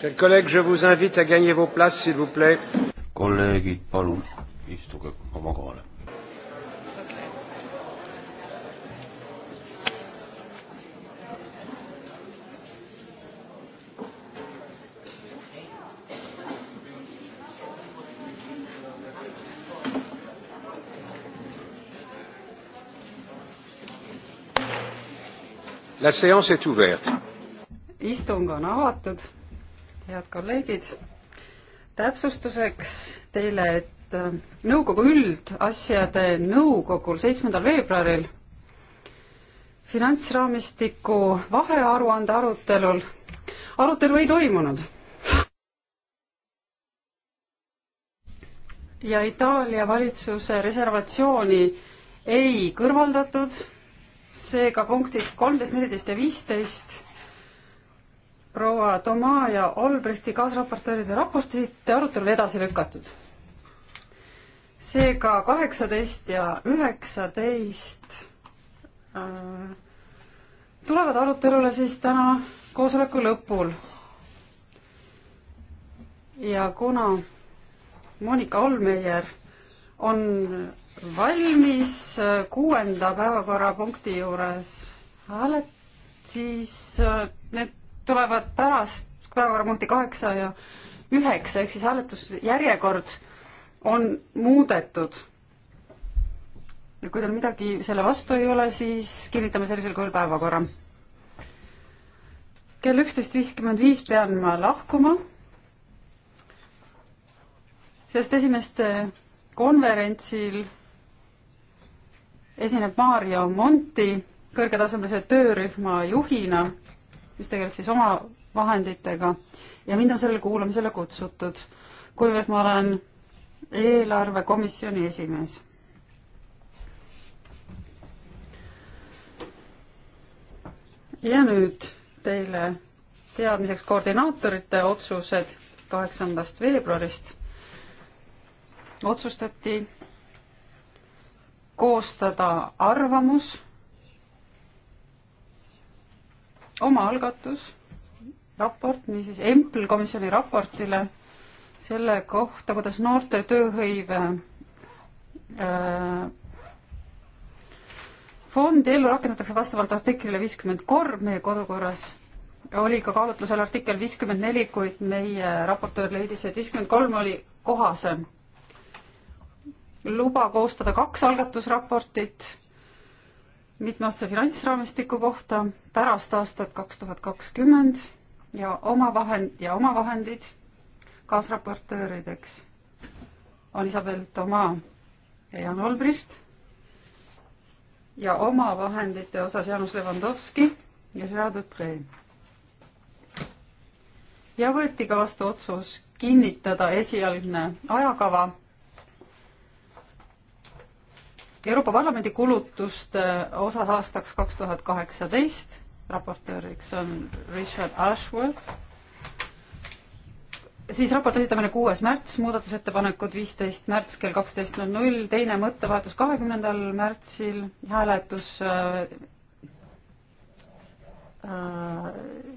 Chers collègues, je vous invite à gagner vos places, s'il vous plaît. kolleegid, palun istuge oma kohale. La séance est ouverte istung on avatud, head kolleegid. täpsustuseks teile, et äh, nõukogu üldasjade nõukogul seitsmendal veebruaril finantsraamistiku vahearuande arutelul arutelu ei toimunud. ja Itaalia valitsuse reservatsiooni ei kõrvaldatud, seega punktid kolmteist, neliteist ja viisteist proua Toma ja Olbrichti kaasraportööride raportit arutelul edasi lükatud. seega kaheksateist ja üheksateist äh, tulevad arutelule siis täna koosoleku lõpul. ja kuna Monika Olmeier on valmis äh, kuuenda päevakorrapunkti juures häälet-, siis äh, need tulevad pärast päevakorrapunkti kaheksa ja üheksa, ehk siis hääletusjärjekord on muudetud. ja kui teil midagi selle vastu ei ole, siis kinnitame sellisel kujul päevakorra. kell üksteist viiskümmend viis pean ma lahkuma, sest esimeste konverentsil esineb Maarja Monti kõrgetasemelise töörühma juhina mis tegeles siis oma vahenditega ja mind on sellele kuulamisele kutsutud, kuivõrd ma olen eelarvekomisjoni esimees. ja nüüd teile teadmiseks koordinaatorite otsused kaheksandast veebruarist otsustati koostada arvamus omaalgatus, raport, niisiis EMPL komisjoni raportile selle kohta, kuidas noorte tööhõive äh, fondi ellu rakendatakse vastavalt artiklile viiskümmend kolm meie kodukorras, oli ka kaalutlusel artikkel viiskümmend neli, kuid meie raportöör leidis, et viiskümmend kolm oli kohasem. luba koostada kaks algatusraportit mitmeaastase finantsraamistiku kohta pärast aastat kaks tuhat kakskümmend ja omavahend ja omavahendid kaasraportöörideks on Isabel Toma ja Jan Olbrist ja omavahendite osas Jaanus Levandovski ja Gerard Dupre. ja võeti ka vastu otsus kinnitada esialgne ajakava Euroopa Parlamendi kulutuste äh, osas aastaks kaks tuhat kaheksateist, raportööriks on Richard Ashworth, siis raporti esitamine kuues märts, muudatusettepanekud viisteist märts kell kaksteist null null, teine mõttevahetus kahekümnendal märtsil, hääletus äh, äh,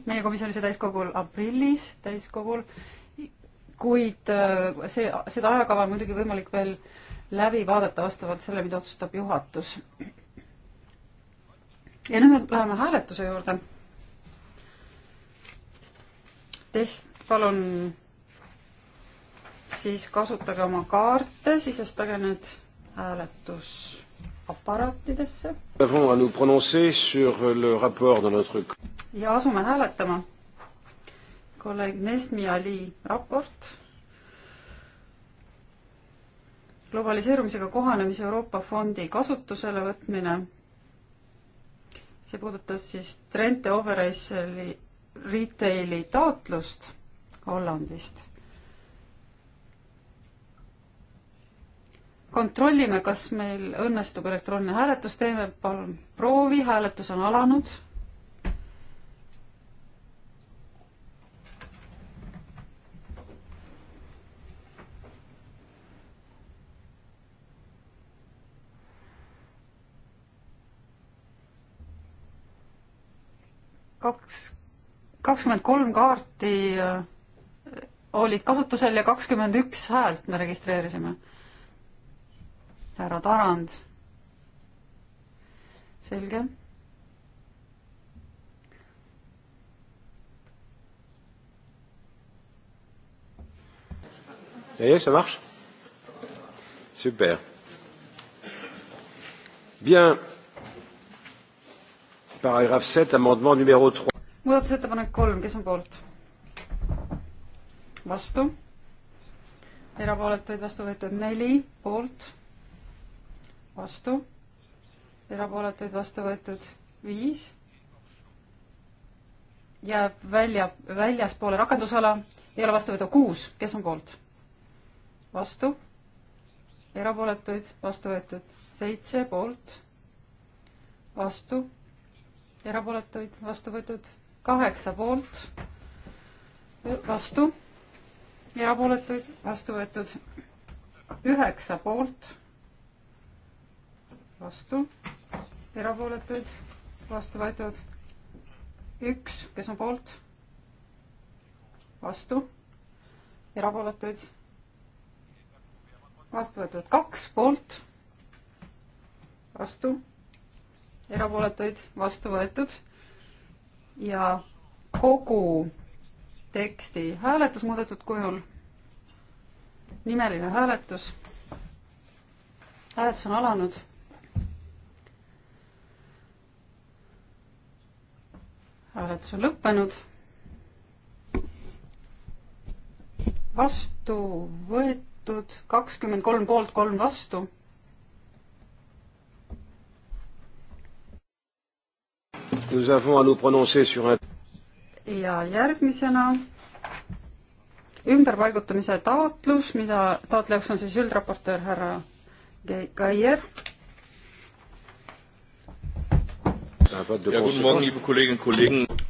meie komisjonis ja täiskogul aprillis, täiskogul, kuid äh, see, seda ajakava on muidugi võimalik veel äh, läbi vaadata vastavalt selle, mida otsustab juhatus. ja nüüd läheme hääletuse juurde. Teh-, palun siis kasutage oma kaarte, sisestage need hääletusaparaatidesse. ja asume hääletama. kolleeg Nesmi Ali raport globaliseerumisega kohanemise Euroopa Fondi kasutusele võtmine. see puudutas siis Trente Overijsseli retaili taotlust Hollandist. kontrollime, kas meil õnnestub elektrooniline hääletus, teeme palun proovi, hääletus on alanud kaks, kakskümmend kolm kaarti äh, olid kasutusel ja kakskümmend üks häält me registreerisime. härra Tarand. selge. D'ailleurs, ça marche Super. Bien paragrahv sept, amendement numero trois. muudatusettepanek kolm, kes on poolt? vastu? erapooletuid vastu võetud neli, poolt? vastu? erapooletuid vastu võetud viis? jääb välja, väljaspoole rakendusala, ei ole vastu võetud kuus, kes on poolt? vastu? erapooletuid vastu võetud seitse, poolt? vastu? erapooletuid, vastu võetud kaheksa poolt, vastu, erapooletuid, vastu võetud üheksa poolt, vastu, erapooletuid, vastu võetud üks, kes on poolt, vastu, erapooletuid, vastu võetud kaks poolt, vastu erapooletuid, vastu võetud ja kogu teksti hääletus muudetud kujul. nimeline hääletus. hääletus on alanud. hääletus on lõppenud. vastu võetud kakskümmend kolm poolt, kolm vastu nous avons à nous prononcer sur un ja järgmisena ümberpaigutamise taotlus, mida taotlejaks on siis üldraportöör härra Geier.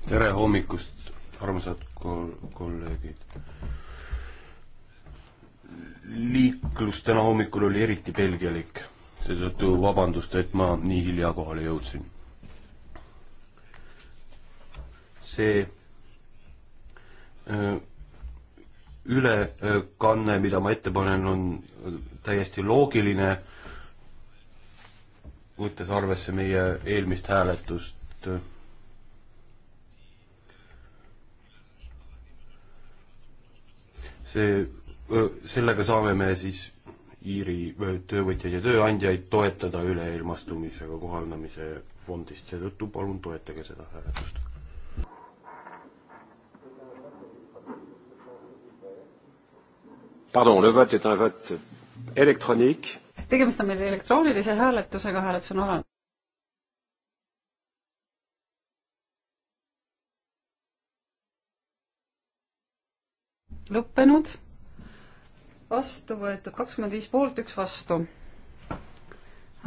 tere hommikust, armsad kolleegid. liiklus täna hommikul oli eriti pelgialik, seetõttu vabandust, et ma nii hilja kohale jõudsin see ülekanne, mida ma ette panen, on täiesti loogiline, võttes arvesse meie eelmist hääletust. see, sellega saame me siis Iiri töövõtjaid ja tööandjaid toetada üleilmastumisega kohanemise fondist, seetõttu palun toetage seda hääletust. Pardon, le vote est un vote électronique. tegemist on meil elektroonilise hääletusega, hääletus on alanud. lõppenud, vastu võetud kakskümmend viis poolt, üks vastu.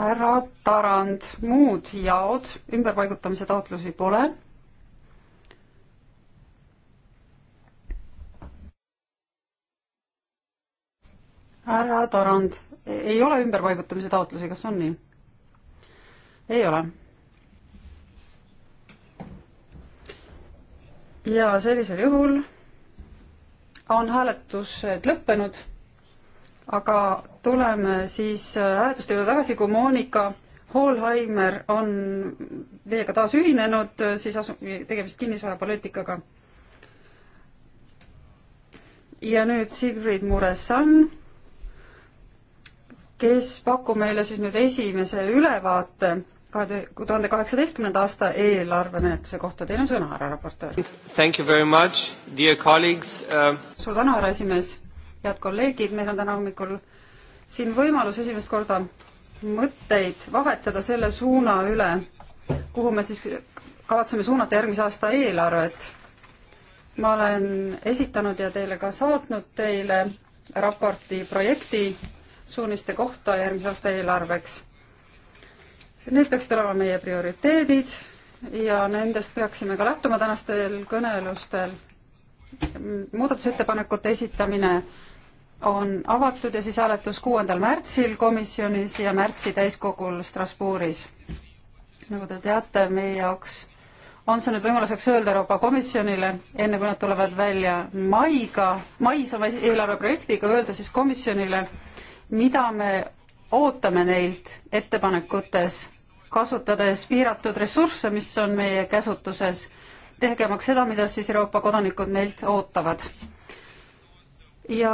härra Tarand, muud jaod, ümberpaigutamise taotlusi pole härra Tarand, ei ole ümberpaigutamise taotlusi, kas on nii? ei ole. ja sellisel juhul on hääletused lõppenud, aga tuleme siis hääletuste juurde tagasi, kui Monika Hallheimer on meiega taas ühinenud, siis asu-, tegemist kinnisvarapoliitikaga. ja nüüd Sigrid Muresan kes pakub meile siis nüüd esimese ülevaate kahe tuhande kaheksateistkümnenda aasta eelarvemenetluse kohta. Teil on sõna, härra raportöör. Thank you very much, dear colleagues uh.... suur tänu, härra esimees. head kolleegid, meil on täna hommikul siin võimalus esimest korda mõtteid vahetada selle suuna üle, kuhu me siis kavatseme suunata järgmise aasta eelarvet. ma olen esitanud ja teile ka saatnud teile raporti projekti suuniste kohta järgmise aasta eelarveks. Need peaksid olema meie prioriteedid ja nendest peaksime ka lähtuma tänastel kõnelustel. muudatusettepanekute esitamine on avatud ja siis hääletus kuuendal märtsil komisjonis ja märtsi täiskogul Strasbourgis. nagu te teate, meie jaoks on see nüüd võimaluseks öelda Euroopa Komisjonile, enne kui nad tulevad välja maiga, mais oma eelarveprojektiga, öelda siis komisjonile mida me ootame neilt ettepanekutes, kasutades piiratud ressursse, mis on meie käsutuses, tegemaks seda, mida siis Euroopa kodanikud meilt ootavad. ja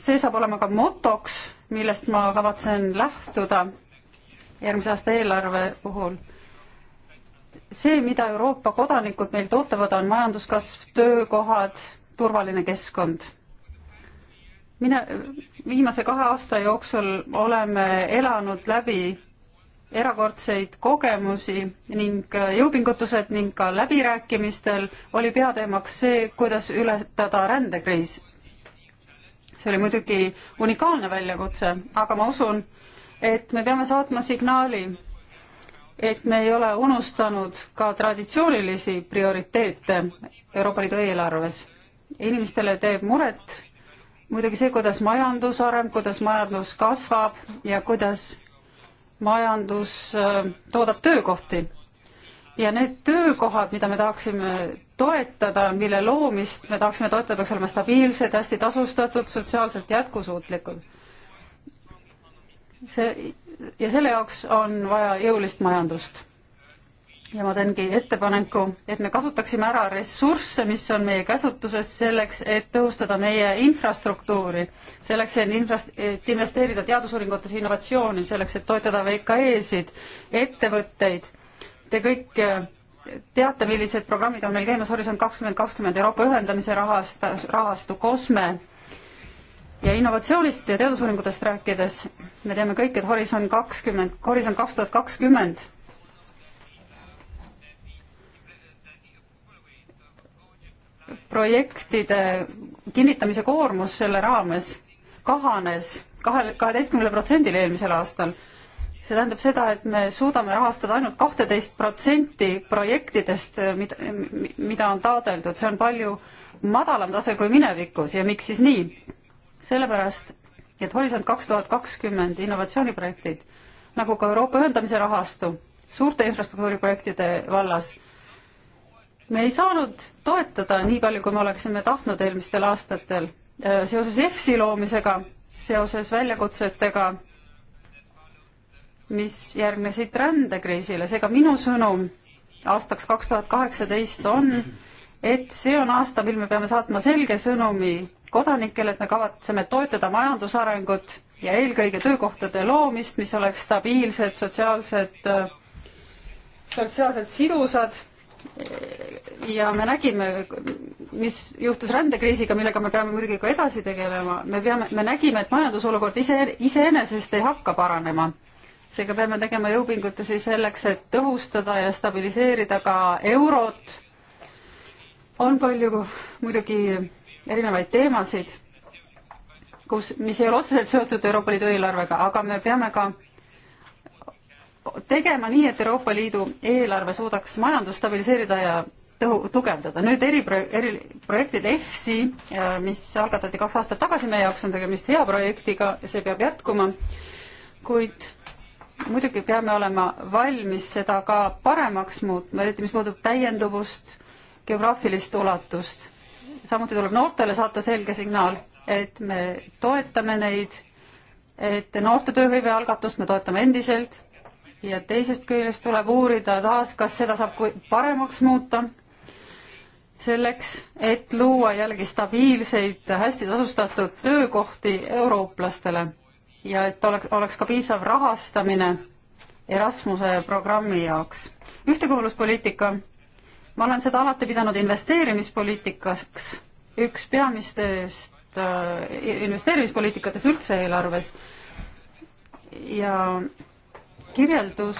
see saab olema ka motoks, millest ma kavatsen lähtuda järgmise aasta eelarve puhul. see, mida Euroopa kodanikud meilt ootavad, on majanduskasv, töökohad, turvaline keskkond mina, viimase kahe aasta jooksul oleme elanud läbi erakordseid kogemusi ning jõupingutused ning ka läbirääkimistel oli peateemaks see, kuidas ületada rändekriis. see oli muidugi unikaalne väljakutse, aga ma usun, et me peame saatma signaali, et me ei ole unustanud ka traditsioonilisi prioriteete Euroopa Liidu eelarves. inimestele teeb muret muidugi see, kuidas majandus areneb, kuidas majandus kasvab ja kuidas majandus äh, toodab töökohti. ja need töökohad, mida me tahaksime toetada, mille loomist me tahaksime toetada, peaks olema stabiilsed, hästi tasustatud, sotsiaalselt jätkusuutlikud. see ja selle jaoks on vaja jõulist majandust ja ma teengi ettepaneku, et me kasutaksime ära ressursse, mis on meie käsutuses selleks, et tõhustada meie infrastruktuuri, selleks, et infrast-, et investeerida teadusuuringutesse innovatsiooni, selleks, et toetada VKE-sid, ettevõtteid. Te kõik eh, teate, millised programmid on meil käimas, Horisont kakskümmend kakskümmend, Euroopa ühendamise rahast-, rahastu, COSME, ja innovatsioonist ja teadusuuringutest rääkides me teame kõik, et Horisont kakskümmend, Horisont kaks tuhat kakskümmend projektide kinnitamise koormus selle raames kahanes kahe, kaheteistkümnele protsendile eelmisel aastal. see tähendab seda, et me suudame rahastada ainult kahteteist protsenti projektidest, äh, mida, mida on taodeldud, see on palju madalam tase kui minevikus ja miks siis nii? sellepärast, et Horisont kaks tuhat kakskümmend innovatsiooniprojektid, nagu ka Euroopa ühendamise rahastu, suurte infrastruktuuriprojektide vallas me ei saanud toetada nii palju, kui me oleksime tahtnud eelmistel aastatel äh, seoses EFSi loomisega, seoses väljakutsetega, mis järgnesid rändekriisile, seega minu sõnum aastaks kaks tuhat kaheksateist on, et see on aasta, mil me peame saatma selge sõnumi kodanikele, et me kavatseme toetada majandusarengut ja eelkõige töökohtade loomist, mis oleks stabiilsed, sotsiaalsed, äh, sotsiaalselt sidusad ja me nägime, mis juhtus rändekriisiga, millega me peame muidugi ka edasi tegelema, me peame, me nägime, et majandusolukord ise, iseenesest ei hakka paranema. seega peame tegema jõupingutusi selleks, et tõhustada ja stabiliseerida ka eurot. on palju muidugi erinevaid teemasid, kus, mis ei ole otseselt seotud Euroopa Liidu eelarvega, aga me peame ka tegema nii, et Euroopa Liidu eelarve suudaks majandust stabiliseerida ja tõhu-, tugevdada. nüüd eripro-, eriprojektid EFSI, äh, mis algatati kaks aastat tagasi, meie jaoks on tegemist hea projektiga ja see peab jätkuma, kuid muidugi peame olema valmis seda ka paremaks muutma, eriti mis puudutab täienduvust, geograafilist ulatust. samuti tuleb noortele saata selge signaal, et me toetame neid, et noorte tööhõive algatust me toetame endiselt ja teisest küljest tuleb uurida taas, kas seda saab paremaks muuta, selleks, et luua jällegi stabiilseid, hästi tasustatud töökohti eurooplastele ja et oleks, oleks ka piisav rahastamine Erasmuse programmi jaoks. ühtekuuluvuspoliitika, ma olen seda alati pidanud investeerimispoliitikaks, üks peamistest äh, investeerimispoliitikatest üldse eelarves ja kirjeldus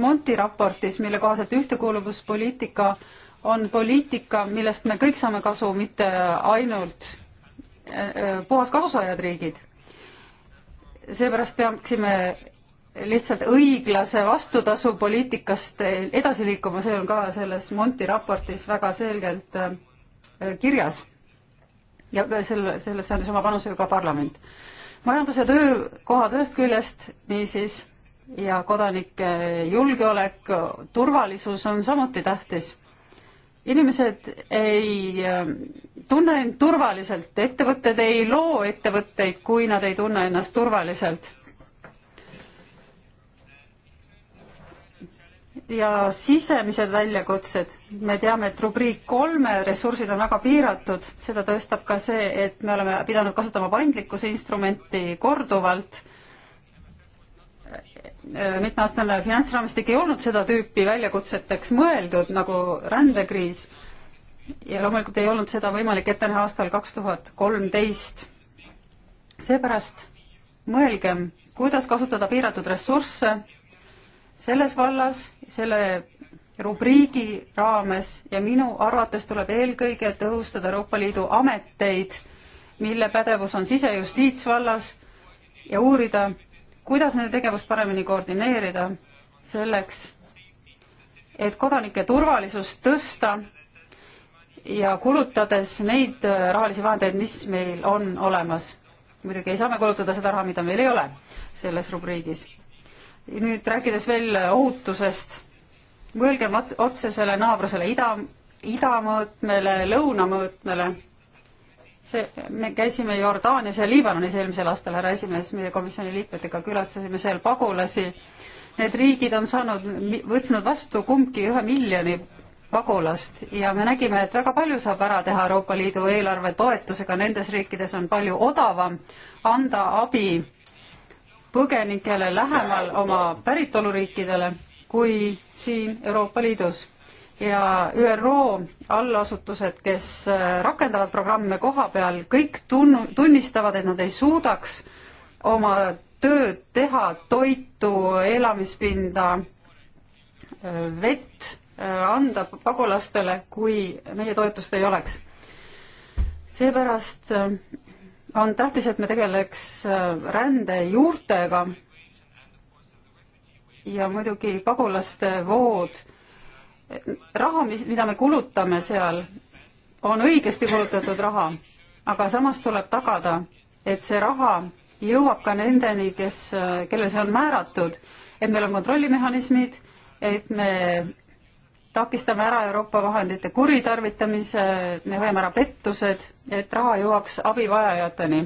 Monti raportis, mille kohaselt ühtekuuluvuspoliitika on poliitika, millest me kõik saame kasu, mitte ainult äh, äh, puhas kasusaajad riigid. seepärast peaksime lihtsalt õiglase vastutasu poliitikast edasi liikuma, see on ka selles Monti raportis väga selgelt äh, kirjas. ja selle, sellesse andis oma panuse ju ka parlament majandus ja töökohad ühest küljest, niisiis, ja kodanike julgeolek, turvalisus on samuti tähtis. inimesed ei ähm, tunne end turvaliselt, ettevõtted ei loo ettevõtteid, kui nad ei tunne ennast turvaliselt ja sisemised väljakutsed. me teame, et rubriik kolme ressursid on väga piiratud, seda tõestab ka see, et me oleme pidanud kasutama paindlikkuse instrumenti korduvalt. mitmeaastane finantsraamistik ei olnud seda tüüpi väljakutseteks mõeldud nagu rändekriis ja loomulikult ei olnud seda võimalik ette näha aastal kaks tuhat kolmteist. seepärast mõelgem, kuidas kasutada piiratud ressursse selles vallas, selle rubriigi raames ja minu arvates tuleb eelkõige tõhustada Euroopa Liidu ameteid, mille pädevus on sisejustiitsvallas ja uurida, kuidas nende tegevust paremini koordineerida selleks, et kodanike turvalisust tõsta ja kulutades neid äh, rahalisi vahendeid, mis meil on olemas. muidugi ei saa me kulutada seda raha, mida meil ei ole selles rubriigis nüüd rääkides veel ohutusest, mõelgem otse selle naabrusele ida, idamõõtmele, lõunamõõtmele. see, me käisime Jordaanias ja Liibanonis eelmisel aastal, härra esimees, meie komisjoni liikmetega külastasime seal pagulasi. Need riigid on saanud, võtnud vastu kumbki ühe miljoni pagulast ja me nägime, et väga palju saab ära teha Euroopa Liidu eelarve toetusega, nendes riikides on palju odavam anda abi põgenikele lähemal oma päritoluriikidele kui siin Euroopa Liidus. ja ÜRO allasutused, kes äh, rakendavad programme koha peal, kõik tunnu-, tunnistavad, et nad ei suudaks oma tööd teha, toitu, elamispinda, äh, vett äh, anda pagulastele, kui meie toetust ei oleks. seepärast on tähtis, et me tegeleks äh, rände juurtega ja muidugi pagulaste vood. raha, mis, mida me kulutame seal, on õigesti kulutatud raha, aga samas tuleb tagada, et see raha jõuab ka nendeni, kes, äh, kellele see on määratud, et meil on kontrollimehhanismid, et me takistame ära Euroopa vahendite kuritarvitamise, me hoiame ära pettused, et raha jõuaks abivajajateni.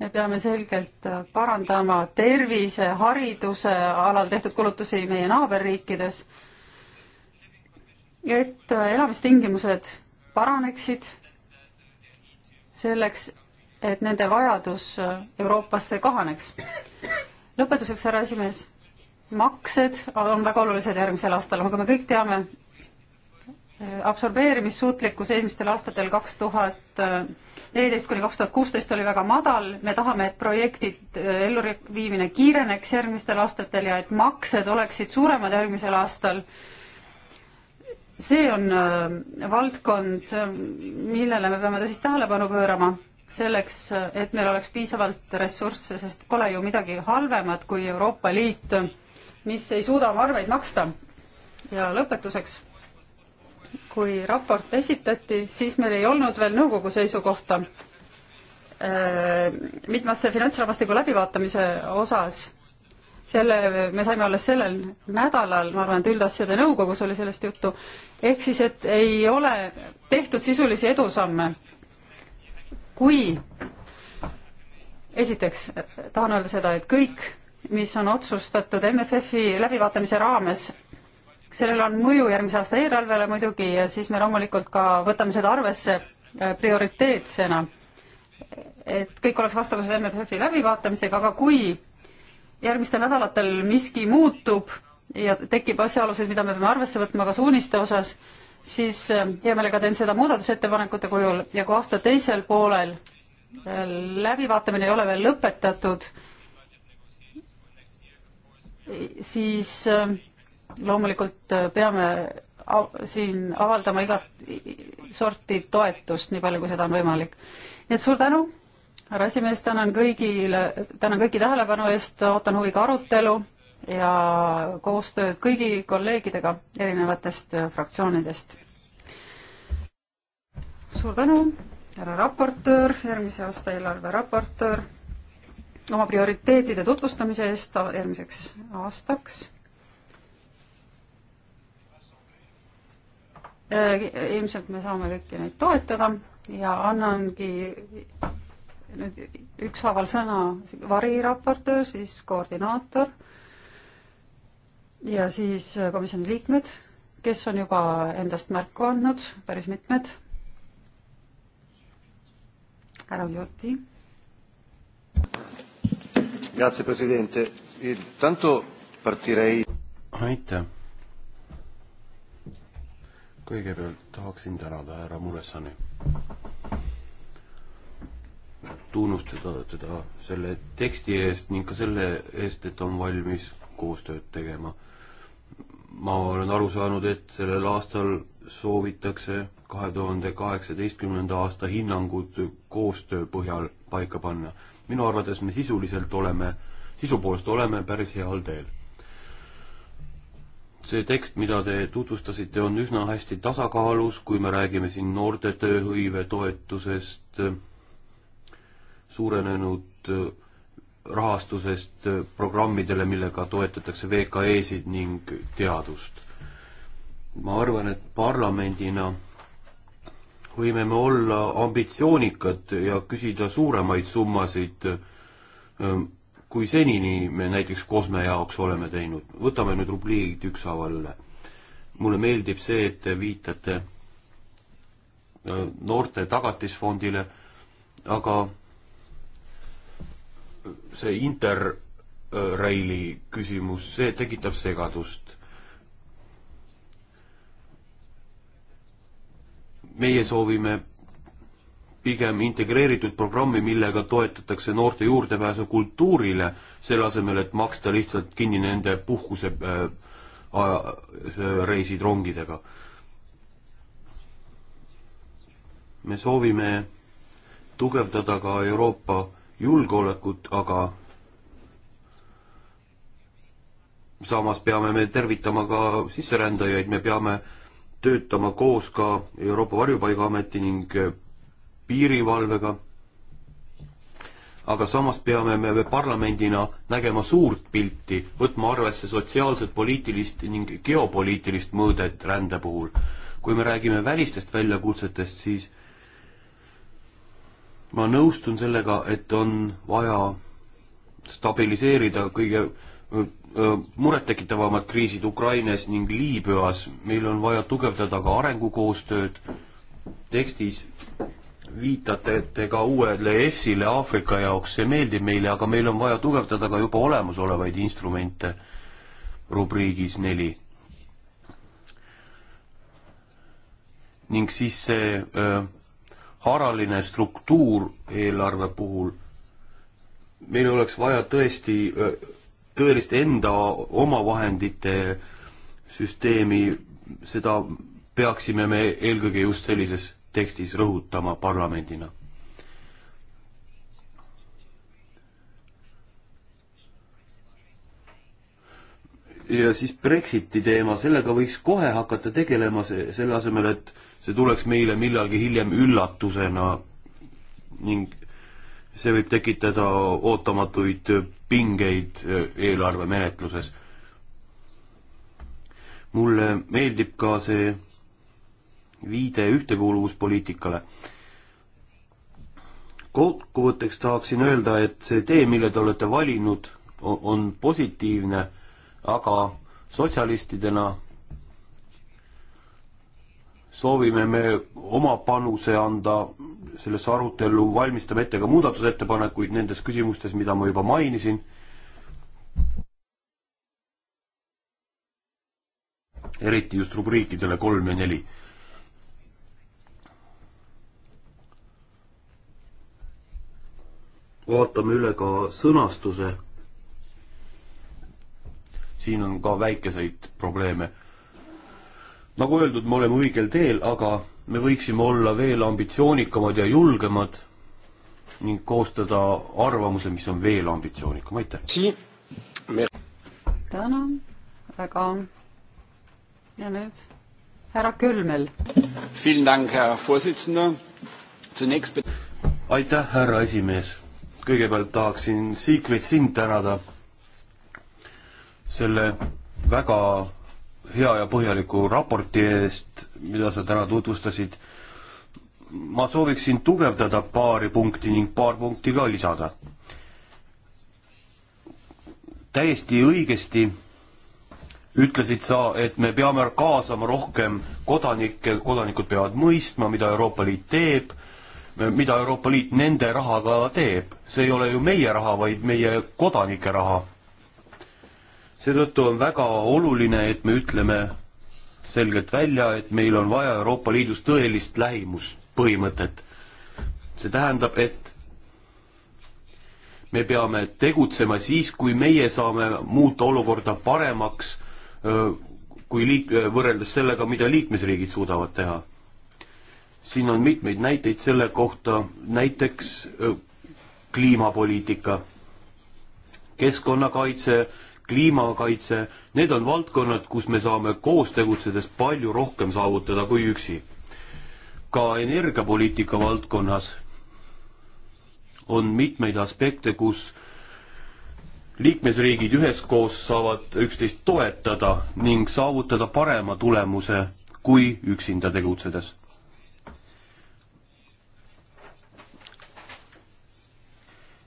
me peame selgelt parandama tervise, hariduse alal tehtud kulutusi meie naaberriikides, et elamistingimused paraneksid selleks, et nende vajadus Euroopasse kahaneks. lõpetuseks, härra esimees maksed on väga olulised järgmisel aastal, nagu me kõik teame, eh, absorbeerimissuutlikkus eelmistel aastatel kaks tuhat eh, neliteist kuni kaks tuhat kuusteist oli väga madal, me tahame, et projektid eh, elluviimine kiireneks järgmistel aastatel ja et maksed oleksid suuremad järgmisel aastal. see on valdkond, millele me peame tõsist tähelepanu pöörama, selleks et meil oleks piisavalt ressursse, sest pole ju midagi halvemat, kui Euroopa Liit mis ei suuda oma arveid maksta. ja lõpetuseks, kui raport esitati, siis meil ei olnud veel nõukogu seisukohta äh, mitmesse finantsrahvastiku läbivaatamise osas. selle me saime alles sellel nädalal, ma arvan, et üldasjade nõukogus oli sellest juttu, ehk siis, et ei ole tehtud sisulisi edusamme. kui esiteks tahan öelda seda, et kõik mis on otsustatud MFF-i läbivaatamise raames. sellel on mõju järgmise aasta eelarvele muidugi ja siis me loomulikult ka võtame seda arvesse äh, prioriteetsena, et kõik oleks vastavuses MFF-i läbivaatamisega, aga kui järgmistel nädalatel miski muutub ja tekib asjaolusid, mida me peame arvesse võtma ka suuniste osas, siis äh, hea meelega teen seda muudatusettepanekute kujul ja kui aasta teisel poolel äh, läbivaatamine ei ole veel lõpetatud, siis äh, loomulikult äh, peame siin avaldama igat sorti toetust, nii palju kui seda on võimalik. nii et suur tänu, härra esimees, tänan kõigile, tänan kõiki tähelepanu eest, ootan huviga arutelu ja koostööd kõigi kolleegidega erinevatest äh, fraktsioonidest. suur tänu, härra raportöör, järgmise aasta eelarve raportöör oma prioriteetide tutvustamise eest järgmiseks aastaks. Äh, ilmselt me saame kõiki neid toetada ja annangi nüüd ükshaaval sõna variraportöör, siis koordinaator ja siis komisjoni liikmed, kes on juba endast märku andnud, päris mitmed. härra Joti. Grazie, president. Tanto partirei. aitäh. kõigepealt tahaksin tänada härra Mulesani. tunnustada teda selle teksti eest ning ka selle eest, et on valmis koostööd tegema. ma olen aru saanud, et sellel aastal soovitakse kahe tuhande kaheksateistkümnenda aasta hinnangud koostöö põhjal paika panna minu arvates me sisuliselt oleme, sisu poolest oleme päris heal teel. see tekst, mida te tutvustasite, on üsna hästi tasakaalus, kui me räägime siin noorte tööhõive toetusest, suurenenud äh, rahastusest äh, programmidele, millega toetatakse VKE-sid ning teadust. ma arvan, et parlamendina võime me olla ambitsioonikad ja küsida suuremaid summasid, ähm, kui senini me näiteks Kosme jaoks oleme teinud. võtame nüüd rubliid ükshaaval üle. mulle meeldib see, et te viitate äh, noorte tagatisfondile, aga äh, see Interraili küsimus, see tekitab segadust meie soovime pigem integreeritud programmi, millega toetatakse noorte juurdepääsu kultuurile, selle asemel, et maksta lihtsalt kinni nende puhkuse äh, äh reisid rongidega. me soovime tugevdada ka Euroopa julgeolekut, aga samas peame me tervitama ka sisserändajaid, me peame äh, töötama koos ka Euroopa Varjupaigaameti ning eh, piirivalvega. aga samas peame me parlamendina nägema suurt pilti, võtma arvesse sotsiaalset, poliitilist ning geopoliitilist mõõdet rände puhul. kui me räägime välistest väljakutsetest, siis ma nõustun sellega, et on vaja stabiliseerida kõige murettekitavamad kriisid Ukrainas ning Liibüas, meil on vaja tugevdada ka arengukoostööd. tekstis viitate te ka uuele EFSile Aafrika jaoks, see meeldib meile, aga meil on vaja tugevdada ka juba olemasolevaid instrumente rubriigis neli. ning siis see öö, haraline struktuur eelarve puhul, meil oleks vaja tõesti öö, tõelist enda omavahendite süsteemi, seda peaksime me eelkõige just sellises tekstis rõhutama parlamendina. ja siis Brexiti teema, sellega võiks kohe hakata tegelema, see, selle asemel, et see tuleks meile millalgi hiljem üllatusena ning see võib tekitada ootamatuid pingeid e, eelarvemenetluses. mulle meeldib ka see viide ühtekuuluvuspoliitikale. kokkuvõtteks tahaksin öelda, et see tee, mille te olete valinud, on positiivne, aga sotsialistidena soovime me oma panuse anda sellesse arutellu, valmistame ette ka muudatusettepanekuid nendes küsimustes, mida ma juba mainisin. eriti just rubriikidele kolm ja neli vaatame üle ka sõnastuse. siin on ka väikeseid probleeme nagu öeldud, me oleme õigel teel, aga me võiksime olla veel ambitsioonikamad ja julgemad ning koostada arvamuse, mis on veel ambitsioonikam, aitäh! tänan väga. ja nüüd härra Kölmel. aitäh, härra esimees! kõigepealt tahaksin Siegfried sind tänada selle väga hea ja põhjaliku raporti eest, mida sa täna tutvustasid. ma sooviksin tugevdada paari punkti ning paar punkti ka lisada. täiesti õigesti ütlesid sa, et me peame kaasama rohkem kodanikke, kodanikud peavad mõistma, mida Euroopa Liit teeb, mida Euroopa Liit nende rahaga teeb. see ei ole ju meie raha, vaid meie kodanike raha seetõttu on väga oluline, et me ütleme selgelt välja, et meil on vaja Euroopa Liidus tõelist lähimuspõhimõtet. see tähendab, et me peame tegutsema siis, kui meie saame muuta olukorda paremaks kui liik-, võrreldes sellega, mida liikmesriigid suudavad teha. siin on mitmeid näiteid selle kohta, näiteks kliimapoliitika, keskkonnakaitse, kliimakaitse, need on valdkonnad, kus me saame koos tegutsedes palju rohkem saavutada kui üksi. ka energiapoliitika valdkonnas on mitmeid aspekte, kus liikmesriigid üheskoos saavad üksteist toetada ning saavutada parema tulemuse kui üksinda tegutsedes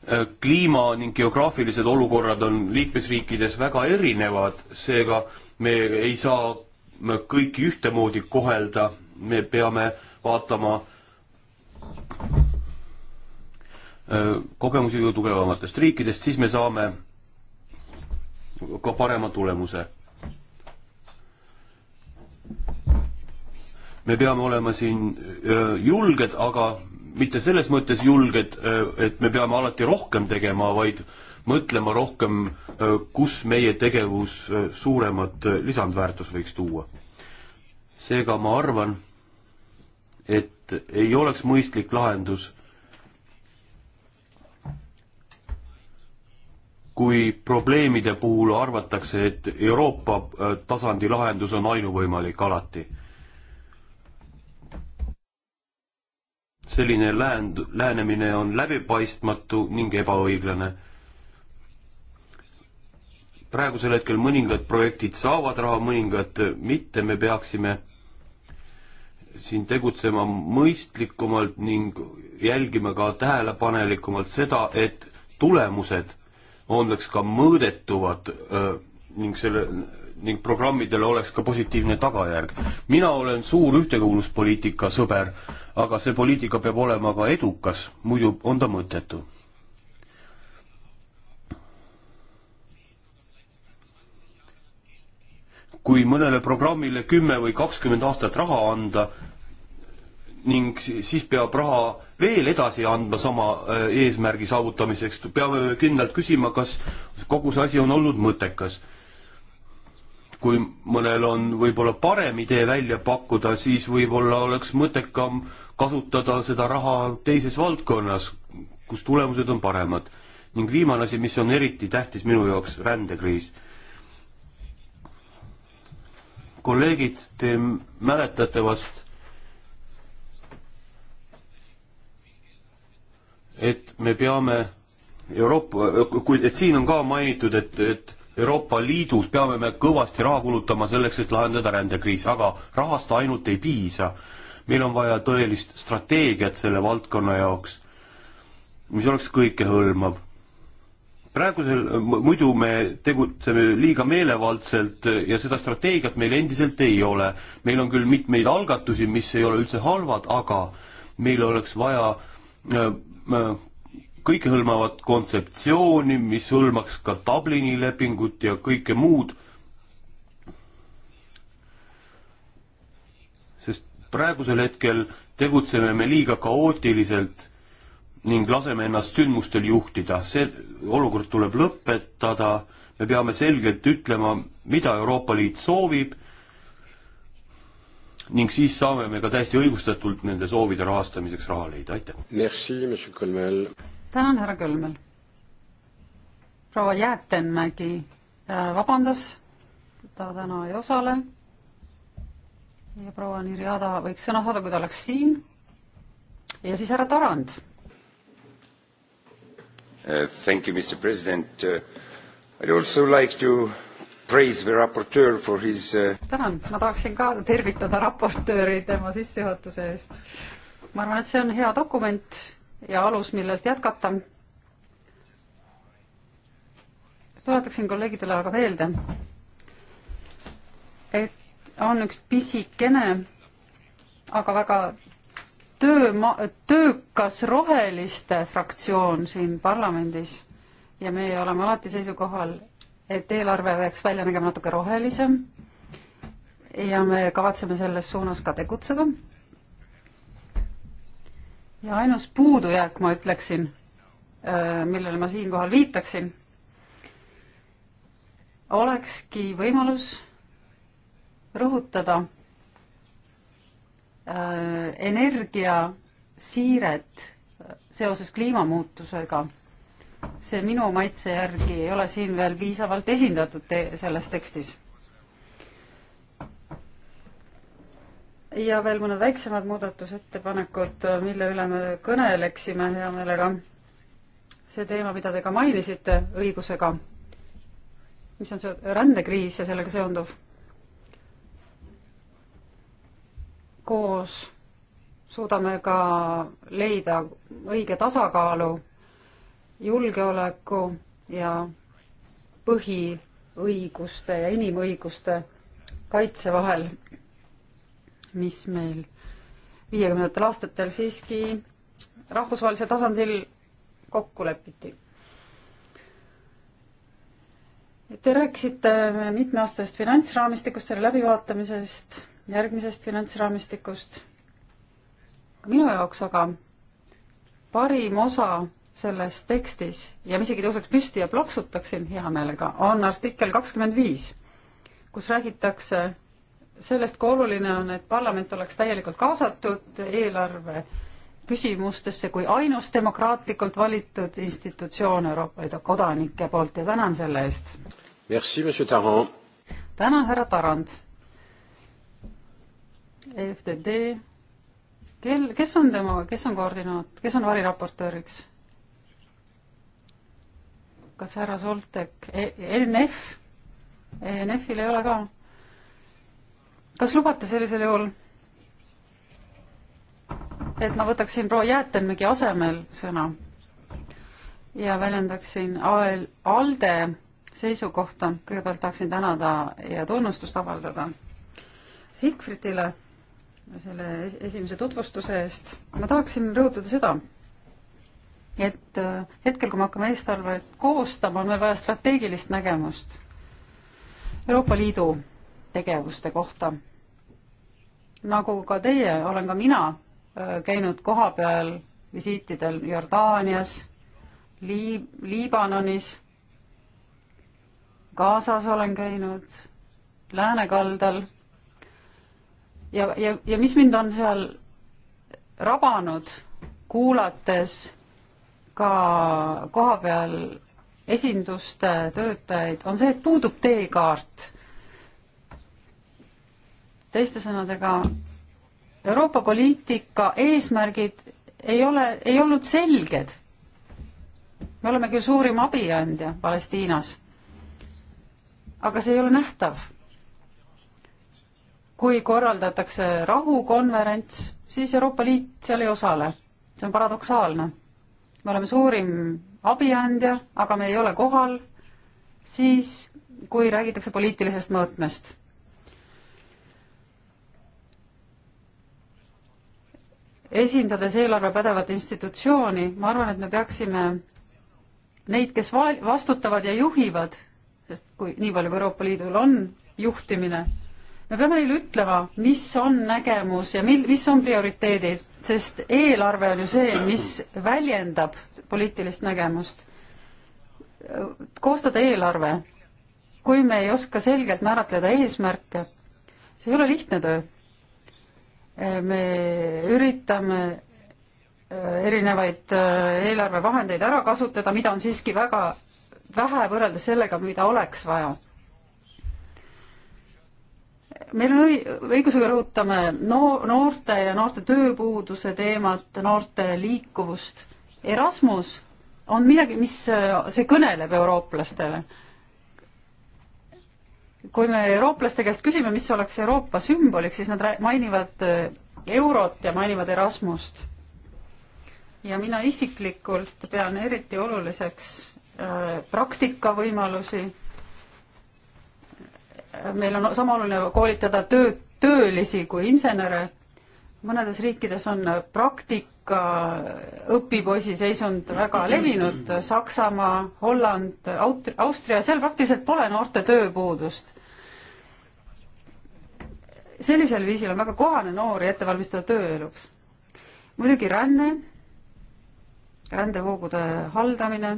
Äh, kliima ning geograafilised olukorrad on liikmesriikides väga erinevad, seega me ei saa kõiki ühtemoodi kohelda, me peame vaatama äh, kogemusi ju tugevamatest riikidest, siis me saame ka parema tulemuse. me peame olema siin äh, julged, aga mitte selles mõttes julged, äh, et me peame alati rohkem tegema, vaid mõtlema rohkem, äh, kus meie tegevus äh, suuremat lisandväärtust võiks tuua. seega ma arvan, et ei oleks mõistlik lahendus, kui probleemide puhul arvatakse, et Euroopa tasandi lahendus on ainuvõimalik alati selline läänd-, lähenemine on läbipaistmatu ning ebaõiglane. praegusel hetkel mõningad projektid saavad raha, mõningad mitte, me peaksime siin tegutsema mõistlikumalt ning jälgima ka tähelepanelikumalt seda, et tulemused oleks ka mõõdetuvad öö, äh, ning selle ning programmidel oleks ka positiivne tagajärg. mina olen suur ühtekuuluvuspoliitika sõber aga see poliitika peab olema ka edukas, muidu on ta mõttetu. kui mõnele programmile kümme või kakskümmend aastat raha anda ning siis peab raha veel edasi andma sama äh, eesmärgi saavutamiseks, peame kindlalt küsima, kas kogu see asi on olnud mõttekas kui mõnel on võib-olla parem idee välja pakkuda, siis võib-olla oleks mõttekam kasutada seda raha teises valdkonnas, kus tulemused on paremad. ning viimane asi, mis on eriti tähtis minu jaoks, rändekriis. kolleegid, te mäletate vast, et me peame Euroopa, et siin on ka mainitud, et, et Euroopa Liidus peame me kõvasti raha kulutama selleks, et lahendada rändekriis, aga rahast ainult ei piisa meil on vaja tõelist strateegiat selle valdkonna jaoks, mis oleks kõikehõlmav. praegusel, muidu me tegutseme liiga meelevaldselt ja seda strateegiat meil endiselt ei ole. meil on küll mitmeid algatusi, mis ei ole üldse halvad, aga meil oleks vaja äh, äh, kõikehõlmavat kontseptsiooni, mis hõlmaks ka Dublini lepingut ja kõike muud praegusel hetkel tegutseme me liiga kaootiliselt ning laseme ennast sündmustel juhtida. see olukord tuleb lõpetada, me peame selgelt ütlema, mida Euroopa Liit soovib ning siis saame me ka täiesti õigustatult nende soovide rahastamiseks raha leida, aitäh! tänan, härra Kölmel! proua Jäätenmägi äh, vabandas, ta täna ei osale ja proua Nirjada võiks sõna saada, kui ta oleks siin. ja siis härra Tarand uh,. Thank you, Mr President uh,. I also like to praise the raporteur for his uh... tänan, ma tahaksin ka tervitada raportööri tema sissejuhatuse eest. ma arvan, et see on hea dokument ja alus, millelt jätkata. tuletaksin kolleegidele aga meelde, et on üks pisikene, aga väga tööma-, töökas roheliste fraktsioon siin parlamendis ja meie oleme alati seisukohal, et eelarve peaks välja nägema natuke rohelisem ja me kavatseme selles suunas ka tegutseda. ja ainus puudujääk, ma ütleksin, äh, millele ma siinkohal viitaksin, olekski võimalus rõhutada äh, energiasiiret seoses kliimamuutusega. see minu maitse järgi ei ole siin veel piisavalt esindatud te selles tekstis. ja veel mõned väiksemad muudatusettepanekud, mille üle me kõneleksime hea meelega. see teema, mida te ka mainisite õigusega, mis on see rändekriis ja sellega seonduv koos suudame ka leida õige tasakaalu julgeoleku ja põhiõiguste ja inimõiguste kaitse vahel, mis meil viiekümnendatel aastatel siiski rahvusvahelisel tasandil kokku lepiti. Te rääkisite mitmeaastasest finantsraamistikust, selle läbivaatamisest järgmisest finantsraamistikust. minu jaoks aga parim osa selles tekstis ja ma isegi tõuseks püsti ja plaksutaksin hea meelega, on artikkel kakskümmend viis, kus räägitakse sellest, kui oluline on, et parlament oleks täielikult kaasatud eelarve küsimustesse kui ainus demokraatlikult valitud institutsioon Euroopa Liidu kodanike poolt ja tänan selle eest. tänan, härra Tarand. EFTD, kel, kes on tema, kes on koordinaat, kes on variraportööriks? kas härra Soltek e, ENF, ENF-il ei ole ka? kas lubate sellisel juhul, et ma võtaksin proua Jäätenmägi asemel sõna ja väljendaksin AL, ALDE seisukohta, kõigepealt tahaksin tänada ja tunnustust avaldada Siegfriedile selle esimese tutvustuse eest. ma tahaksin rõhutada seda, et äh, hetkel, kui me hakkame eestarvet koostama, on meil vaja strateegilist nägemust Euroopa Liidu tegevuste kohta. nagu ka teie, olen ka mina äh, käinud kohapeal visiitidel Jordaanias, Liib-, Liibanonis, Gazas olen käinud, läänekaldal ja, ja, ja mis mind on seal rabanud, kuulates ka kohapeal esinduste töötajaid, on see, et puudub teekaart. teiste sõnadega, Euroopa poliitika eesmärgid ei ole, ei olnud selged. me oleme küll suurim abiandja Palestiinas, aga see ei ole nähtav kui korraldatakse rahukonverents, siis Euroopa Liit seal ei osale. see on paradoksaalne. me oleme suurim abiandja, aga me ei ole kohal siis, kui räägitakse poliitilisest mõõtmest. esindades eelarve pädevat institutsiooni, ma arvan, et me peaksime neid, kes vastutavad ja juhivad, sest kui nii palju, kui Euroopa Liidul on juhtimine me peame neile ütlema, mis on nägemus ja mil, mis on prioriteedid, sest eelarve on ju see, mis väljendab poliitilist nägemust. koostada eelarve, kui me ei oska selgelt määratleda eesmärke, see ei ole lihtne töö. me üritame äh, erinevaid äh, eelarvevahendeid ära kasutada, mida on siiski väga vähe võrreldes sellega, mida oleks vaja meil on õigusega rõhutame noor, noorte ja noorte tööpuuduse teemat, noorte liikuvust. Erasmus on midagi, mis, äh, see kõneleb eurooplastele. kui me eurooplaste käest küsime, mis oleks Euroopa sümboliks, siis nad mainivad äh, eurot ja mainivad Erasmust. ja mina isiklikult pean eriti oluliseks äh, praktikavõimalusi meil on sama oluline koolitada töö, töölisi kui insenere. mõnedes riikides on praktika õpipoisi seisund väga levinud, Saksamaa, Holland, Austria, seal praktiliselt pole noorte tööpuudust. sellisel viisil on väga kohane noori ette valmistada tööeluks. muidugi ränne, rändevoogude haldamine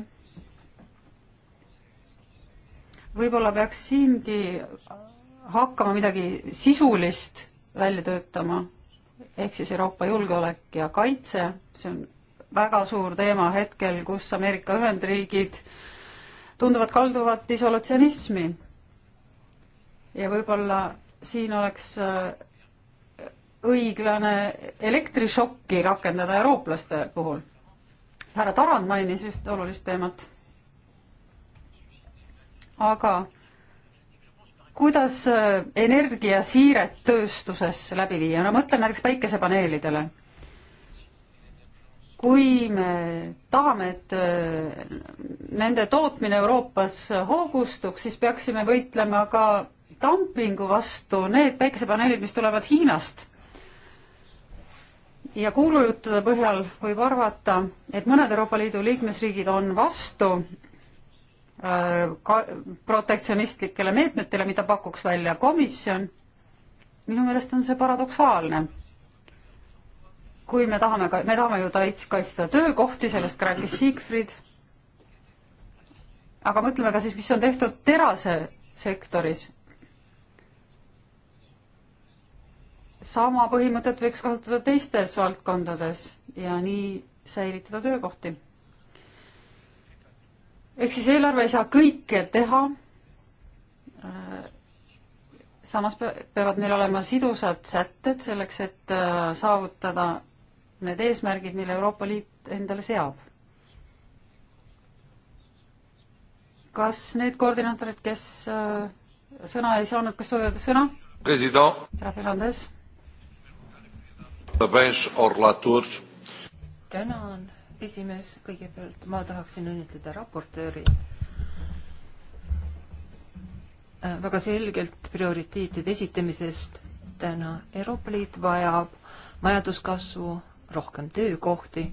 võib-olla peaks siingi hakkama midagi sisulist välja töötama, ehk siis Euroopa julgeolek ja kaitse, see on väga suur teema hetkel, kus Ameerika Ühendriigid tunduvad kalduvat isolatsionismi. ja võib-olla siin oleks äh, õiglane elektrišokki rakendada eurooplaste puhul. härra Tarand mainis ühte olulist teemat aga kuidas äh, energiasiiret tööstuses läbi viia, no mõtlen näiteks päikesepaneelidele. kui me tahame, et äh, nende tootmine Euroopas hoogustuks, siis peaksime võitlema ka dumpingu vastu need päikesepaneelid, mis tulevad Hiinast. ja kuulujuttude põhjal võib arvata, et mõned Euroopa Liidu liikmesriigid on vastu ka protektsionistlikele meetmetele, mida pakuks välja komisjon. minu meelest on see paradoksaalne. kui me tahame, me tahame ju täits-, kaitsta töökohti, sellest rääkis Siegfried, aga mõtleme ka siis, mis on tehtud terasesektoris. sama põhimõtet võiks kasutada teistes valdkondades ja nii säilitada töökohti ehk siis eelarve ei saa kõike teha. samas peavad meil olema sidusad sätted selleks, et äh, saavutada need eesmärgid, mille Euroopa Liit endale seab. kas need koordinaatorid, kes äh, sõna ei saanud, kas soovivad sõna? president. härra Fernandes. tänan esimees, kõigepealt ma tahaksin õnnitleda raportööri äh, väga selgelt prioriteetide esitamisest täna. Euroopa Liit vajab majanduskasvu, rohkem töökohti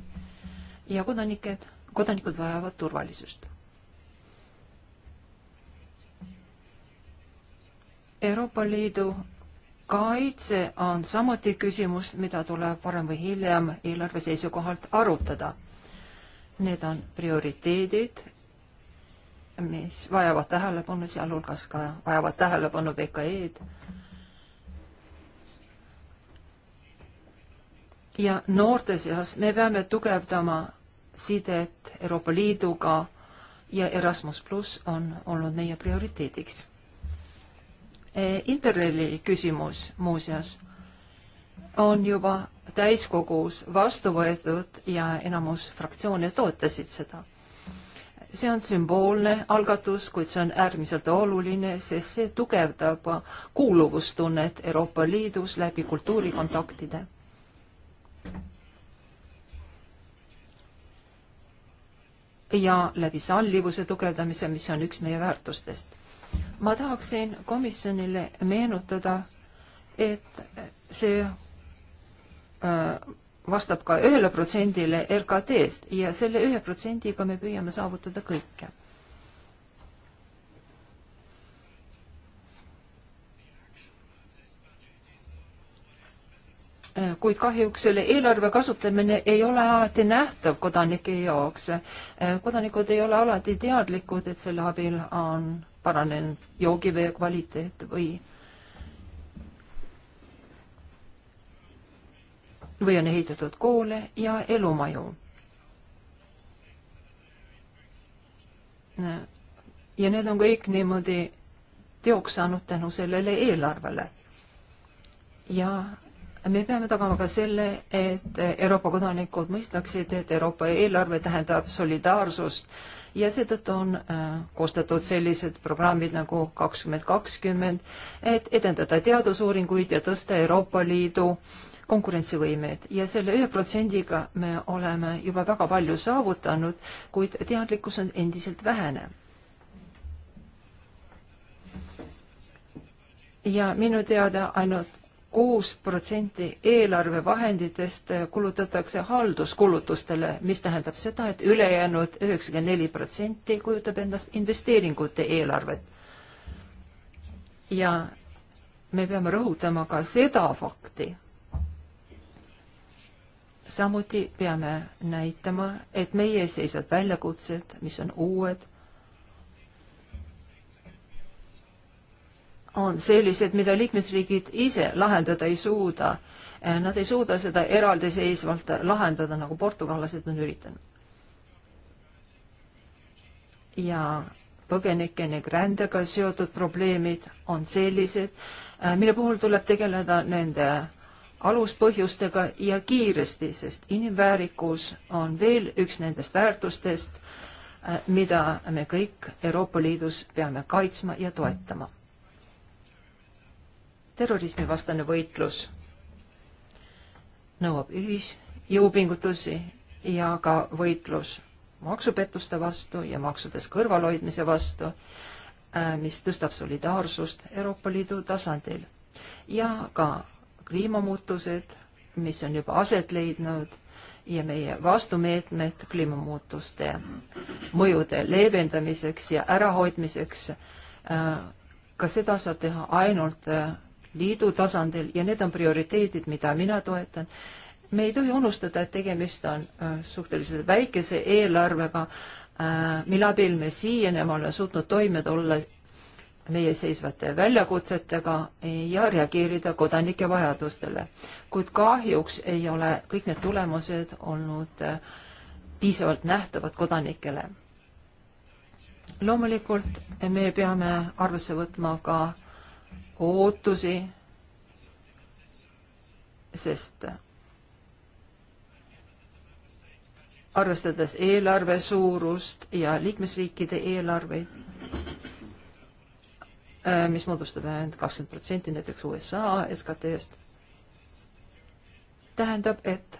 ja kodanikud, kodanikud vajavad turvalisust. Euroopa Liidu kaitse on samuti küsimus, mida tuleb varem või hiljem eelarve seisukohalt arutada Need on prioriteedid, mis vajavad tähelepanu, sealhulgas ka vajavad tähelepanu VKE-d. ja noorte seas me peame tugevdama sidet Euroopa Liiduga ja Erasmus pluss on olnud meie prioriteediks. Interreli küsimus muuseas on juba täiskogus vastu võetud ja enamus fraktsioone toetasid seda. see on sümboolne algatus, kuid see on äärmiselt oluline, sest see tugevdab kuuluvustunnet Euroopa Liidus läbi kultuurikontaktide. ja läbi sallivuse tugevdamise, mis on üks meie väärtustest. ma tahaksin komisjonile meenutada, et see Äh, vastab ka ühele protsendile RKT-st ja selle ühe protsendiga me püüame saavutada kõike. Äh, kuid kahjuks selle eelarve kasutamine ei ole alati nähtav kodanike jaoks. Äh, kodanikud ei ole alati teadlikud, et selle abil on paranenud joogivee kvaliteet või äh, või on ehitatud koole ja elumaju. ja need on kõik niimoodi teoks saanud tänu sellele eelarvele. ja me peame tagama ka selle, et Euroopa kodanikud mõistaksid, et Euroopa eelarve tähendab solidaarsust ja seetõttu on äh, koostatud sellised programmid nagu kakskümmend kakskümmend, et edendada teadusuuringuid ja tõsta Euroopa Liidu äh, konkurentsivõimeid ja selle ühe protsendiga me oleme juba väga palju saavutanud, kuid teadlikkus on endiselt vähene. ja minu teada ainult kuus protsenti eelarvevahenditest kulutatakse halduskulutustele, mis tähendab seda, et ülejäänud üheksakümmend neli protsenti kujutab endast investeeringute eelarvet. ja me peame rõhutama ka seda fakti, samuti peame näitama, et meie ees seisvad väljakutsed, mis on uued, on sellised, mida liikmesriigid ise lahendada ei suuda. Nad ei suuda seda eraldiseisvalt lahendada, nagu portugallased on üritanud. ja põgenike ning rändega seotud probleemid on sellised, mille puhul tuleb tegeleda nende aluspõhjustega ja kiiresti, sest inimväärikus on veel üks nendest väärtustest, äh, mida me kõik Euroopa Liidus peame kaitsma ja toetama. terrorismivastane võitlus nõuab ühisjõupingutusi ja ka võitlus maksupettuste vastu ja maksudest kõrvalhoidmise vastu, äh, mis tõstab solidaarsust Euroopa Liidu tasandil ja ka kliimamuutused, mis on juba aset leidnud ja meie vastumeetmed kliimamuutuste mõjude leevendamiseks ja ärahoidmiseks. Äh, ka seda saab teha ainult äh, liidu tasandil ja need on prioriteedid, mida mina toetan. me ei tohi unustada, et tegemist on äh, suhteliselt väikese eelarvega, mille abil me siiani oleme suutnud toime tulla meie seisvate väljakutsetega ja reageerida kodanike vajadustele. kuid kahjuks ei ole kõik need tulemused olnud äh, piisavalt nähtavad kodanikele. loomulikult me peame arvesse võtma ka ootusi, sest arvestades eelarve suurust ja liikmesriikide eelarveid, Äh, mis moodustab ainult kakskümmend protsenti näiteks USA SKT-st, tähendab, et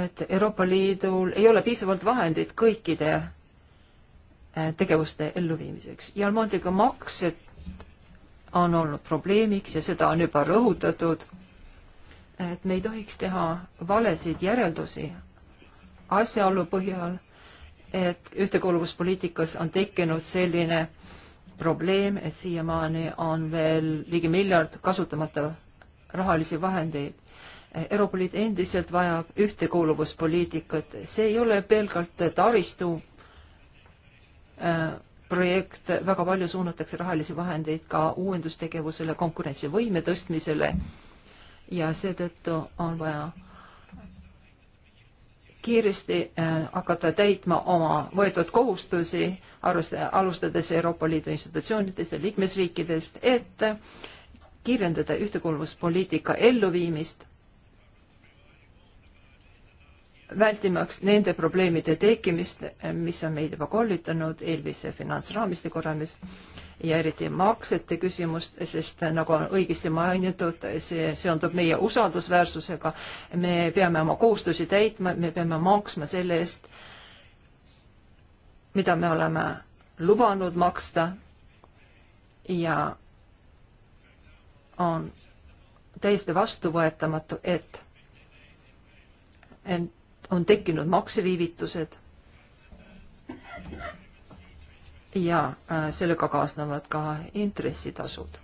et Euroopa Liidul ei ole piisavalt vahendeid kõikide äh, tegevuste elluviimiseks ja Almondiga maksed on olnud probleemiks ja seda on juba rõhutatud, et me ei tohiks teha valesid järeldusi asjaolu põhjal et ühtekuuluvuspoliitikas on tekkinud selline probleem, et siiamaani on veel ligi miljard kasutamata rahalisi vahendeid. Euroopa Liit endiselt vajab ühtekuuluvuspoliitikat, see ei ole pelgalt taristu äh, projekt, väga palju suunatakse rahalisi vahendeid ka uuendustegevusele, konkurentsivõime tõstmisele ja seetõttu on vaja kiiresti äh, hakata täitma oma võetud kohustusi, alustades Euroopa Liidu institutsioonides ja liikmesriikidest, et kiirendada ühtekuuluvuspoliitika elluviimist, vältimaks nende probleemide tekkimist, mis on meid juba kollitanud eelmise finantsraamistiku raames ja eriti maksete küsimust, sest nagu on õigesti mainitud, see seondub meie usaldusväärsusega. me peame oma kohustusi täitma, me peame maksma selle eest, mida me oleme lubanud maksta ja on täiesti vastuvõetamatu, et, et on tekkinud makseviivitused ja äh, sellega kaasnevad ka intressitasud.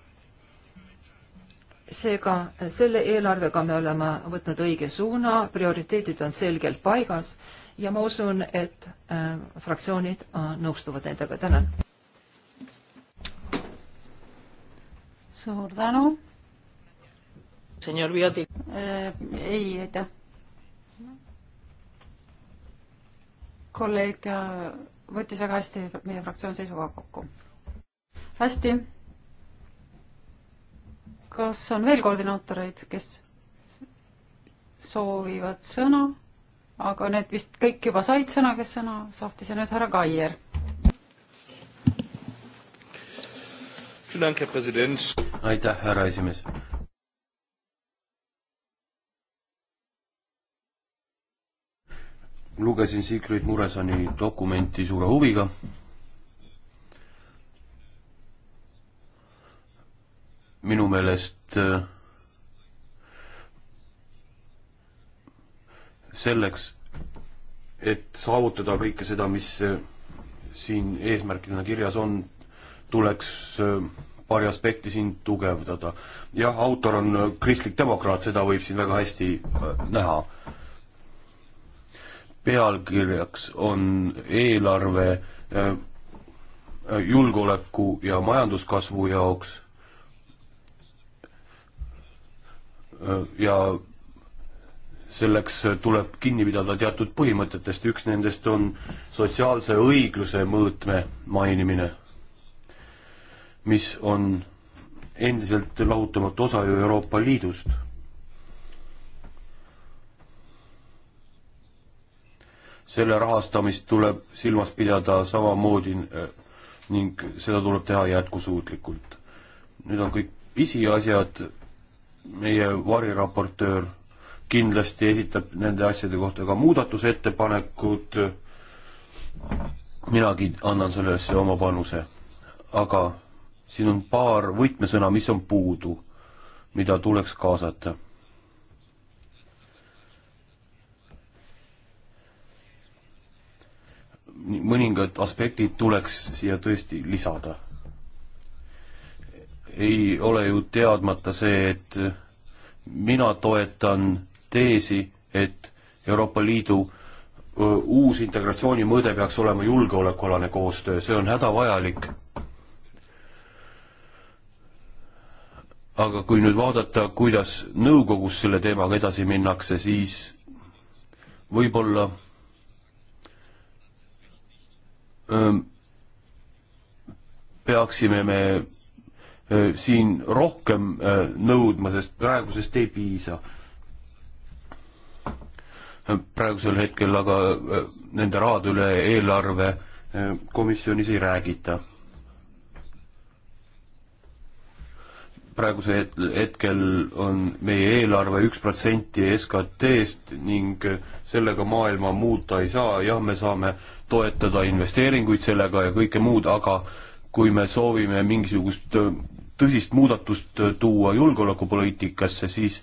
seega äh, selle eelarvega me oleme võtnud õige suuna, prioriteedid on selgelt paigas ja ma usun, et äh, fraktsioonid äh, nõustuvad nendega, tänan. suur tänu. senior Vioti äh,. ei, aitäh. kolleeg äh, võttis väga hästi meie fraktsiooni seisukoha kokku. hästi. kas on veel koordinaatoreid, kes soovivad sõna? aga need vist kõik juba said sõna, kes sõna sahtis ja nüüd härra Kaier. aitäh, härra esimees lugesin Sigrid Muresani dokumenti suure huviga. minu meelest äh, selleks, et saavutada kõike seda, mis äh, siin eesmärkidena kirjas on, tuleks äh, paari aspekti siin tugevdada. jah, autor on kristlik demokraat, seda võib siin väga hästi näha pealkirjaks on eelarve äh, äh, julgeoleku ja majanduskasvu jaoks äh, ja selleks tuleb kinni pidada teatud põhimõtetest, üks nendest on sotsiaalse õigluse mõõtme mainimine, mis on endiselt lahutamatu osa ju Euroopa Liidust selle rahastamist tuleb silmas pidada samamoodi äh, ning seda tuleb teha jätkusuutlikult. Need on kõik pisiasjad, meie variraportöör kindlasti esitab nende asjade kohta ka muudatusettepanekud, minagi annan sellesse oma panuse. aga siin on paar võtmesõna, mis on puudu, mida tuleks kaasata mõningad aspektid tuleks siia tõesti lisada. ei ole ju teadmata see, et mina toetan teesi, et Euroopa Liidu uus integratsiooni mõõde peaks olema julgeolekualane koostöö, see on hädavajalik. aga kui nüüd vaadata, kuidas nõukogus selle teemaga edasi minnakse, siis võib-olla peaksime me siin rohkem nõudma, sest praegusest ei piisa. praegusel hetkel aga nende rahade üle eelarve komisjonis ei räägita. praegusel hetkel on meie eelarve üks protsenti SKT-st ning sellega maailma muuta ei saa, jah, me saame äh, toetada investeeringuid sellega ja kõike muud, aga kui me soovime mingisugust äh, tõsist muudatust äh, tuua julgeolekupoliitikasse, siis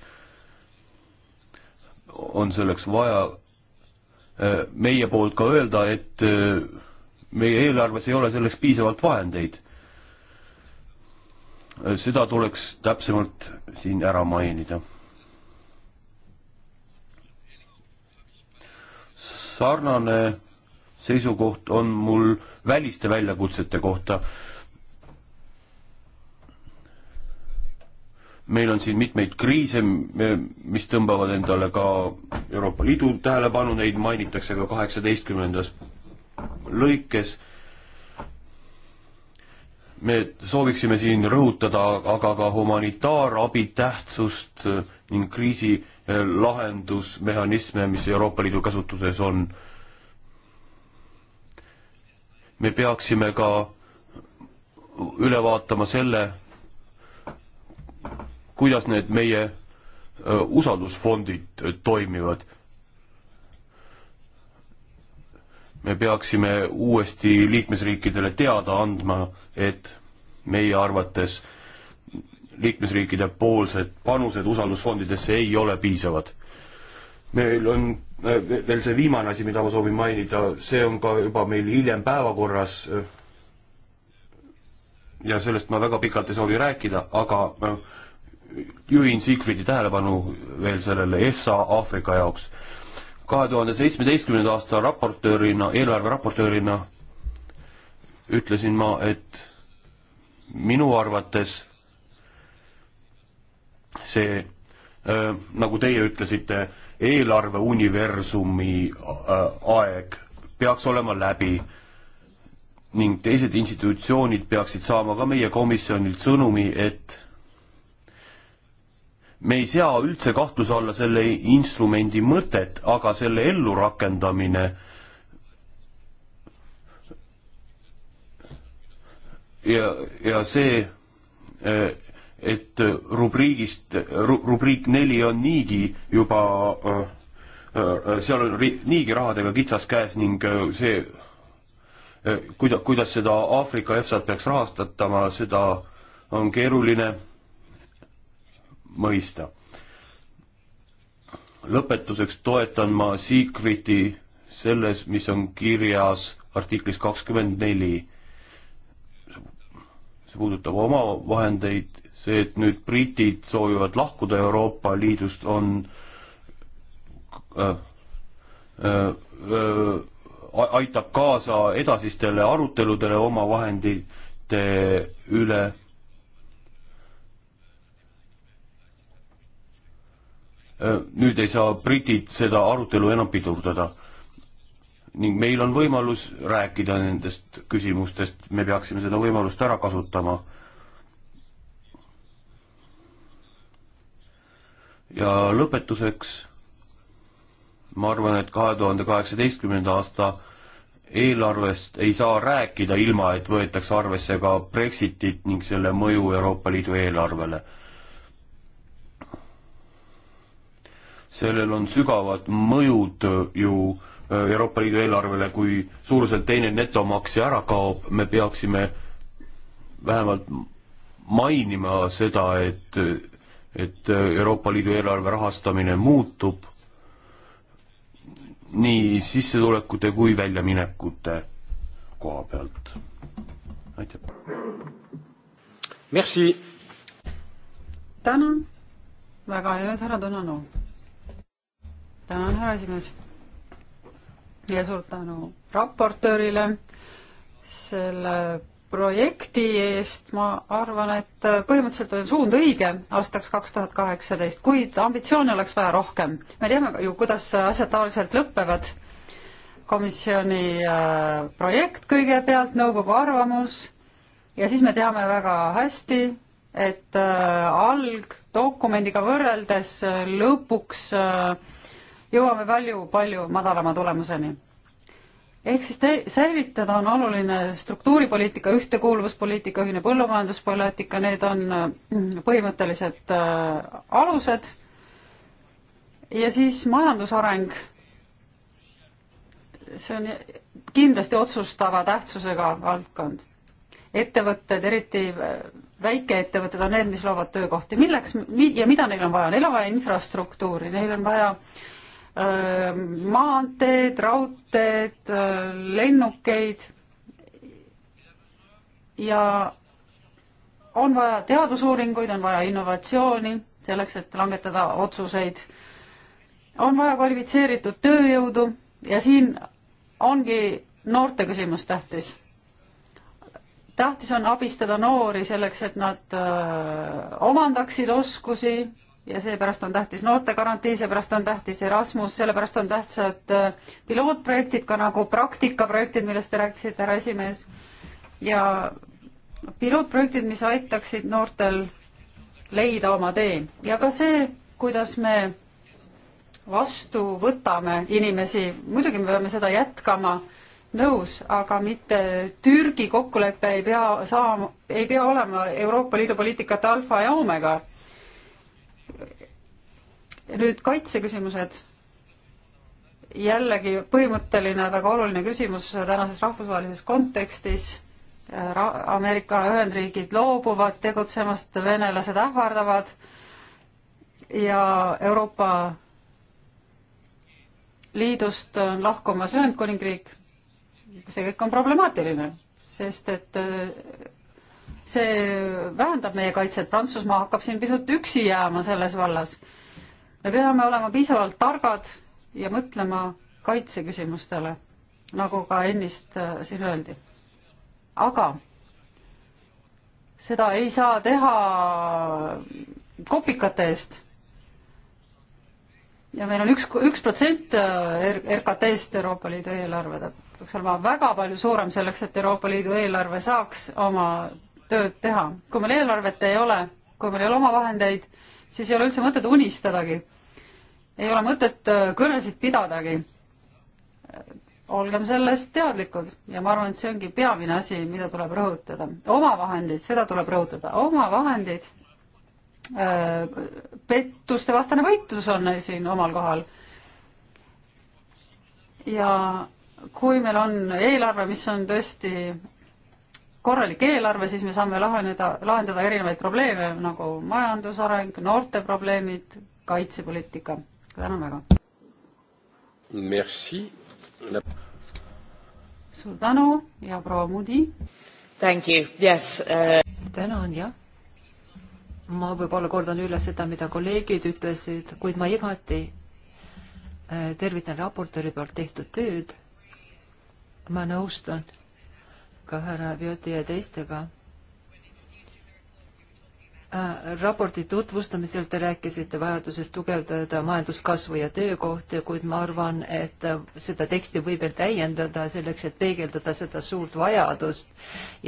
on selleks vaja äh, meie poolt ka öelda, et meie eelarves ei ole selleks piisavalt vahendeid. seda tuleks täpsemalt siin ära mainida. sarnane seisukoht on mul väliste väljakutsete kohta. meil on siin mitmeid kriise, mis tõmbavad endale ka Euroopa Liidu tähelepanu, neid mainitakse ka kaheksateistkümnendas lõikes. me sooviksime siin rõhutada aga ka humanitaarabi tähtsust ning kriisi lahendusmehhanisme, mis Euroopa Liidu käsutuses on me peaksime ka üle vaatama selle, kuidas need meie usaldusfondid toimivad. me peaksime uuesti liikmesriikidele teada andma, et meie arvates liikmesriikide poolsed panused usaldusfondidesse ei ole piisavad. meil on Äh, veel see viimane asi, mida ma soovin mainida, see on ka juba meil hiljem päevakorras. Äh, ja sellest ma väga pikalt ei soovi rääkida, aga äh, juhin Siegfriedi tähelepanu veel sellele EFSA Aafrika jaoks. kahe tuhande seitsmeteistkümnenda aasta raportöörina, eelarve raportöörina ütlesin ma, et minu arvates see, nagu teie ütlesite, eelarveuniversumi äh, aeg peaks olema läbi ning teised institutsioonid peaksid saama ka meie komisjonilt sõnumi, et me ei sea üldse kahtluse alla selle instrumendi mõtet, aga selle ellurakendamine ja, ja see äh, et äh, rubriigist äh, ru,, rubriik neli on niigi juba äh, äh, seal on ri, niigi rahadega kitsas käes ning äh, see äh, kuida-, kuidas seda Aafrika EFSA-t peaks rahastatama, seda on keeruline mõista. lõpetuseks toetan ma Secreti selles, mis on kirjas artiklis kakskümmend neli. see puudutab omavahendeid see, et nüüd britid soovivad lahkuda Euroopa Liidust, on äh, äh, äh, aitab kaasa edasistele aruteludele omavahendite üle äh, nüüd ei saa britid seda arutelu enam pidurdada. ning meil on võimalus rääkida nendest küsimustest, me peaksime seda võimalust ära kasutama. ja lõpetuseks ma arvan, et kahe tuhande kaheksateistkümnenda aasta eelarvest ei saa rääkida, ilma et võetakse arvesse ka Brexitit ning selle mõju Euroopa Liidu eelarvele. sellel on sügavad mõjud ju äh, Euroopa Liidu eelarvele, kui suuruselt teine netomaksja ära kaob, me peaksime vähemalt mainima seda, et et äh, Euroopa Liidu eelarve rahastamine muutub nii sissetulekute kui väljaminekute koha pealt. aitäh. Merci. tänan väga, Jüri Sara Tõnano. tänan, härra esimees. ja suur tänu raportöörile selle projekti eest, ma arvan, et põhimõtteliselt on suund õige aastaks kaks tuhat kaheksateist, kuid ambitsioone oleks vaja rohkem. me teame ju, kuidas asjad tavaliselt lõpevad. komisjoni äh, projekt kõigepealt, nõukogu arvamus ja siis me teame väga hästi, et äh, algdokumendiga võrreldes äh, lõpuks jõuame palju-palju madalama tulemuseni ehk siis säilitada on oluline struktuuripoliitika, ühtekuuluvuspoliitika, ühine põllumajanduspoliitika, need on äh, põhimõttelised äh, alused. ja siis majandusareng. see on kindlasti otsustava tähtsusega valdkond. ettevõtted, eriti äh, väikeettevõtted on need, mis loovad töökohti, milleks ja mida neil on vaja, neil on vaja infrastruktuuri, neil on vaja äh, Äh, maanteed, raudteed, äh, lennukeid ja on vaja teadusuuringuid, on vaja innovatsiooni selleks, et langetada otsuseid. on vaja kvalifitseeritud tööjõudu ja siin ongi noorte küsimus tähtis. tähtis on abistada noori selleks, et nad öö, äh, omandaksid oskusi, ja seepärast on tähtis noortegarantii, seepärast on tähtis Erasmus, sellepärast on tähtsad äh, pilootprojektid ka nagu praktikaprojektid, millest te rääkisite, härra esimees, ja pilootprojektid, mis aitaksid noortel leida oma tee ja ka see, kuidas me vastu võtame inimesi, muidugi me peame seda jätkama, nõus, aga mitte Türgi kokkulepe ei pea saama, ei pea olema Euroopa Liidu poliitikate alfa ja oomega nüüd kaitseküsimused. jällegi põhimõtteline, väga oluline küsimus tänases rahvusvahelises kontekstis Ra. Ameerika Ühendriigid loobuvad tegutsemast, venelased ähvardavad ja Euroopa Liidust on lahkumas Ühendkuningriik. see kõik on problemaatiline, sest et äh, see vähendab meie kaitset, Prantsusmaa hakkab siin pisut üksi jääma selles vallas me peame olema piisavalt targad ja mõtlema kaitseküsimustele, nagu ka ennist äh, siin öeldi. aga seda ei saa teha kopikate eest. ja meil on üks, üks protsent äh, RKT-st Euroopa Liidu eelarve, ta peaks olema väga palju suurem selleks, et Euroopa Liidu eelarve saaks oma tööd teha. kui meil eelarvet ei ole, kui meil ei ole omavahendeid, siis ei ole üldse mõtet unistadagi ei ole mõtet äh, kõnesid pidadagi. olgem sellest teadlikud ja ma arvan, et see ongi peamine asi, mida tuleb rõhutada. omavahendid, seda tuleb rõhutada, omavahendid, äh, pettuste vastane võitlus on siin omal kohal. ja kui meil on eelarve, mis on tõesti korralik eelarve, siis me saame laheneda, lahendada erinevaid probleeme nagu majandusareng, noorte probleemid, kaitsepoliitika tänan väga. Merci. suur tänu ja proua Moody. Thank you, yes uh.... tänan, jah. ma võib-olla kordan üle seda, mida kolleegid ütlesid, kuid ma igati äh, tervitan raportööri poolt tehtud tööd. ma nõustun ka härra Vjoti ja teistega Äh, raporti tutvustamisel te rääkisite vajadusest tugevdada majanduskasvu ja töökohti, kuid ma arvan, et äh, seda teksti võib veel täiendada selleks, et peegeldada seda suurt vajadust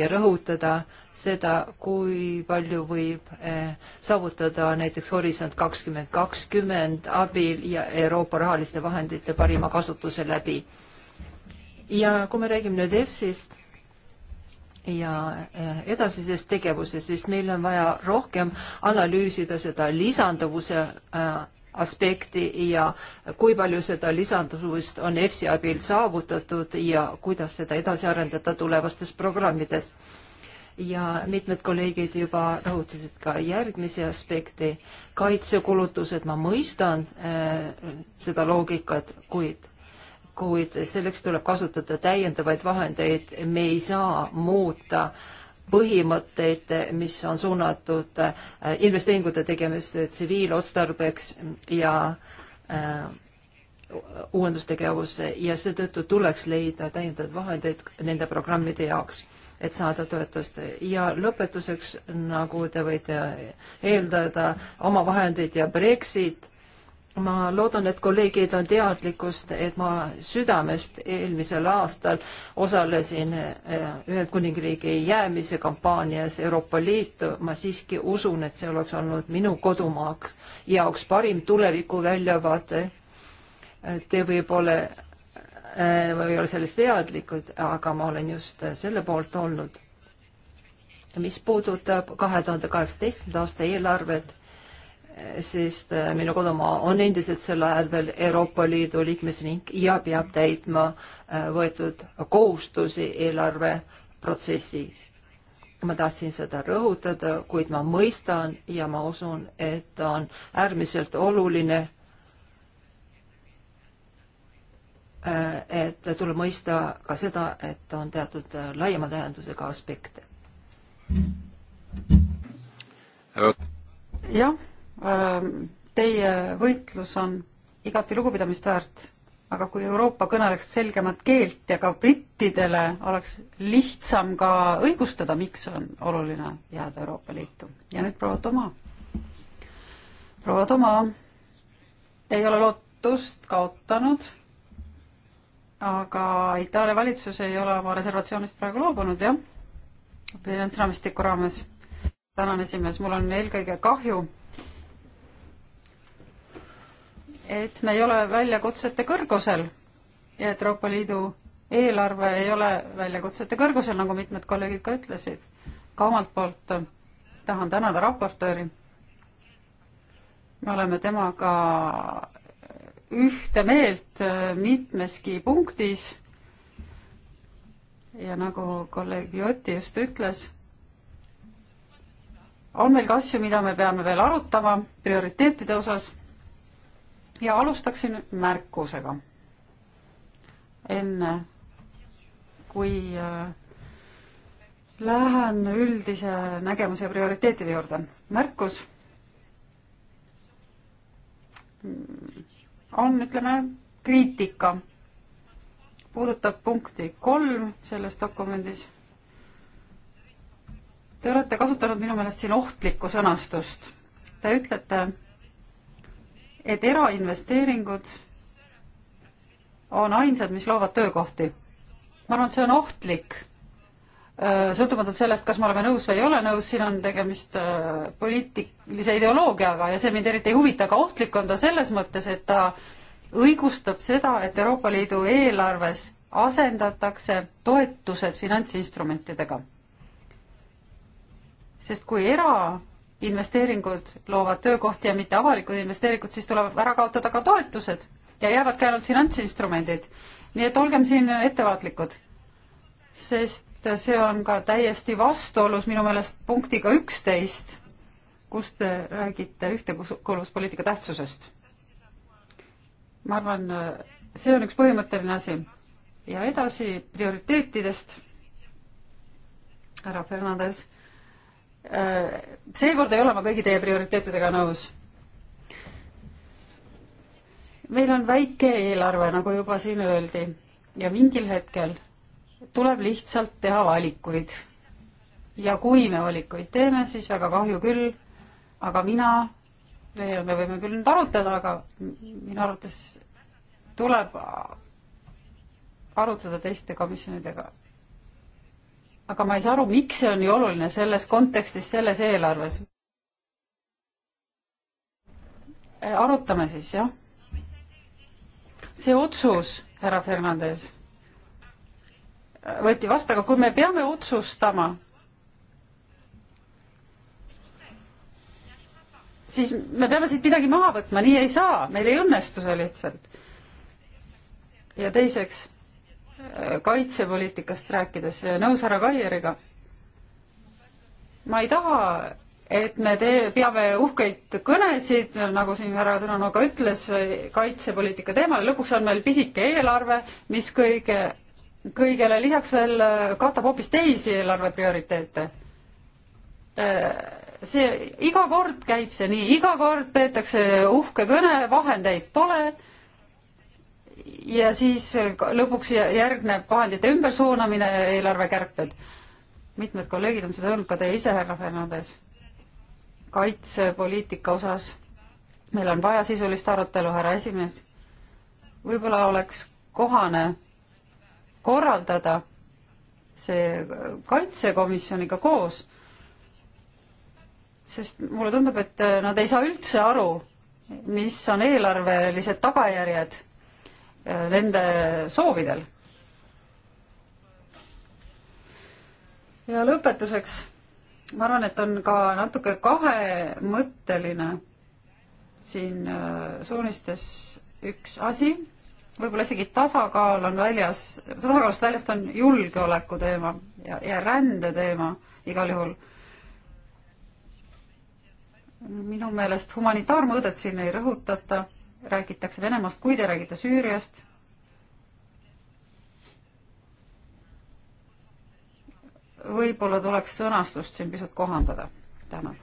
ja rõhutada seda, kui palju võib äh, saavutada näiteks Horisont kakskümmend kakskümmend abil ja Euroopa rahaliste vahendite parima kasutuse läbi. ja kui me räägime nüüd EFSist ja edasises tegevuses, sest meil on vaja rohkem analüüsida seda lisanduvuse äh, aspekti ja kui palju seda lisanduvust on EFSI abil saavutatud ja kuidas seda edasi arendada tulevastes programmides. ja mitmed kolleegid juba rõhutasid ka järgmisi aspekte, kaitsekulutused, ma mõistan äh, seda loogikat, kuid kuid selleks tuleb kasutada täiendavaid vahendeid. me ei saa muuta põhimõtteid, mis on suunatud äh, investeeringute tegemist tsiviilotstarbeks ja äh, uuendustegevus ja seetõttu tuleks leida täiendavaid vahendeid nende programmide jaoks, et saada toetust. ja lõpetuseks, nagu te võite eeldada, omavahendid ja Brexit ma loodan, et kolleegid on teadlikust, et ma südamest eelmisel aastal osalesin eh, Ühendkuningriigi jäämise kampaanias Euroopa Liitu. ma siiski usun, et see oleks olnud minu kodumaa jaoks parim tulevikuväljavaade. Te võib-olla eh, ei ole sellest teadlikud, aga ma olen just selle poolt olnud. mis puudutab kahe tuhande kaheksateistkümnenda aasta eelarvet sest äh, minu kodumaa on endiselt sel ajal veel Euroopa Liidu liikmesriik ja peab täitma äh, võetud kohustusi eelarveprotsessis. ma tahtsin seda rõhutada, kuid ma mõistan ja ma usun, et on äärmiselt oluline, äh, et tuleb mõista ka seda, et on teatud laiema tähendusega aspekte. jah teie võitlus on igati lugupidamist väärt, aga kui Euroopa kõneleks selgemat keelt ja ka brittidele oleks lihtsam ka õigustada, miks on oluline jääda Euroopa Liitu. ja nüüd proua Toma. proua Toma ei ole lootust kaotanud, aga Itaalia valitsus ei ole oma reservatsioonist praegu loobunud, jah, finantsraamistiku raames. tänan, esimees, mul on eelkõige kahju et me ei ole väljakutsete kõrgusel ja et Euroopa Liidu eelarve ei ole väljakutsete kõrgusel, nagu mitmed kolleegid ka ütlesid. ka omalt poolt tahan tänada raportööri. me oleme temaga ühte meelt mitmeski punktis. ja nagu kolleeg Joti just ütles, on meil ka asju, mida me peame veel arutama prioriteetide osas ja alustaksin märkusega. enne kui äh, lähen üldise nägemuse ja prioriteetide juurde. märkus on, ütleme, kriitika. puudutab punkti kolm selles dokumendis. Te olete kasutanud minu meelest siin ohtlikku sõnastust. Te ütlete, et erainvesteeringud on ainsad, mis loovad töökohti. ma arvan, et see on ohtlik, äh, sõltumatult sellest, kas me oleme nõus või ei ole nõus, siin on tegemist äh, poliitilise ideoloogiaga ja see mind eriti ei huvita, aga ohtlik on ta selles mõttes, et ta õigustab seda, et Euroopa Liidu eelarves asendatakse toetused finantsinstrumentidega. sest kui era investeeringud loovad töökohti ja mitte avalikud investeeringud, siis tuleb ära kaotada ka toetused ja jäävadki ainult finantsinstrumendid. nii et olgem siin ettevaatlikud, sest see on ka täiesti vastuolus minu meelest punktiga üksteist, kus te räägite ühtekuuluvuspoliitika tähtsusest. ma arvan, see on üks põhimõtteline asi. ja edasi prioriteetidest, härra Fernandes Äh, seekord ei ole ma kõigi teie prioriteetidega nõus. meil on väike eelarve, nagu juba siin öeldi, ja mingil hetkel tuleb lihtsalt teha valikuid. ja kui me valikuid teeme, siis väga kahju küll, aga mina, me võime küll nüüd arutada, aga minu arvates tuleb arutada teiste komisjonidega aga ma ei saa aru, miks see on nii oluline selles kontekstis, selles eelarves. Äh, arutame siis, jah. see otsus, härra Fernandes, võeti vastu, aga kui me peame otsustama, siis me peame siit midagi maha võtma, nii ei saa, meil ei õnnestu see lihtsalt. ja teiseks kaitsepoliitikast rääkides, nõus härra Kaieriga. ma ei taha, et me tee-, peame uhkeid kõnesid, nagu siin härra Tõnanoga ütles, kaitsepoliitika teemal, lõpuks on meil pisike eelarve, mis kõige, kõigele lisaks veel katab hoopis teisi eelarve prioriteete see iga kord käib see nii, iga kord peetakse uhke kõne, vahendeid pole ja siis äh, lõpuks järgneb vahendite ümbersuunamine ja eelarvekärped. mitmed kolleegid on seda öelnud, ka teie ise, härra Fernandes. kaitsepoliitika osas meil on vaja sisulist arutelu, härra esimees. võib-olla oleks kohane korraldada see äh, kaitsekomisjoniga koos, sest mulle tundub, et äh, nad ei saa üldse aru, mis on eelarvelised tagajärjed Äh, nende soovidel. ja lõpetuseks, ma arvan, et on ka natuke kahemõtteline siin äh, suunistes üks asi, võib-olla isegi tasakaal on väljas, tasakaalust väljast on julgeoleku teema ja, ja rände teema igal juhul minu meelest humanitaarmõõdet siin ei rõhutata räägitakse Venemaast, kui te räägite Süüriast, võib-olla tuleks sõnastust siin pisut kohandada. tänan.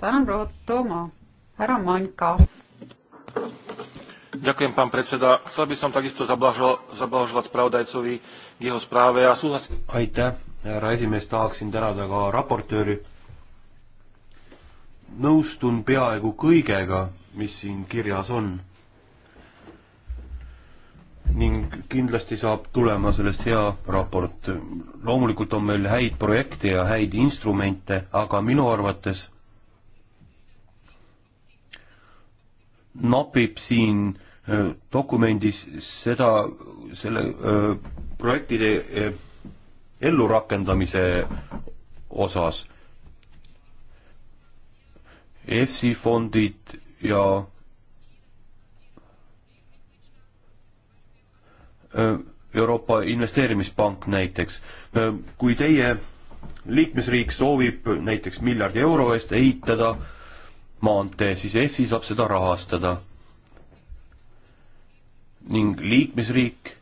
tänan, proua Toomo. härra Manka. Ďakujem, pán predseda. Chcel by som takisto zablahoželať spravodajcovi k jeho správe a súhlasím. Aitäh, härra esimees, tahaksin tänada ka raportööri nõustun peaaegu kõigega, mis siin kirjas on. ning kindlasti saab tulema sellest hea raport. loomulikult on meil häid projekte ja häid instrumente, aga minu arvates napib siin dokumendis seda, selle öö, projektide ellurakendamise osas EFSI fondid ja Euroopa Investeerimispank näiteks. kui teie liikmesriik soovib näiteks miljardi euro eest ehitada maantee, siis EFSI saab seda rahastada. ning liikmesriik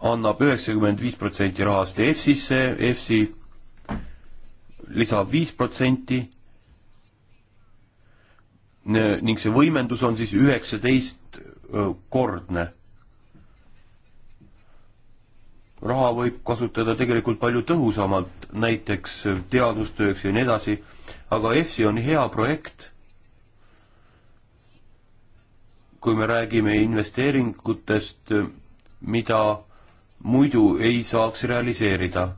annab üheksakümmend viis protsenti rahast EFSisse, EFSI lisab viis protsenti ning see võimendus on siis üheksateistkordne. raha võib kasutada tegelikult palju tõhusamalt, näiteks teadustööks ja nii edasi, aga EFSI on hea projekt kui me räägime investeeringutest, mida muidu ei saaks realiseerida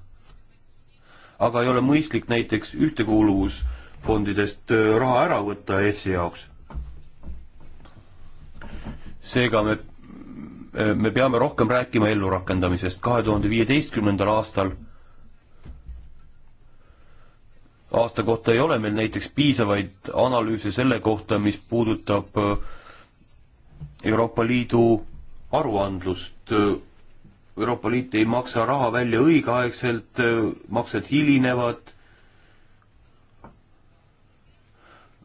aga ei ole mõistlik näiteks ühtekuuluvusfondidest äh, raha ära võtta EFSi jaoks. seega me, äh, me peame rohkem rääkima ellurakendamisest. kahe tuhande viieteistkümnendal aastal aasta kohta ei ole meil näiteks piisavaid analüüse selle kohta, mis puudutab äh, Euroopa Liidu aruandlust Euroopa Liit ei maksa raha välja õigeaegselt, maksed hilinevad,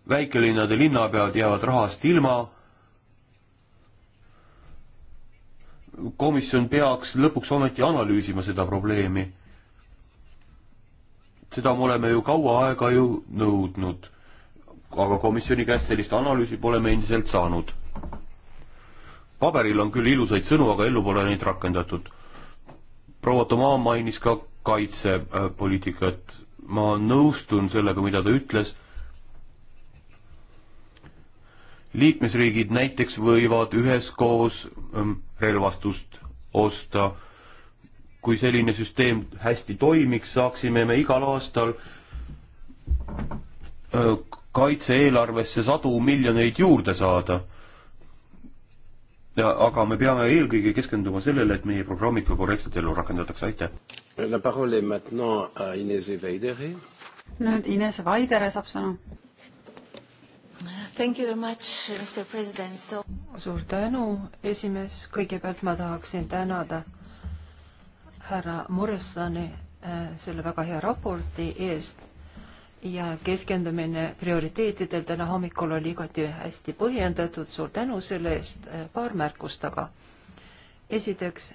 väikelinnade linnapead jäävad rahast ilma, komisjon peaks lõpuks ometi analüüsima seda probleemi. seda me oleme ju kaua aega ju nõudnud, aga komisjoni käest sellist analüüsi pole me endiselt saanud paberil on küll ilusaid sõnu, aga ellu pole neid rakendatud proua Tomaa mainis ka kaitsepoliitikat. ma nõustun sellega, mida ta ütles. liikmesriigid näiteks võivad üheskoos ähm, relvastust osta. kui selline süsteem hästi toimiks, saaksime me igal aastal äh, kaitse-eelarvesse sadu miljoneid juurde saada aga me peame eelkõige keskenduma sellele, et meie programmid ka korrektselt ellu rakendatakse, aitäh. nüüd Ines Vaidere saab sõna. Thank you very much, Mr President so.... suur tänu, esimees, kõigepealt ma tahaksin tänada härra Muressani äh, selle väga hea raporti eest ja keskendumine prioriteetidel täna hommikul oli igati hästi põhjendatud, suur tänu selle eest, paar märkust aga. esiteks,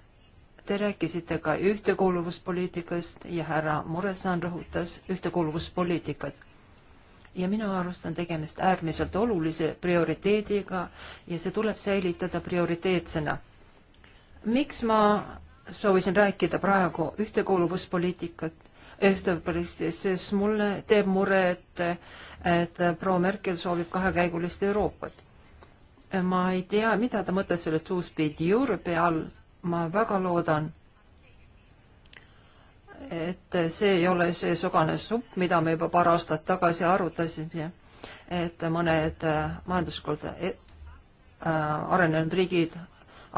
te rääkisite ka ühtekuuluvuspoliitikast ja härra Muresan rõhutas ühtekuuluvuspoliitikat. ja minu arust on tegemist äärmiselt olulise prioriteediga ja see tuleb säilitada prioriteetsena. miks ma soovisin rääkida praegu ühtekuuluvuspoliitikat ühtepoliitilist, siis mulle teeb mure, et, et proua Merkel soovib kahekäigulist Euroopat. ma ei tea, mida ta mõtles selle two-speed Europe'i all, ma väga loodan, et see ei ole seesugune supp, mida me juba paar aastat tagasi arutasime, et mõned majanduslikult e- äh, arenenud riigid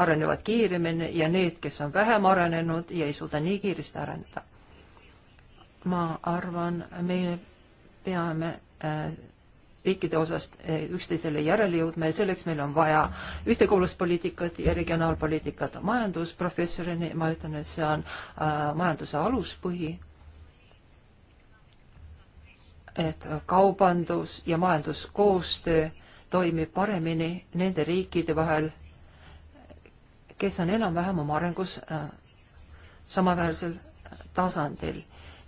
arenevad kiiremini ja need, kes on vähem arenenud ja ei suuda nii kiiresti areneda ma arvan, me peame äh, riikide osast äh, üksteisele järele jõudma ja selleks meil on vaja ühtekuuluvuspoliitikat ja regionaalpoliitikat. majandusprofessorina ma ütlen, et see on äh, majanduse aluspõhi, et kaubandus ja majanduskoostöö toimib paremini nende riikide vahel, kes on enam-vähem oma arengus äh, samaväärsel äh, tasandil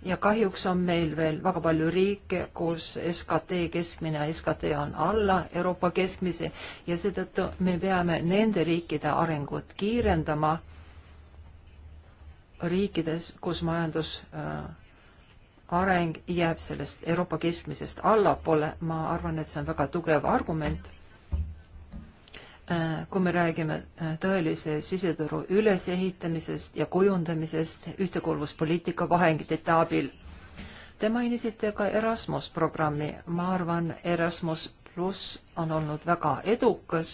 ja kahjuks on meil veel väga palju riike, kus SKT keskmine, SKT on alla Euroopa keskmise ja seetõttu me peame nende riikide arengut kiirendama riikides, kus majandus äh, areng jääb sellest Euroopa keskmisest allapoole, ma arvan, et see on väga tugev argument Äh, kui me räägime äh, tõelise siseturu ülesehitamisest ja kujundamisest ühtekuuluvuspoliitika vahendite abil. Te mainisite ka Erasmus programmi. ma arvan, Erasmus pluss on olnud väga edukas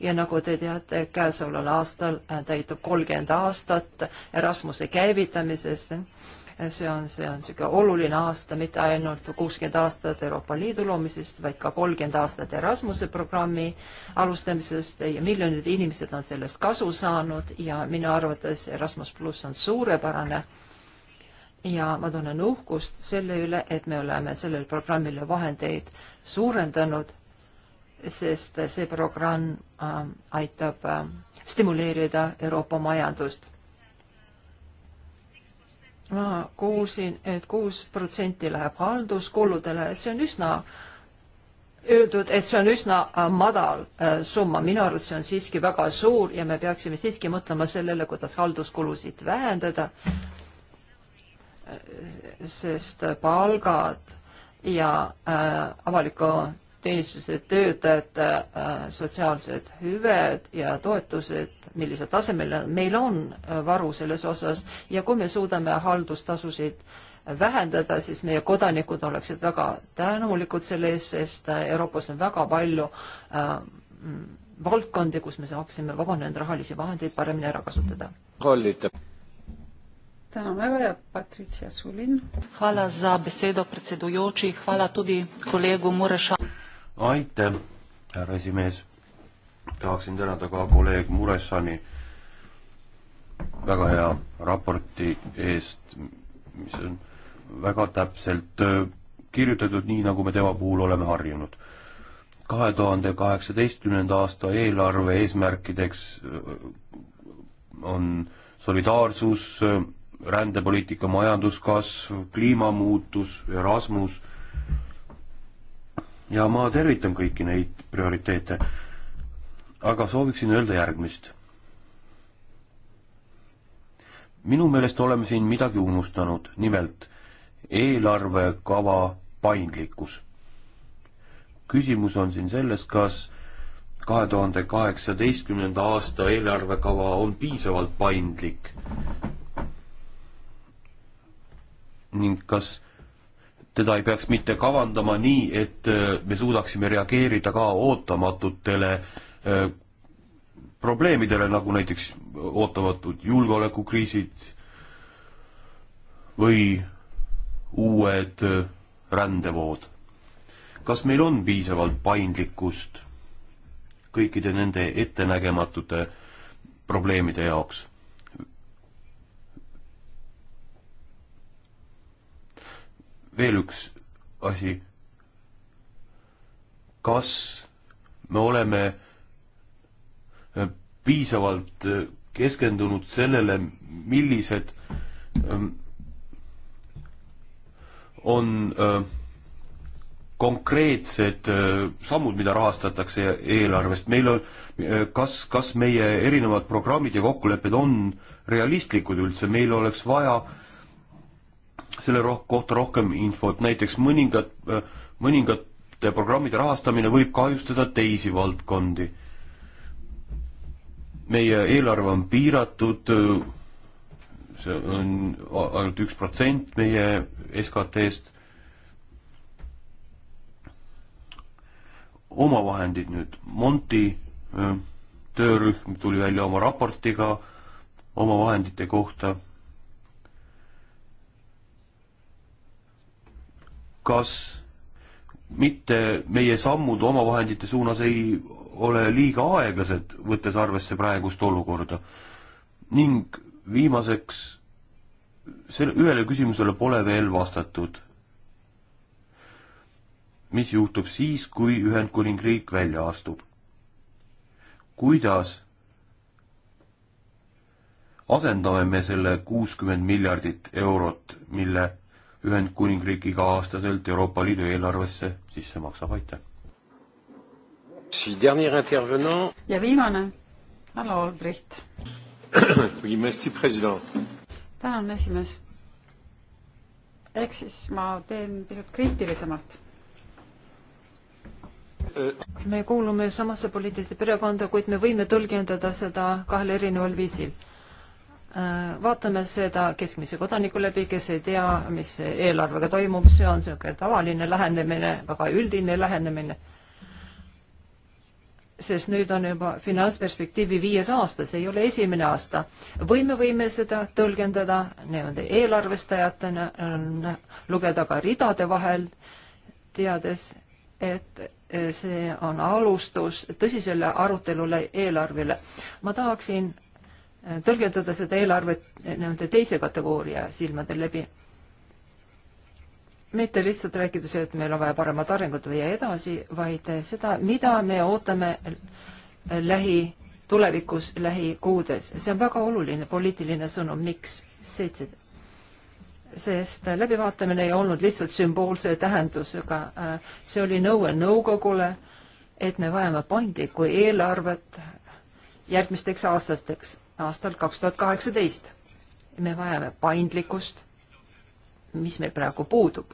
ja nagu te teate, käesoleval aastal äh, täitub kolmkümmend aastat Erasmuse käivitamisest see on, see on niisugune oluline aasta, mitte ainult kuuskümmend aastat Euroopa Liidu loomisest, vaid ka kolmkümmend aastat Erasmuse programmi alustamisest ja miljonid inimesed on sellest kasu saanud ja minu arvates Erasmus pluss on suurepärane. ja ma tunnen uhkust selle üle, et me oleme sellele programmile vahendeid suurendanud, sest see programm äh, aitab äh, stimuleerida Euroopa majandust ma kuulsin et, et kuus protsenti läheb halduskuludele, see on üsna öeldud, et see on üsna äh, madal äh, summa, minu arvates see on siiski väga suur ja me peaksime siiski mõtlema sellele, kuidas halduskulusid vähendada, äh, sest palgad ja äh, avaliku teenistuse töötajate äh, sotsiaalsed hüved ja toetused, millisel tasemel meil on äh, varu selles osas ja kui me suudame haldustasusid vähendada, siis meie kodanikud oleksid väga tänulikud selle eest, sest äh, Euroopas on väga palju äh, valdkondi, kus me saaksime vabanenud rahalisi vahendeid paremini ära kasutada. Tänan väga, Patricia Sulin. Hvala za besedo, predsedujoči. Hvala tudi kolegu Murešanu aitäh, härra esimees. tahaksin tänada ka kolleeg Muressani väga hea raporti eest, mis on väga täpselt äh, kirjutatud, nii nagu me tema puhul oleme harjunud. kahe tuhande kaheksateistkümnenda aasta eelarve eesmärkideks äh, on solidaarsus, äh, rändepoliitika, majanduskasv, kliimamuutus, Erasmus ja ma tervitan kõiki neid prioriteete, aga sooviksin öelda järgmist. minu meelest oleme siin midagi unustanud, nimelt eelarvekava paindlikkus. küsimus on siin selles, kas kahe tuhande kaheksateistkümnenda aasta eelarvekava on piisavalt paindlik ning kas teda ei peaks mitte kavandama nii, et äh, me suudaksime reageerida ka ootamatutele äh, probleemidele, nagu näiteks ootamatud julgeolekukriisid või uued äh, rändevood. kas meil on piisavalt paindlikkust kõikide nende ettenägematute probleemide jaoks? veel üks asi. kas me oleme äh, piisavalt äh, keskendunud sellele, millised ähm, on äh, konkreetsed sammud, mida rahastatakse eelarvest, meil on, kas, kas meie erinevad programmid ja kokkulepped on realistlikud üldse, meil oleks vaja äh, selle roh-, kohta rohkem infot, näiteks mõningad, äh, mõningate programmide rahastamine võib kahjustada teisi valdkondi. meie eelarve on piiratud, äh, see on ainult üks protsent meie SKT-st, omavahendid nüüd, Monti äh, töörühm tuli välja oma raportiga omavahendite kohta kas mitte meie sammud omavahendite suunas ei ole liiga aeglased, võttes arvesse praegust olukorda. ning viimaseks, selle ühele küsimusele pole veel vastatud. mis juhtub siis, kui Ühendkuningriik välja astub? kuidas asendame me selle kuuskümmend miljardit eurot, mille Ühendkuningriik iga aastaselt Euroopa Liidu eelarvesse sisse maksab, aitäh. ja viimane, härra Olbricht. tänan, esimees. ehk siis ma teen pisut kriitilisemalt me kuulume samasse poliitilisse perekonda, kuid me võime tõlgendada seda kahel erineval viisil. Äh, vaatame seda keskmise kodaniku läbi, kes ei tea, mis eelarvega toimub, see on niisugune tavaline lähenemine, väga üldine lähenemine. sest nüüd on juba finantsperspektiivi viies aasta, see ei ole esimene aasta. või me võime seda tõlgendada niimoodi eelarvestajatena, lugeda ka ridade vahel, teades, et eh, see on alustus tõsisele arutelule eelarvele. ma tahaksin tõlgendada seda eelarvet nii-öelda teise kategooria silmade läbi. mitte lihtsalt rääkides, et meil on vaja paremat arengut või edasi, vaid seda, mida me ootame lähitulevikus, lähikuudes. see on väga oluline poliitiline sõnum, miks seitse, sest läbivaatamine ei olnud lihtsalt sümboolse tähendusega, see oli nõue nõukogule, et me vajame paindlikku eelarvet järgmisteks aastateks aastal kaks tuhat kaheksateist. me vajame paindlikkust, mis meil praegu puudub.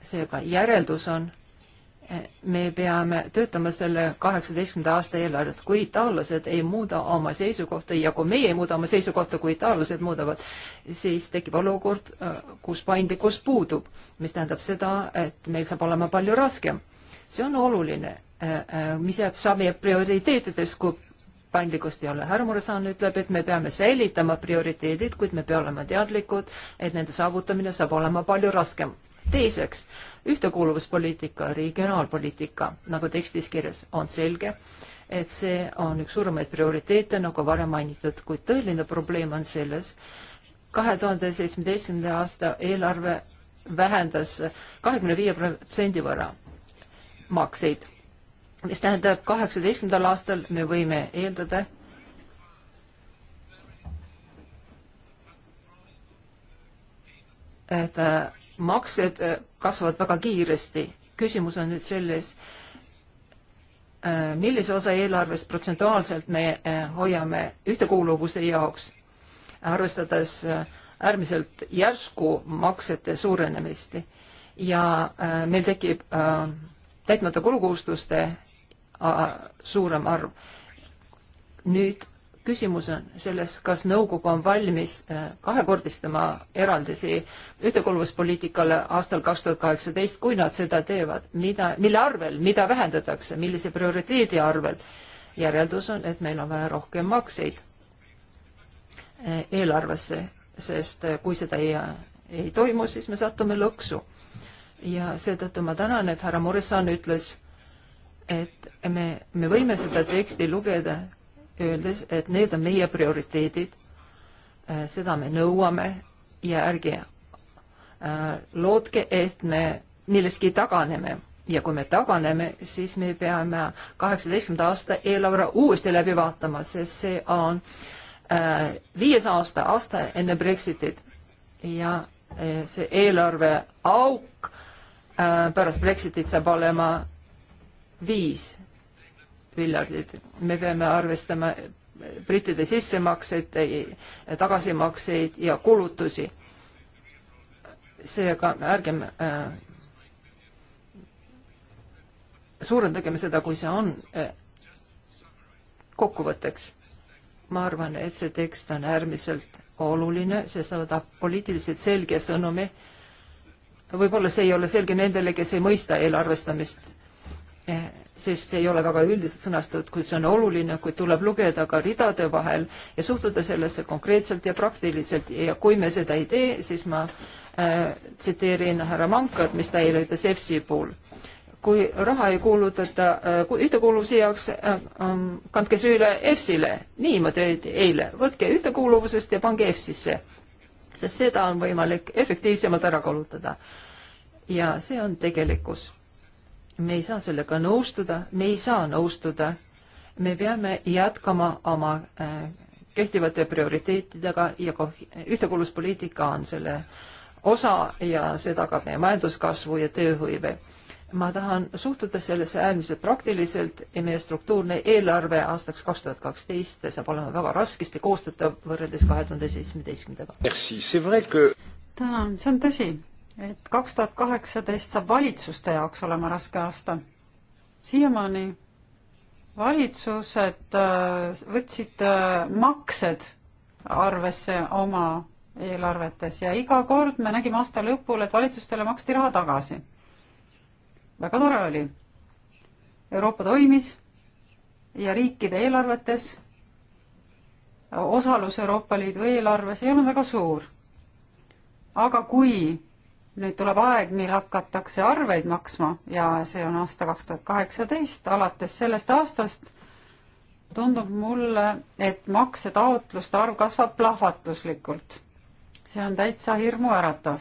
seega järeldus on, me peame töötama selle kaheksateistkümnenda aasta eelarvet, kui itaallased ei muuda oma seisukohta ja kui meie ei muuda oma seisukohta, kui itaallased muudavad, siis tekib olukord, kus paindlikkus puudub, mis tähendab seda, et meil saab olema palju raskem. see on oluline, mis jääb saab meie prioriteetidest, kui paindlikkust ei ole. härra Muresan ütleb, et me peame säilitama prioriteedid, kuid me peame olema teadlikud, et nende saavutamine saab olema palju raskem. teiseks, ühtekuuluvuspoliitika, regionaalpoliitika, nagu tekstis kirjas, on selge, et see on üks suuremaid prioriteete, nagu varem mainitud, kuid tõeline probleem on selles, kahe tuhande seitsmeteistkümnenda aasta eelarve vähendas kahekümne viie protsendi võrra makseid mis tähendab, et kaheksateistkümnendal aastal me võime eeldada, et äh, maksed äh, kasvavad väga kiiresti. küsimus on nüüd selles, äh, millise osa eelarvest protsentuaalselt me hoiame ühtekuuluvuse jaoks, arvestades äärmiselt järsku maksete suurenemist ja meil tekib äh, täitmata kulukohustuste suurem arv. nüüd küsimus on selles, kas nõukogu on valmis äh, kahekordistama eraldisi ühtekuuluvuspoliitikale aastal kaks tuhat kaheksateist, kui nad seda teevad, mida, mille arvel, mida vähendatakse, millise prioriteedi arvel. järeldus on, et meil on vaja rohkem makseid äh, eelarvesse, sest äh, kui seda ei, ei toimu, siis me satume lõksu ja seetõttu ma tänan, et härra Morrison ütles, et me, me võime seda teksti lugeda, öeldes, et need on meie prioriteedid, äh, seda me nõuame ja ärge äh, lootke, et me millestki taganeme ja kui me taganeme, siis me peame kaheksateistkümnenda aasta eelarve uuesti läbi vaatama, sest see on äh, viies aasta, aasta enne Brexitit ja äh, see eelarve auk Äh, pärast Brexitit saab olema viis miljardit. me peame arvestama brittide sissemakseid, äh, tagasimakseid ja kulutusi. seega ärgem äh, suurendagem seda, kui see on äh,. kokkuvõtteks, ma arvan, et see tekst on äärmiselt oluline, see saadab poliitiliselt selge sõnumi äh, võib-olla see ei ole selge nendele, kes ei mõista eelarvestamist, eh, sest see ei ole väga üldiselt sõnastatud, kuid see on oluline, kuid tuleb lugeda ka ridade vahel ja suhtuda sellesse konkreetselt ja praktiliselt ja kui me seda ei tee, siis ma äh, tsiteerin härra Mankat, mis ta eile ütles EFSi puhul kui raha ei kuulutata äh, ühtekuuluvuse jaoks äh,, kandke süüle EFSile. nii ma teid eile, võtke ühtekuuluvusest ja pange EFSisse sest seda on võimalik efektiivsemalt ära kulutada. ja see on tegelikkus. me ei saa sellega nõustuda, me ei saa nõustuda. me peame jätkama oma äh, kehtivate prioriteetidega ja ühtekuuluvuspoliitika on selle osa ja see tagab meie majanduskasvu ja tööhõive ma tahan suhtuda sellesse äärmiselt praktiliselt ja meie struktuurne eelarve aastaks kaks tuhat kaksteist saab olema väga raskesti koostatav võrreldes kahe tuhande seitsmeteistkümnendaga. tänan, see on tõsi, et kaks tuhat kaheksateist saab valitsuste jaoks olema raske aasta. siiamaani valitsused äh, võtsid äh, maksed arvesse oma eelarvetes ja iga kord me nägime aasta lõpul, et valitsustele maksti raha tagasi väga tore oli. Euroopa toimis ja riikide eelarvetes osalus Euroopa Liidu eelarves ei olnud väga suur. aga kui nüüd tuleb aeg, mil hakatakse arveid maksma ja see on aasta kaks tuhat kaheksateist, alates sellest aastast tundub mulle, et maksetaotluste arv kasvab plahvatuslikult. see on täitsa hirmuäratav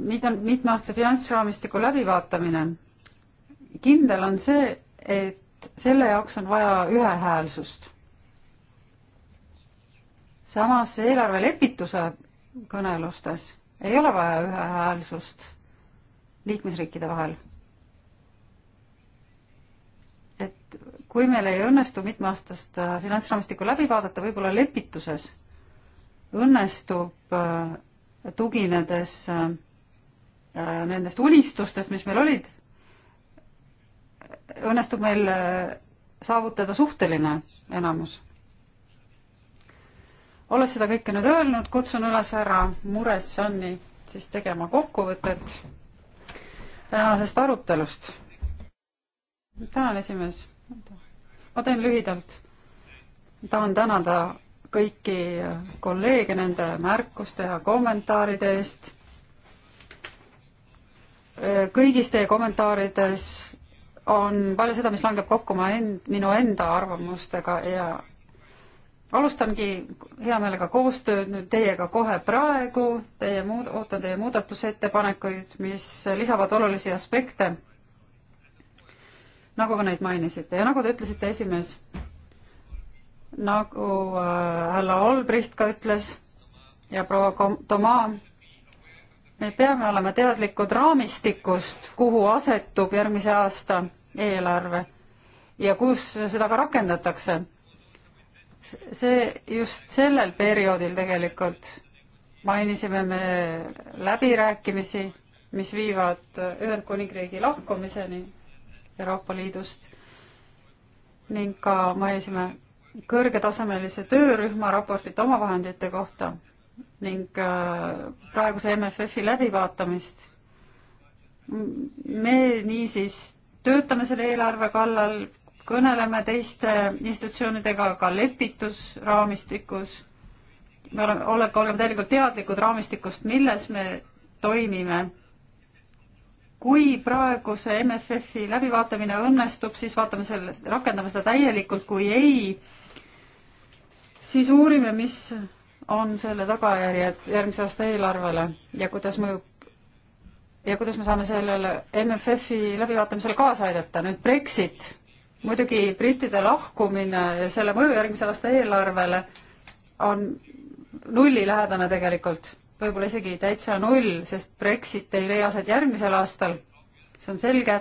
mida, mitmeaastase finantsraamistiku läbivaatamine. kindel on see, et selle jaoks on vaja ühehäälsust. samas eelarvelepituse kõnelustes ei ole vaja ühehäälsust liikmesriikide vahel. et kui meil ei õnnestu mitmeaastast äh, finantsraamistikku läbi vaadata, võib-olla lepituses õnnestub äh, tuginedes äh, Äh, nendest unistustest, mis meil olid, õnnestub meil äh, saavutada suhteline enamus. olles seda kõike nüüd öelnud, kutsun üles härra Mures Sanni siis tegema kokkuvõtet tänasest arutelust. tänan, esimees. ma teen lühidalt. tahan tänada kõiki kolleege nende märkuste ja kommentaaride eest kõigis teie kommentaarides on palju seda, mis langeb kokku ma end, minu enda arvamustega ja alustangi hea meelega koostööd nüüd teiega kohe praegu, teie muud-, ootan teie muudatusettepanekuid, mis lisavad olulisi aspekte, nagu ka neid mainisite ja nagu te ütlesite, esimees, nagu äh, härra äh, Olbricht ka ütles ja proua Tomaa me peame olema teadlikud raamistikust, kuhu asetub järgmise aasta eelarve ja kus seda ka rakendatakse. see just sellel perioodil tegelikult mainisime me läbirääkimisi, mis viivad Ühendkuningriigi lahkumiseni Euroopa Liidust ning ka mainisime kõrgetasemelise töörühma raportit omavahendite kohta ning äh, praeguse MFF-i läbivaatamist. me niisiis töötame selle eelarve kallal, kõneleme teiste institutsioonidega ka lepitusraamistikus, me oleme, oleme, oleme tegelikult teadlikud raamistikust, milles me toimime. kui praeguse MFF-i läbivaatamine õnnestub, siis vaatame selle, rakendame seda täielikult, kui ei, siis uurime, mis on selle tagajärjed järgmise aasta eelarvele ja kuidas mõjub ja kuidas me saame sellele MFF-i läbivaatamisele kaasa aidata. nüüd Brexit, muidugi brittide lahkumine ja selle mõju järgmise aasta eelarvele on nullilähedane tegelikult, võib-olla isegi täitsa null, sest Brexit ei leia aset järgmisel aastal, see on selge.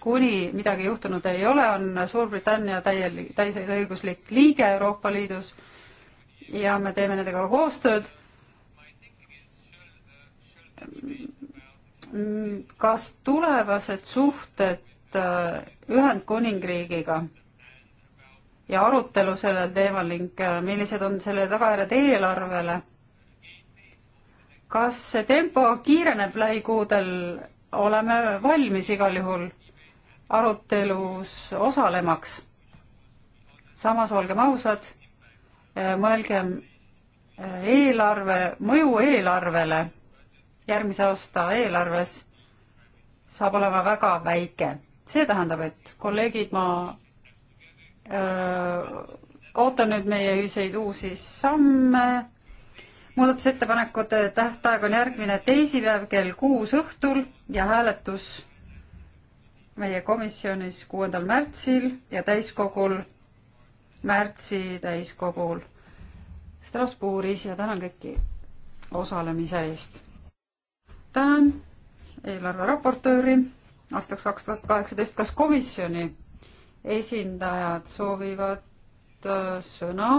kuni midagi juhtunud ei ole, on Suurbritannia täielik, täisõiguslik liige Euroopa Liidus ja me teeme nendega koostööd. kas tulevased suhted äh, Ühendkuningriigiga ja arutelu sellel teemal ning äh, millised on selle tagajärjed eelarvele? kas see tempo kiireneb lähikuudel, oleme valmis igal juhul arutelus osalemaks. samas olgem ausad Äh, mõelgem äh, eelarve, mõju eelarvele järgmise aasta eelarves saab olema väga väike. see tähendab, et kolleegid, ma öö, äh, ootan nüüd meie ühiseid uusi samme. muudatusettepanekute tähtaeg on järgmine teisipäev kell kuus õhtul ja hääletus meie komisjonis kuuendal märtsil ja täiskogul märtsi täiskogul Strasbourgis ja tänan kõiki osalemise eest. tänan eelarve raportööri aastaks kaks tuhat kaheksateist, kas komisjoni esindajad soovivad äh, sõna?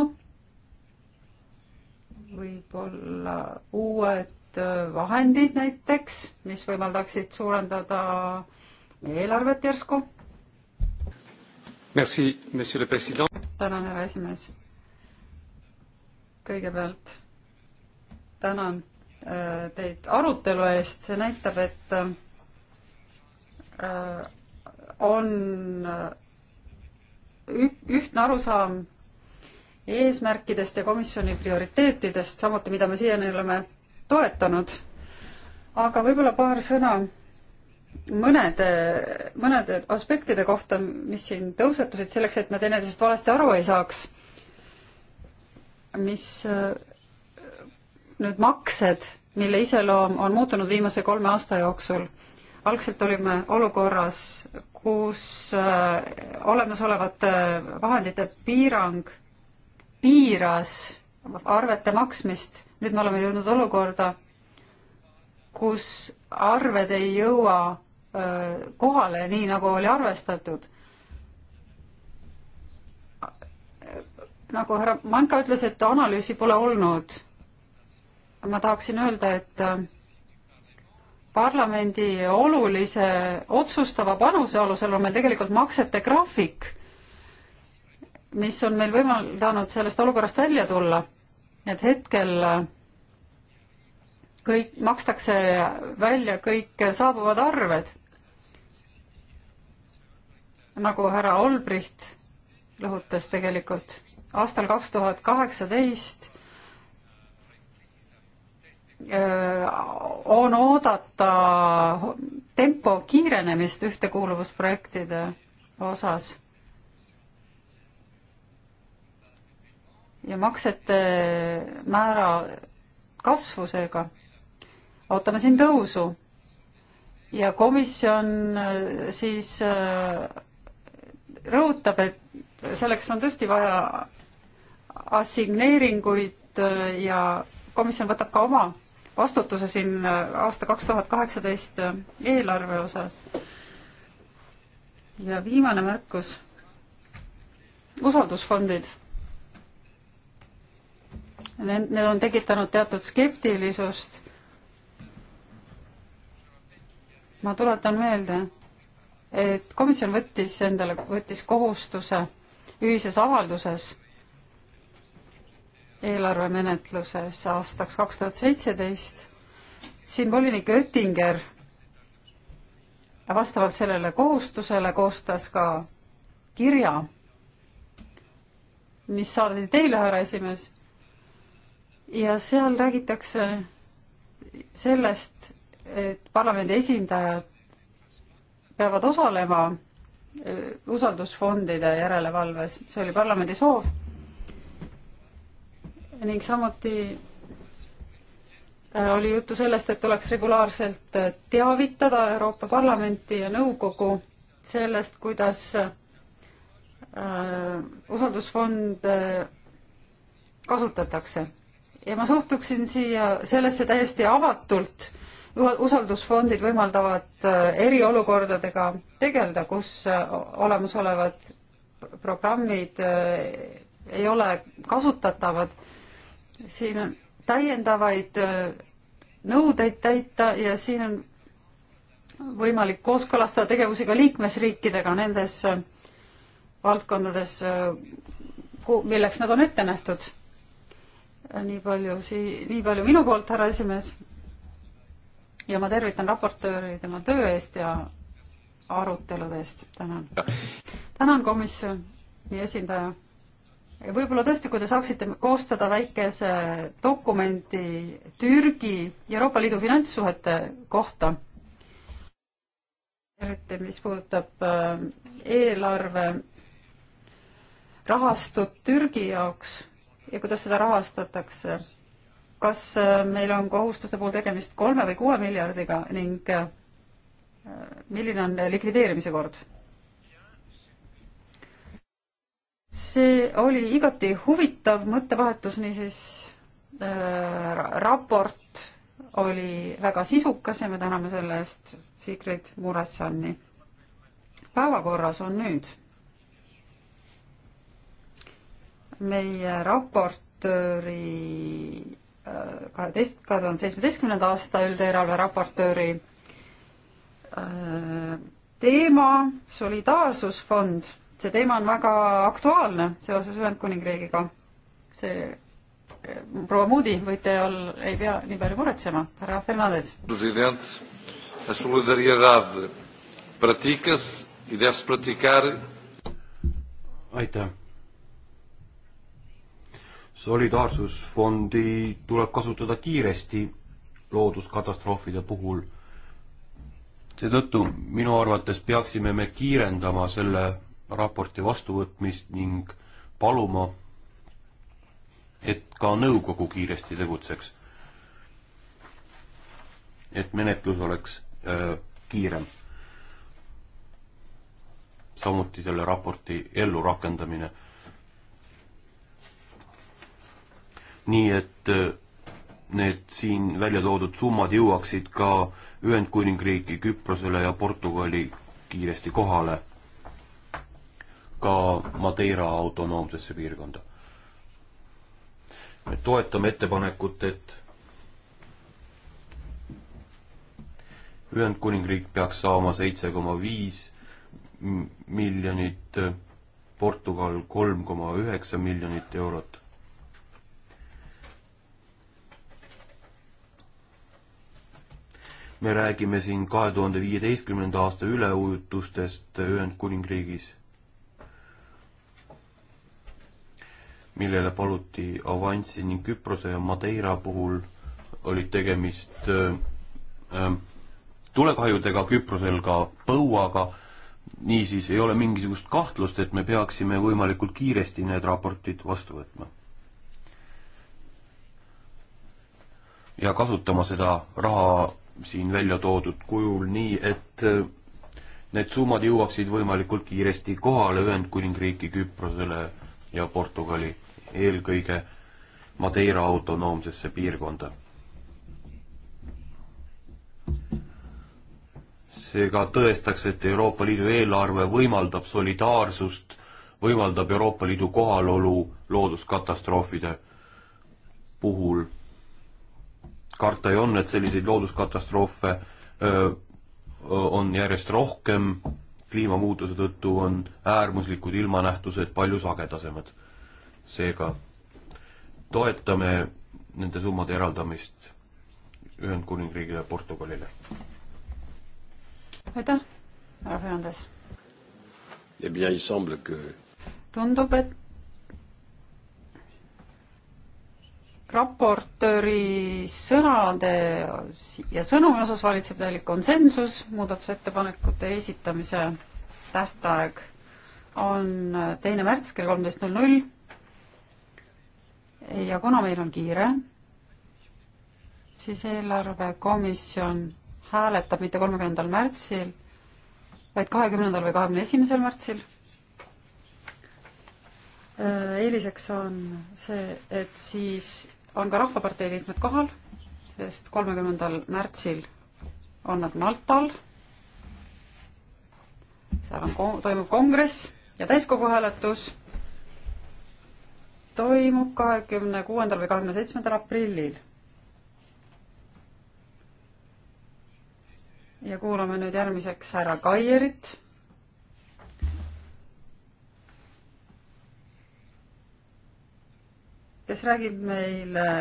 võib-olla uued äh, vahendid näiteks, mis võimaldaksid suurendada eelarvet järsku? Merci, monsieur le president tänan, härra esimees. kõigepealt tänan äh, teid arutelu eest, see näitab, et äh, on äh, ühtne arusaam eesmärkidest ja komisjoni prioriteetidest, samuti mida me siiani oleme toetanud. aga võib-olla paar sõna mõnede, mõnede aspektide kohta, mis siin tõusetusid, selleks et me teineteisest valesti aru ei saaks, mis nüüd maksed, mille iseloom on muutunud viimase kolme aasta jooksul. algselt olime olukorras, kus äh, olemasolevate äh, vahendite piirang piiras arvete maksmist, nüüd me oleme jõudnud olukorda, kus arved ei jõua kohale, nii nagu oli arvestatud. nagu härra Manka ütles, et analüüsi pole olnud. ma tahaksin öelda, et äh, parlamendi olulise otsustava panuse alusel on meil tegelikult maksete graafik, mis on meil võimaldanud sellest olukorrast välja tulla. et hetkel äh, kõik, makstakse välja kõik saabuvad arved nagu härra Olbricht lõhutas tegelikult, aastal kaks tuhat kaheksateist äh, on oodata tempo kiirenemist ühtekuuluvusprojektide osas. ja maksete määra kasvu seega ootame siin tõusu ja komisjon äh, siis äh, rõhutab, et selleks on tõesti vaja assigneeringuid äh, ja komisjon võtab ka oma vastutuse siin äh, aasta kaks tuhat kaheksateist äh, eelarve osas. ja viimane märkus, usaldusfondid. Need, need on tekitanud teatud skeptilisust. ma tuletan meelde et komisjon võttis endale, võttis kohustuse ühises avalduses eelarvemenetluses aastaks kaks tuhat seitseteist. siin volinik Oettinger vastavalt sellele kohustusele koostas ka kirja, mis saadeti teile, härra esimees, ja seal räägitakse sellest, et parlamendi esindajad peavad osalema e, usaldusfondide järelevalves, see oli parlamendi soov. ning samuti e, oli juttu sellest, et tuleks regulaarselt e, teavitada Euroopa Parlamenti ja nõukogu sellest, kuidas usaldusfonde kasutatakse. ja ma suhtuksin siia sellesse täiesti avatult usaldusfondid võimaldavad äh, eriolukordadega tegeleda, kus äh, olemasolevad programmid äh, ei ole kasutatavad. siin on täiendavaid nõudeid täita ja siin on võimalik kooskõlastada tegevusi ka liikmesriikidega nendes valdkondades, milleks nad on ette nähtud. nii palju sii-, nii palju minu poolt, härra esimees ja ma tervitan raportööri tema töö eest ja arutelude eest, tänan. tänan, komisjoni esindaja. võib-olla tõesti, kui te saaksite koostada väikese dokumendi Türgi Euroopa Liidu finantssuhete kohta, eriti mis puudutab äh, eelarve rahastut Türgi jaoks ja kuidas seda rahastatakse kas äh, meil on kohustuste puhul tegemist kolme või kuue miljardiga ning äh, milline on likvideerimise kord? see oli igati huvitav mõttevahetus, niisiis äh, raport oli väga sisukas ja me täname selle eest Sigrid Muressani. päevakorras on nüüd meie raportööri kaheteist, kahe tuhande seitsmeteistkümnenda aasta üldeelarve raportööri äh, teema solidaarsusfond, see teema on väga aktuaalne seoses Ühendkuningriigiga. see äh, proua Moody, võite olla, ei pea nii palju muretsema, härra Fernandes. president, solidariedad pratikas, ideas e praticar. aitäh solidaarsusfondi tuleb kasutada kiiresti looduskatastroofide puhul. seetõttu minu arvates peaksime me kiirendama selle raporti vastuvõtmist ning paluma, et ka nõukogu kiiresti tegutseks. et menetlus oleks öö, äh, kiirem. samuti selle raporti ellurakendamine nii et äh, need siin välja toodud summad jõuaksid ka Ühendkuningriiki, Küprosele ja Portugali kiiresti kohale, ka Madeira autonoomsesse piirkonda. me toetame ettepanekut, et Ühendkuningriik peaks saama seitse koma viis miljonit, Portugal kolm koma üheksa miljonit eurot me räägime siin kahe tuhande viieteistkümnenda aasta üleujutustest Ühendkuningriigis, millele paluti avanssi ning Küprose ja Madeira puhul oli tegemist äh, äh, tulekahjudega, Küprosel ka põuaga, niisiis ei ole mingisugust kahtlust, et me peaksime võimalikult kiiresti need raportid vastu võtma. ja kasutama seda raha siin välja toodud kujul nii, et äh, need summad jõuaksid võimalikult kiiresti kohale Ühendkuningriiki, Küprosele ja Portugali, eelkõige Madeira autonoomsesse piirkonda. seega tõestaks, et Euroopa Liidu eelarve võimaldab solidaarsust, võimaldab Euroopa Liidu kohalolu looduskatastroofide puhul karta ju on, et selliseid looduskatastroofe on järjest rohkem, kliimamuutuse tõttu on äärmuslikud ilmanähtused palju sagedasemad. seega toetame nende summade eraldamist Ühendkuningriigile ja Portugalile. aitäh, härra Fernandes. Eh tundub, et raportööri sõnade ja sõnumi osas valitseb täielik konsensus, muudatusettepanekute esitamise tähtaeg on teine märts kell kolmteist null null. ja kuna meil on kiire, siis eelarvekomisjon hääletab mitte kolmekümnendal märtsil, vaid kahekümnendal või kahekümne esimesel märtsil äh, eeliseks on see, et siis on ka Rahvapartei liikmed kohal, sest kolmekümnendal märtsil on nad Maltal. seal on, toimub kongress ja täiskogu hääletus toimub kahekümne kuuendal või kahekümne seitsmendal aprillil. ja kuulame nüüd järgmiseks härra Kaierit kes räägib meile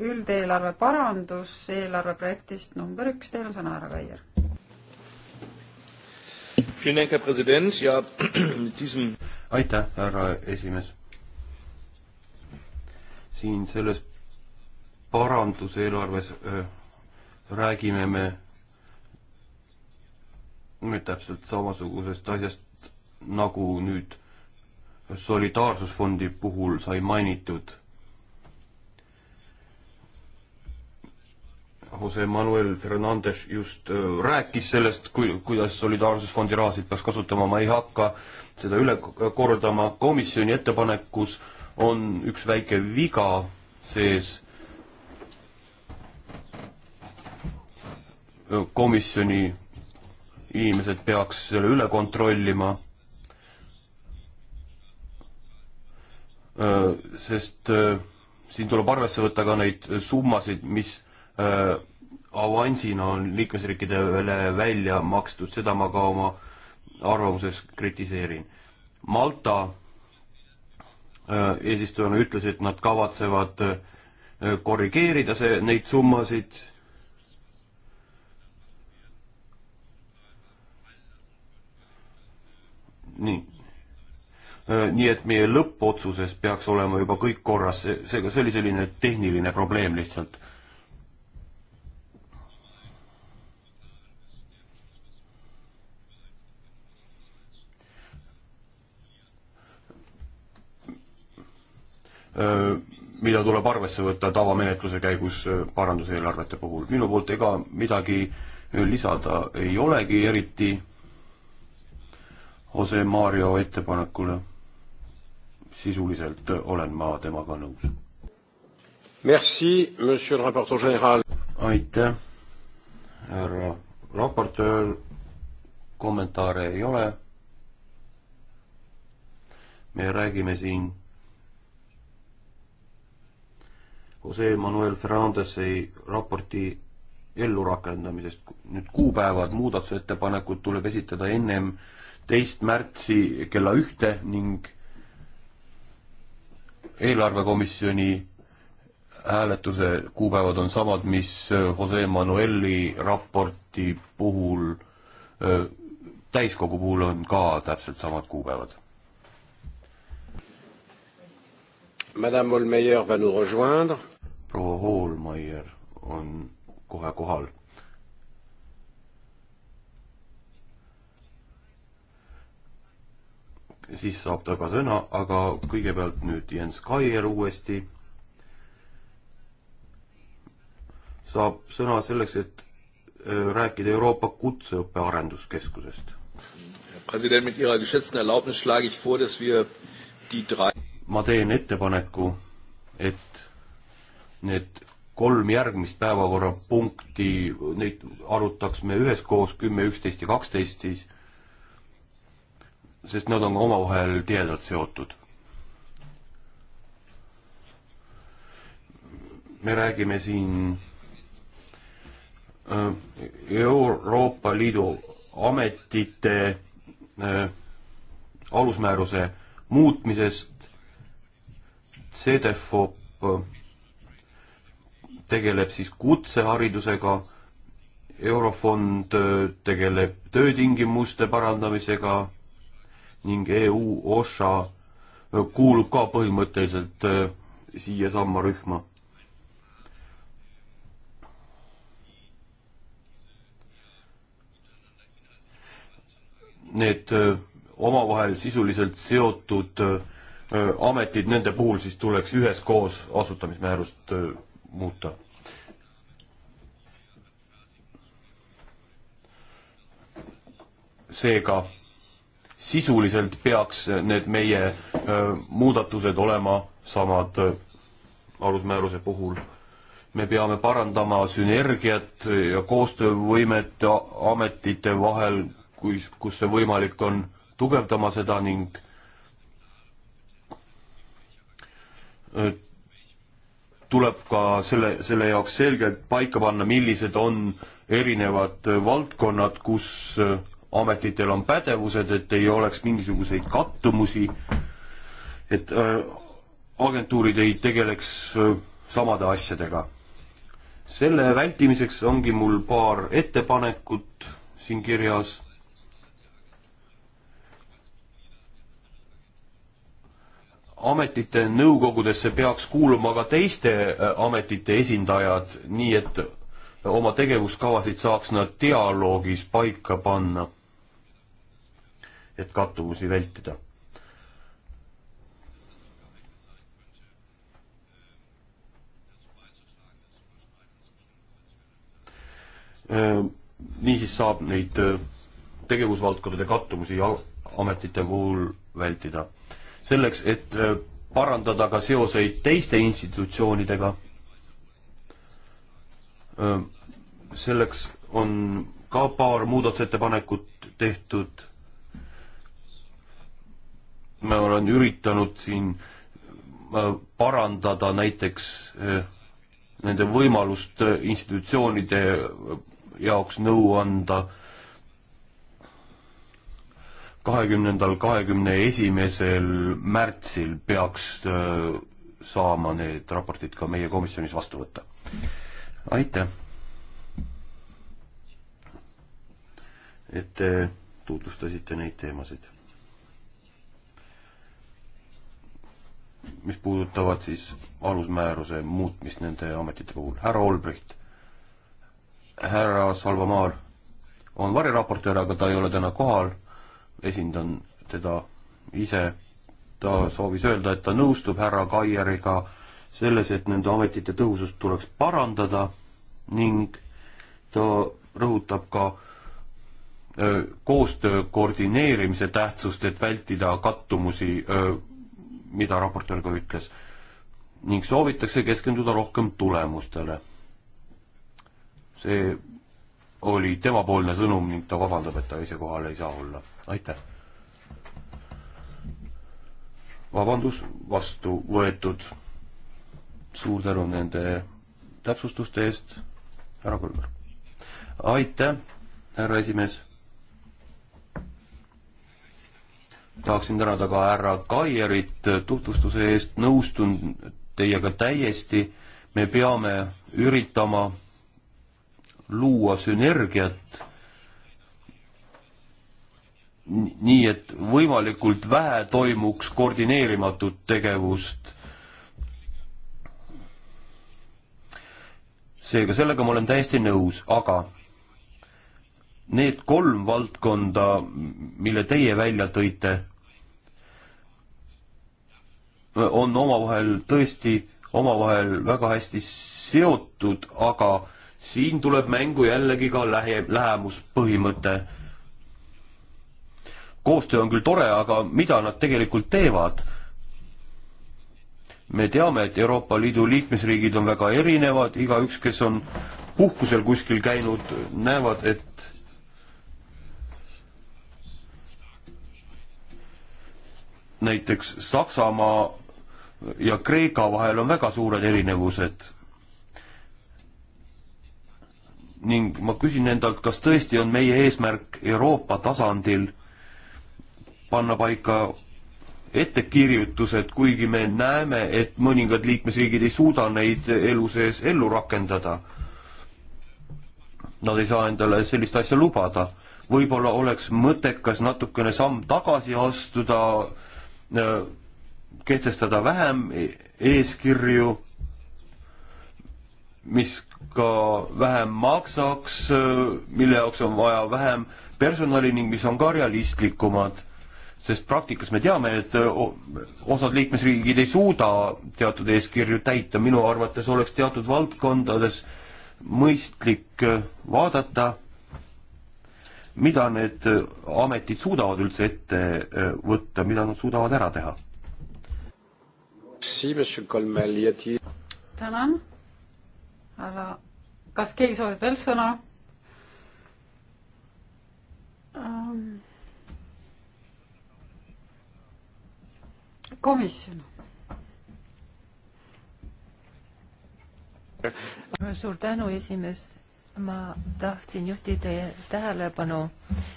üldeelarve parandus eelarve projektist number üks, teil on sõna, härra Kaier. aitäh, härra esimees. siin selles paranduseelarves öö, äh, räägime me nüüd täpselt samasugusest asjast nagu nüüd solidaarsusfondi puhul sai mainitud. Jose Manuel Fernandes just äh, rääkis sellest, kui, kuidas solidaarsusfondi rahasid peaks kasutama, ma ei hakka seda üle kordama, komisjoni ettepanekus on üks väike viga sees komisjoni inimesed peaks selle üle kontrollima Äh, sest äh, siin tuleb arvesse võtta ka neid summasid, mis äh, avansina on liikmesriikidele välja makstud, seda ma ka oma arvamuses kritiseerin. Malta eesistujana ütles, et nad kavatsevad korrigeerida see, neid summasid nii Äh, nii et meie lõppotsuses peaks olema juba kõik korras, seega see oli selline tehniline probleem lihtsalt. Äh, mida tuleb arvesse võtta tavamenetluse käigus äh, paranduseelarvete puhul. minu poolt ega midagi lisada ei olegi, eriti Jose Mario ettepanekule sisuliselt olen ma temaga nõus. Merci, monsieur le rapporteur général. aitäh, härra raportöör, kommentaare ei ole. me räägime siin Jose Manuel Fernandesi raporti ellurakendamisest. nüüd kuupäevad, muudatusettepanekud tuleb esitada ennem teist märtsi kella ühte ning eelarvekomisjoni hääletuse kuupäevad on samad, mis äh, Jose Manueli raporti puhul, äh, täiskogu puhul on ka täpselt samad kuupäevad. proua Hoolmeier on kohe kohal siis saab ta ka sõna, aga kõigepealt nüüd Jens Kaier uuesti saab sõna selleks, et äh, rääkida Euroopa Kutseõppe Arenduskeskusest. ma teen ettepaneku, et need kolm järgmist päevakorrapunkti, neid arutaksime üheskoos kümme, üksteist ja kaksteist siis sest nad on omavahel tihedalt seotud. me räägime siin äh, Euroopa Liidu ametite äh, alusmääruse muutmisest, CDFOP äh, tegeleb siis kutseharidusega, Eurofond tegeleb töötingimuste parandamisega ning EU osa äh, kuulub ka põhimõtteliselt äh, siia samma rühma. Need äh, omavahel sisuliselt seotud ametid, nende puhul siis tuleks üheskoos asutamismäärust muuta. seega sisuliselt peaks need meie muudatused olema samad alusmääruse puhul. me peame parandama sünergiat ja koostöövõimet ametite vahel, kui, kus see võimalik on, tugevdama seda ning tuleb ka selle, selle jaoks selgelt paika panna, millised on erinevad valdkonnad, kus ametitel on pädevused, et ei oleks mingisuguseid kattumusi, et äh, agentuurid ei tegeleks äh, samade asjadega. selle vältimiseks ongi mul paar ettepanekut siin kirjas. ametite nõukogudesse peaks kuuluma ka teiste äh, ametite esindajad, nii et oma tegevuskavasid saaks nad dialoogis paika panna et kattumusi vältida. Äh, niisiis saab neid äh, tegevusvaldkondade kattumusi ametite puhul vältida. selleks, et äh, parandada ka seoseid teiste institutsioonidega, selleks on ka paar muudatusettepanekut tehtud ma olen üritanud siin äh, parandada näiteks äh, nende võimalust äh, institutsioonide jaoks nõu anda kahekümnendal, kahekümne esimesel märtsil peaks saama need raportid ka meie komisjonis vastu võtta. aitäh, et te tutvustasite neid teemasid mis puudutavad siis alusmääruse muutmist nende ametite puhul. härra Olbricht, härra Salvamaar on variraportöör, aga ta ei ole täna kohal, esindan teda ise, ta soovis öelda, et ta nõustub härra Kaieriga selles, et nende ametite tõhusust tuleks parandada ning ta rõhutab ka öö, koostöö koordineerimise tähtsust, et vältida kattumusi öö, mida raportöör ka ütles, ning soovitakse keskenduda rohkem tulemustele. see oli temapoolne sõnum ning ta vabandab, et ta ise kohal ei saa olla. aitäh! vabandus vastu võetud. suur tänu nende täpsustuste eest, härra Kõlvar. aitäh, härra esimees tahaksin tänada ka härra Kaierit tutvustuse eest, nõustun teiega täiesti, me peame üritama luua sünergiat nii, et võimalikult vähe toimuks koordineerimatut tegevust. seega sellega ma olen täiesti nõus, aga Need kolm valdkonda, mille teie välja tõite, on omavahel tõesti omavahel väga hästi seotud, aga siin tuleb mängu jällegi ka lähe, lähemuspõhimõte. koostöö on küll tore, aga mida nad tegelikult teevad? me teame, et Euroopa Liidu liikmesriigid on väga erinevad, igaüks, kes on puhkusel kuskil käinud, näevad, et näiteks Saksamaa ja Kreeka vahel on väga suured erinevused. ning ma küsin endalt, kas tõesti on meie eesmärk Euroopa tasandil panna paika ettekirjutused, kuigi me näeme, et mõningad liikmesriigid ei suuda neid elu sees ellu rakendada. Nad ei saa endale sellist asja lubada. võib-olla oleks mõttekas natukene samm tagasi astuda, Äh, kehtestada vähem e-, eeskirju, mis ka vähem maksaks, äh, mille jaoks on vaja vähem personali ning mis on ka realistlikumad, sest praktikas me teame, et äh, osad liikmesriigid ei suuda teatud eeskirju täita, minu arvates oleks teatud valdkondades mõistlik vaadata mida need äh, ametid suudavad üldse ette äh, võtta, mida nad suudavad ära teha? tänan, härra, kas keegi soovib veel sõna um...? komisjon. suur tänu, esimees ma tahtsin juhtida tähelepanu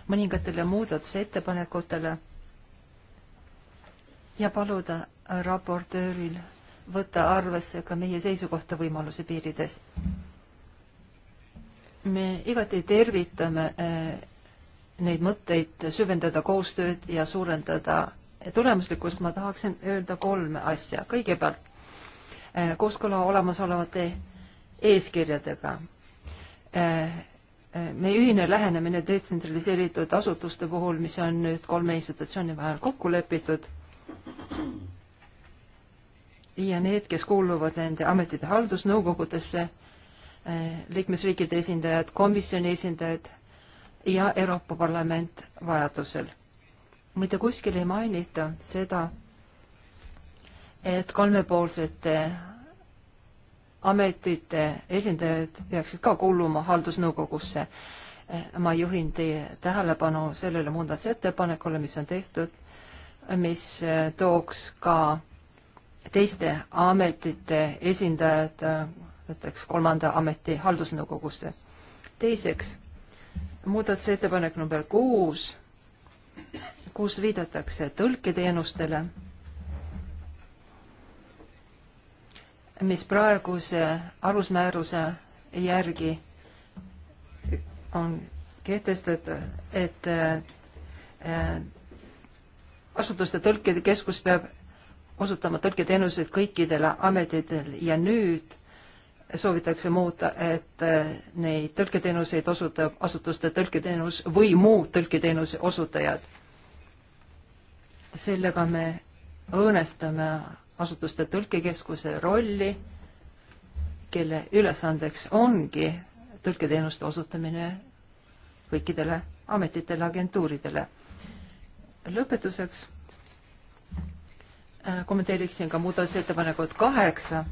mõningatele muudatusettepanekutele ja paluda raportööril võtta arvesse ka meie seisukohta võimaluse piirides. me igati tervitame eh, neid mõtteid süvendada koostööd ja suurendada tulemuslikkust, ma tahaksin öelda kolme asja. kõigepealt eh, kooskõla olemasolevate eeskirjadega Äh, äh, meie ühine lähenemine detsentraliseeritud asutuste puhul, mis on nüüd kolme institutsiooni vahel kokku lepitud ja need, kes kuuluvad nende ametite haldusnõukogudesse, äh, liikmesriikide esindajad, komisjoni esindajad ja Euroopa Parlament vajadusel. mitte kuskil ei mainita seda, et kolmepoolsete ametite esindajad peaksid ka kuuluma haldusnõukogusse. ma juhin teie tähelepanu sellele muudatusettepanekule, mis on tehtud, mis tooks ka teiste ametite esindajad näiteks kolmanda ameti haldusnõukogusse. teiseks, muudatusettepanek number kuus, kus viidatakse tõlketeenustele mis praeguse alusmääruse järgi on kehtestatud, et äh, äh, asutuste tõlkide keskus peab osutama tõlketeenuseid kõikidele ametitel ja nüüd soovitakse muuta, et äh, neid tõlketeenuseid osutab asutuste tõlketeenus või muu tõlketeenuse osutajad. sellega me õõnestame asutuste tõlkekeskuse rolli, kelle ülesandeks ongi tõlketeenuste osutamine kõikidele ametitele, agentuuridele. lõpetuseks äh, kommenteeriksin ka muudatusettepanekut kaheksa,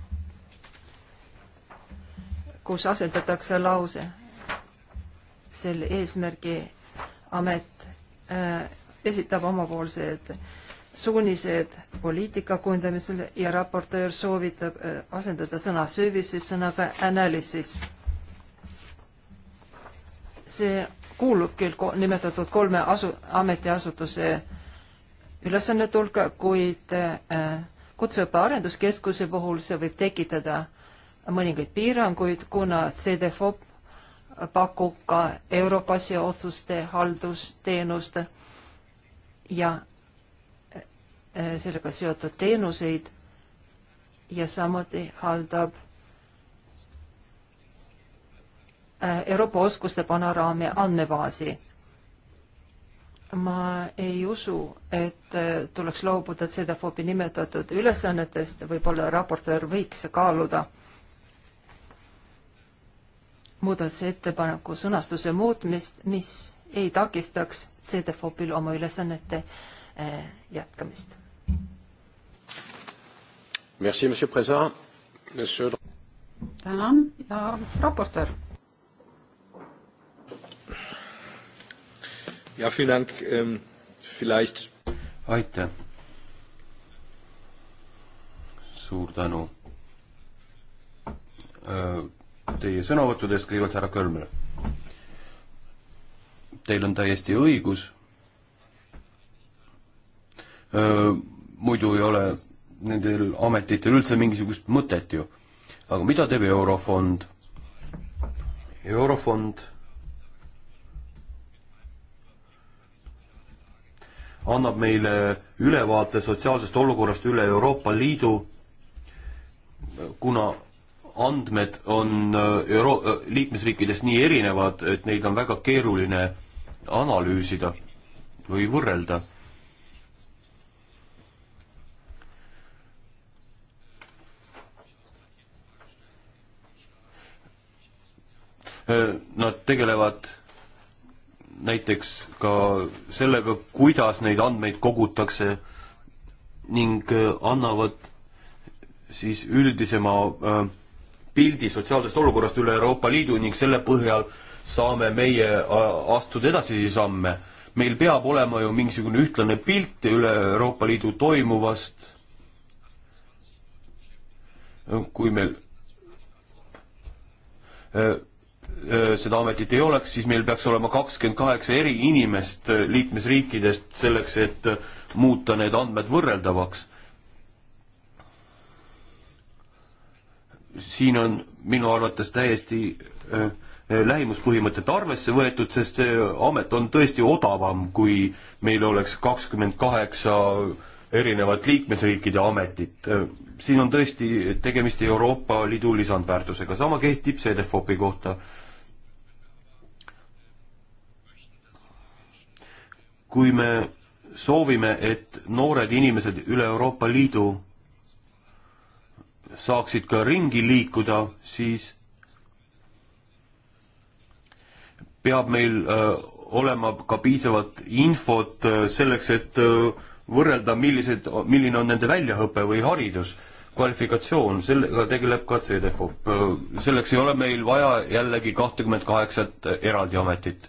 kus asendatakse lause selle eesmärgi amet äh, esitab omapoolsed äh, suunised poliitika kujundamisel ja raportöör soovitab äh, asendada sõna services sõnaga analysis. see kuulub küll nimetatud kolme asu-, ametiasutuse ülesannete hulka, kuid äh, kutseõppe arenduskeskuse puhul see võib tekitada mõningaid piiranguid, kuna CDFOP pakub ka Europassi otsuste haldusteenust ja Äh, sellega seotud teenuseid ja samuti haldab äh, Euroopa oskuste panoraami andmebaasi. ma ei usu, et äh, tuleks loobuda CEDAFOBi nimetatud ülesannetest, võib-olla raportöör võiks kaaluda muudatusettepaneku sõnastuse muutmist, mis ei takistaks CEDAFOBil oma ülesannete jätkamist. Merci, monsieur president, monsieur. tänan ja raportöör. ja, vielen Dank ähm,, vielleicht. aitäh. suur tänu äh, teie sõnavõttudest, kõigepealt härra Kölmel. Teil on täiesti õigus. Äh, muidu ei ole nendel ametitel üldse mingisugust mõtet ju. aga mida teeb Eurofond? Eurofond annab meile ülevaate sotsiaalsest olukorrast üle Euroopa Liidu, kuna andmed on äh, euro-, äh, liikmesriikides nii erinevad, et neid on väga keeruline analüüsida või võrrelda Äh, nad tegelevad näiteks ka sellega, kuidas neid andmeid kogutakse ning äh, annavad siis üldisema äh, pildi sotsiaalsest olukorrast üle Euroopa Liidu ning selle põhjal saame meie astuda edasisi samme. meil peab olema ju mingisugune ühtlane pilt üle Euroopa Liidu toimuvast, kui meil Äh, seda ametit ei oleks, siis meil peaks olema kakskümmend kaheksa eri inimest äh, liikmesriikidest selleks, et äh, muuta need andmed võrreldavaks. siin on minu arvates täiesti lähimuspõhimõtet arvesse võetud, sest see amet on tõesti odavam, kui meil oleks kakskümmend kaheksa erinevat liikmesriikide ametit. siin on tõesti, tegemist Euroopa Liidu lisandväärtusega, sama kehtib CDFOP-i kohta kui me soovime, et noored inimesed üle Euroopa Liidu saaksid ka ringi liikuda, siis peab meil äh, olema ka piisavat infot äh, selleks, et äh, võrrelda, millised, milline on nende väljaõpe või haridus, kvalifikatsioon, sellega tegeleb ka CDFOP. selleks ei ole meil vaja jällegi kahtekümmet kaheksat eraldi ametit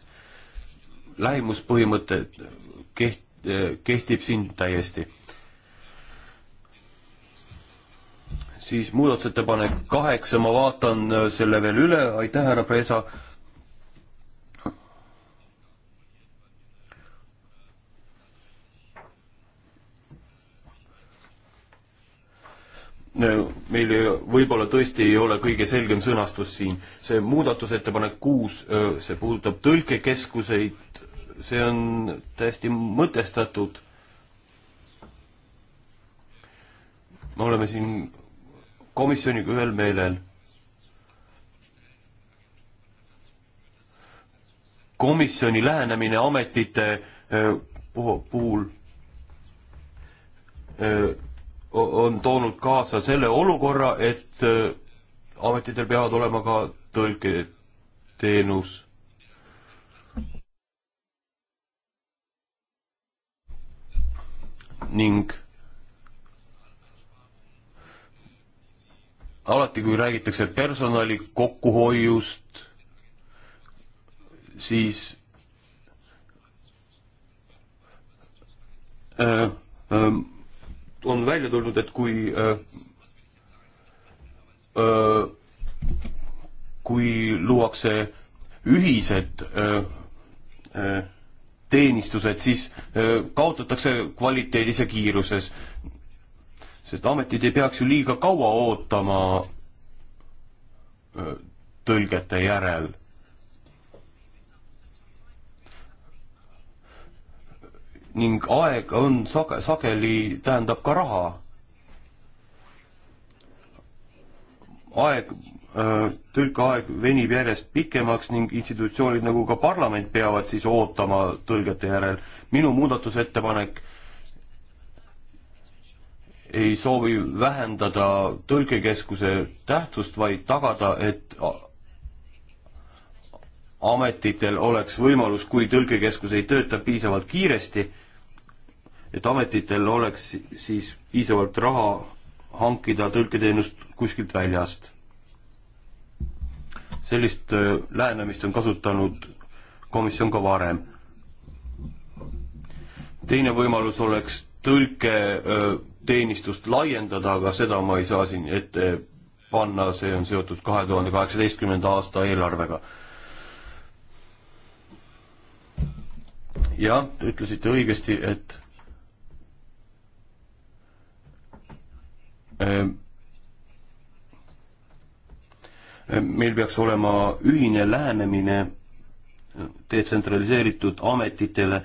lähimuspõhimõte keht-, kehtib siin täiesti. siis muudatusettepanek kaheksa, ma vaatan selle veel üle, aitäh, härra Preesa. meil võib-olla tõesti ei ole kõige selgem sõnastus siin. see muudatusettepanek kuus, see puudutab tõlkekeskuseid see on täiesti mõtestatud. me oleme siin komisjoniga ühel meelel. komisjoni lähenemine ametite eh, puhul eh, on toonud kaasa selle olukorra, et eh, ametitel peavad olema ka tõlketeenus ning alati, kui räägitakse personali kokkuhoiust, siis äh, äh, on välja tulnud, et kui äh, äh, kui luuakse ühised äh, äh, teenistused, siis kaotatakse kvaliteedis ja kiiruses. sest ametid ei peaks ju liiga kaua ootama tõlgete järel. ning aeg on sage-, sageli tähendab ka raha. aeg Äh, tõlkeaeg venib järjest pikemaks ning institutsioonid nagu ka parlament peavad siis ootama tõlgete järel. minu muudatusettepanek ei soovi vähendada tõlkekeskuse tähtsust, vaid tagada, et ametitel oleks võimalus, kui tõlkekeskus ei tööta piisavalt kiiresti, et ametitel oleks siis piisavalt raha hankida tõlketeenust kuskilt väljast sellist äh, lähenemist on kasutanud komisjon ka varem. teine võimalus oleks tõlketeenistust äh, laiendada, aga seda ma ei saa siin ette panna, see on seotud kahe tuhande kaheksateistkümnenda aasta eelarvega. jah, te ütlesite õigesti, et äh, meil peaks olema ühine lähenemine detsentraliseeritud ametitele.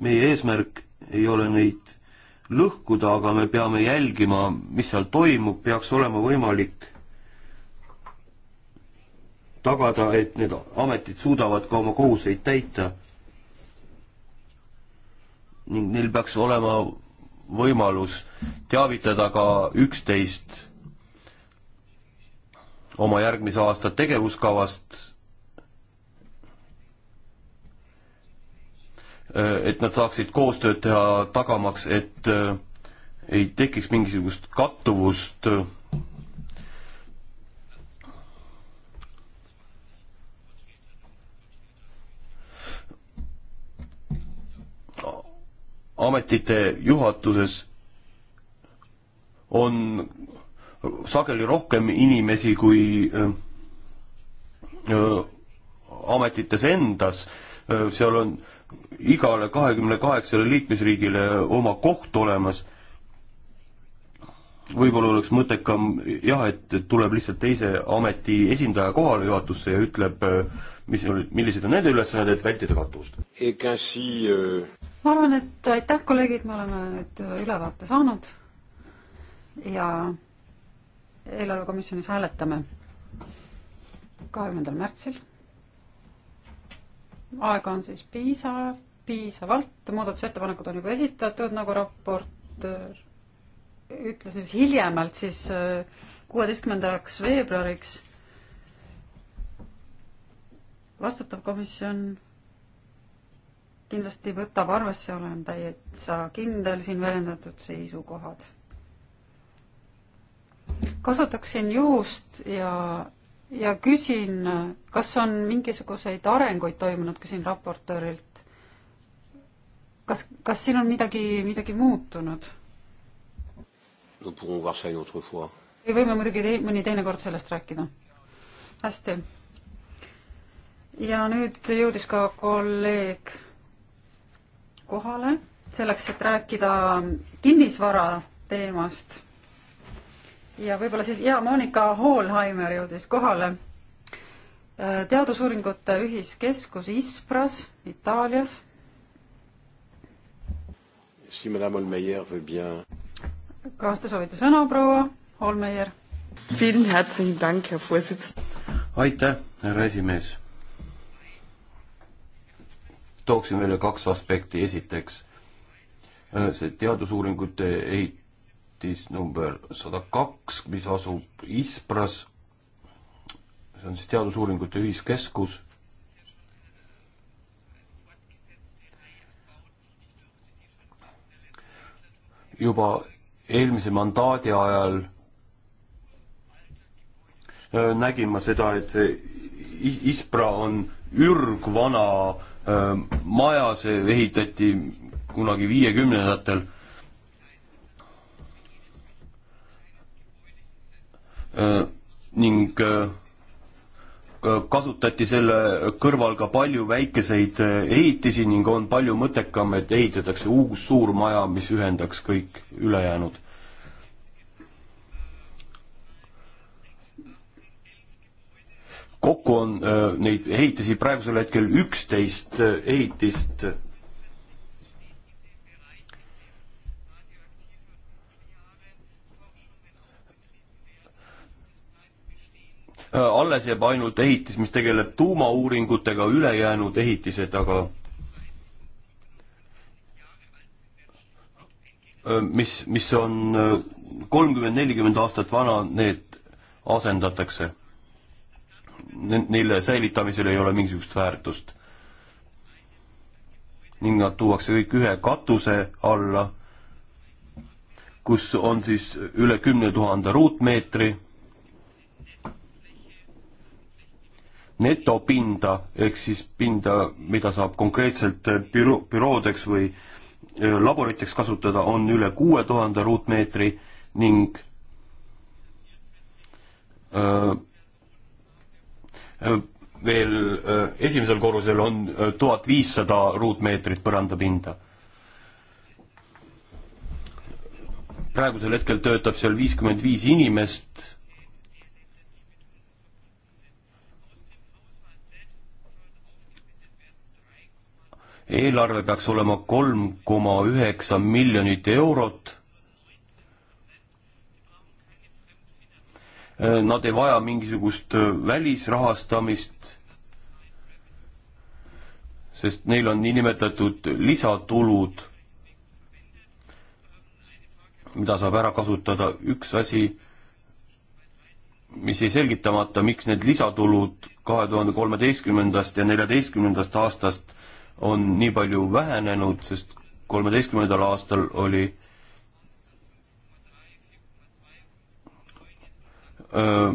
meie eesmärk ei ole neid lõhkuda, aga me peame jälgima, mis seal toimub, peaks olema võimalik tagada, et need ametid suudavad ka oma kohuseid täita. ning neil peaks olema võimalus teavitada ka üksteist oma järgmise aasta tegevuskavast, äh, et nad saaksid koostööd teha, tagamaks, et äh, ei tekiks mingisugust kattuvust äh, ametite juhatuses on sageli rohkem inimesi kui öö, äh, öö, äh, ametites endas, äh, seal on igale kahekümne kaheksale liikmesriigile oma koht olemas võib-olla oleks mõttekam jah, et tuleb lihtsalt teise ameti esindaja kohale juhatusse ja ütleb, äh, mis, millised on nende ülesanded, et vältida kattuvust. Euh, ma arvan, et aitäh, kolleegid, me oleme nüüd äh, ülevaate saanud ja eelarvekomisjonis hääletame kahekümnendal märtsil. aega on siis piisav, piisavalt, muudatusettepanekud on juba esitatud, nagu raportöör äh, ütles nüüd hiljemalt siis äh, kuueteistkümnendaks veebruariks vastutav komisjon kindlasti võtab arvesse, olen täitsa kindel, siin väljendatud seisukohad. kasutaksin juhust ja, ja küsin, kas on mingisuguseid arenguid toimunud, küsin raportöörilt. kas, kas siin on midagi, midagi muutunud? me võime muidugi te mõni teinekord sellest rääkida. hästi. ja nüüd jõudis ka kolleeg kohale selleks, et rääkida kinnisvara teemast. ja võib-olla siis, jaa, Monika Hoolheimer jõudis kohale. teadusuuringute ühiskeskus Ispras, Itaalias. Si Madame Holmeyer veut bien kas te soovite sõna, proua Holmeier? aitäh, härra esimees. tooksin välja kaks aspekti, esiteks äh, see teadusuuringute ehitis number sada kaks, mis asub Ispras, see on siis teadusuuringute ühiskeskus, juba eelmise mandaadi ajal äh, nägin ma seda, et see ISPRA on ürgvana äh, maja, see ehitati kunagi viiekümnendatel. Äh, ning öö, kasutati selle kõrval ka palju väikeseid eh, ehitisi ning on palju mõttekam, et ehitatakse uus suur maja, mis ühendaks kõik ülejäänud. kokku on eh, neid ehitisi praegusel hetkel üksteist eh, ehitist Äh, alles jääb ainult ehitis, mis tegeleb tuumauuringutega, ülejäänud ehitised aga äh, mis, mis on äh, kolmkümmend, nelikümmend aastat vana, need asendatakse. Neile säilitamisel ei ole mingisugust väärtust. ning nad tuuakse kõik ühe katuse alla, kus on siis üle kümne tuhande ruutmeetri netopinda ehk siis pinda, mida saab konkreetselt eh, büroo, büroodeks või eh, laboriteks kasutada, on üle kuue tuhande ruutmeetri ning öö, eh, öö, veel öö, esimesel korrusel on tuhat viissada ruutmeetrit põrandapinda. praegusel hetkel töötab seal viiskümmend viis inimest eelarve peaks olema kolm koma üheksa miljonit eurot. Nad ei vaja mingisugust välisrahastamist, sest neil on niinimetatud lisatulud, mida saab ära kasutada. üks asi, mis jäi selgitamata, miks need lisatulud kahe tuhande kolmeteistkümnendast ja neljateistkümnendast aastast on nii palju vähenenud, sest kolmeteistkümnendal aastal oli öö,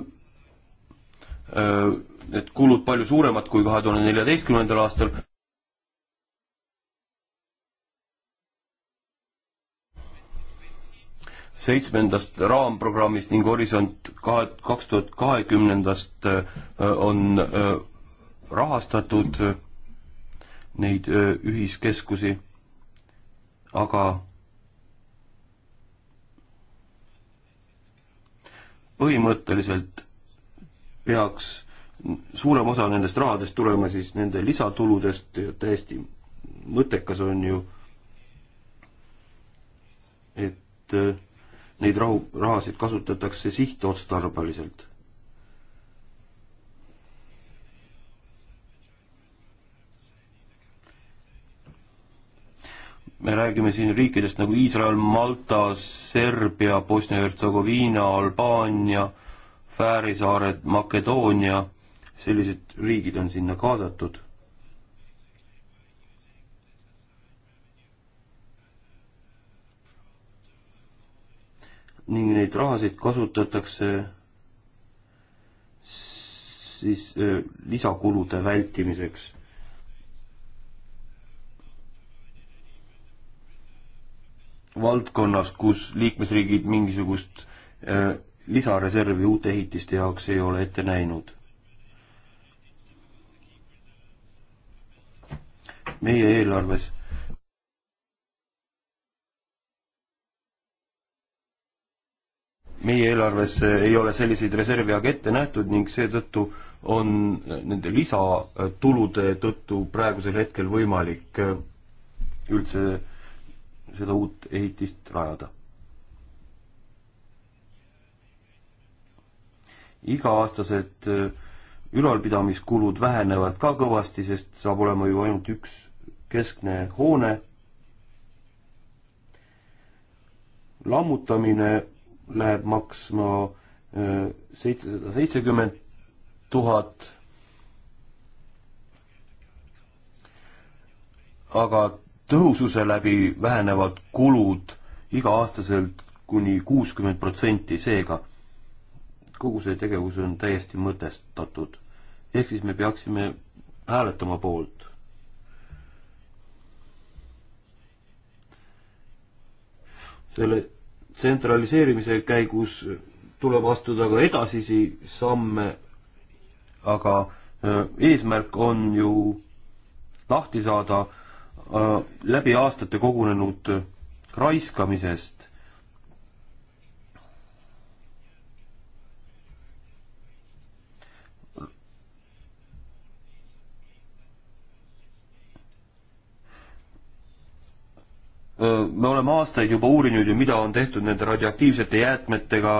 öö, need kulud palju suuremad kui kahe tuhande neljateistkümnendal aastal. seitsmendast raamprogrammist ning Horisont kahe, kaks tuhat kahekümnendast on rahastatud neid ühiskeskusi, aga põhimõtteliselt peaks suurem osa nendest rahadest tulema siis nende lisatuludest, täiesti mõttekas on ju, et neid rahu, rahasid kasutatakse sihtotstarbeliselt. me räägime siin riikidest nagu Iisrael, Malta, Serbia, Bosnia-Hertsegoviina, Albaania, Fääri saared, Makedoonia, sellised riigid on sinna kaasatud. ning neid rahasid kasutatakse siis äh, lisakulude vältimiseks valdkonnas, kus liikmesriigid mingisugust äh, lisareservi uute ehitiste jaoks ei ole ette näinud. meie eelarves meie eelarves äh, ei ole selliseid reserve aga ette nähtud ning seetõttu on äh, nende lisatulude tõttu praegusel hetkel võimalik üldse seda uut ehitist rajada. iga-aastased äh, ülalpidamiskulud vähenevad ka kõvasti, sest saab olema ju ainult üks keskne hoone. lammutamine läheb maksma äh, seitsesada seitsekümmend tuhat. aga tõhususe läbi vähenevad kulud iga-aastaselt kuni kuuskümmend protsenti, seega kogu see tegevus on täiesti mõtestatud. ehk siis me peaksime hääletama poolt. selle tsentraliseerimise käigus tuleb astuda ka edasisi samme, aga äh, eesmärk on ju lahti saada Äh, läbi aastate kogunenud raiskamisest. Äh, me oleme aastaid juba uurinud ju, mida on tehtud nende radioaktiivsete jäätmetega,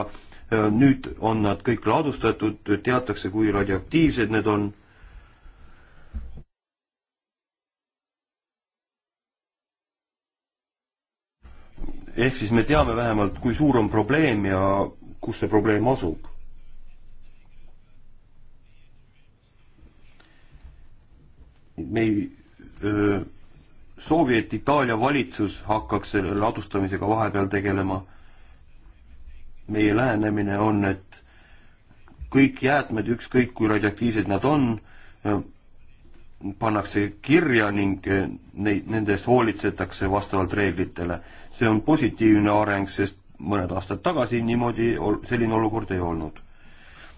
äh, nüüd on nad kõik ladustatud, teatakse, kui radioaktiivsed need on ehk siis me teame vähemalt, kui suur on probleem ja kus see probleem asub. me ei öö, soovi, et Itaalia valitsus hakkaks selle ladustamisega vahepeal tegelema. meie lähenemine on, et kõik jäätmed, ükskõik kui radioaktiivsed nad on, pannakse kirja ning eh, neid, nende eest hoolitsetakse vastavalt reeglitele. see on positiivne areng, sest mõned aastad tagasi niimoodi ol-, selline olukord ei olnud.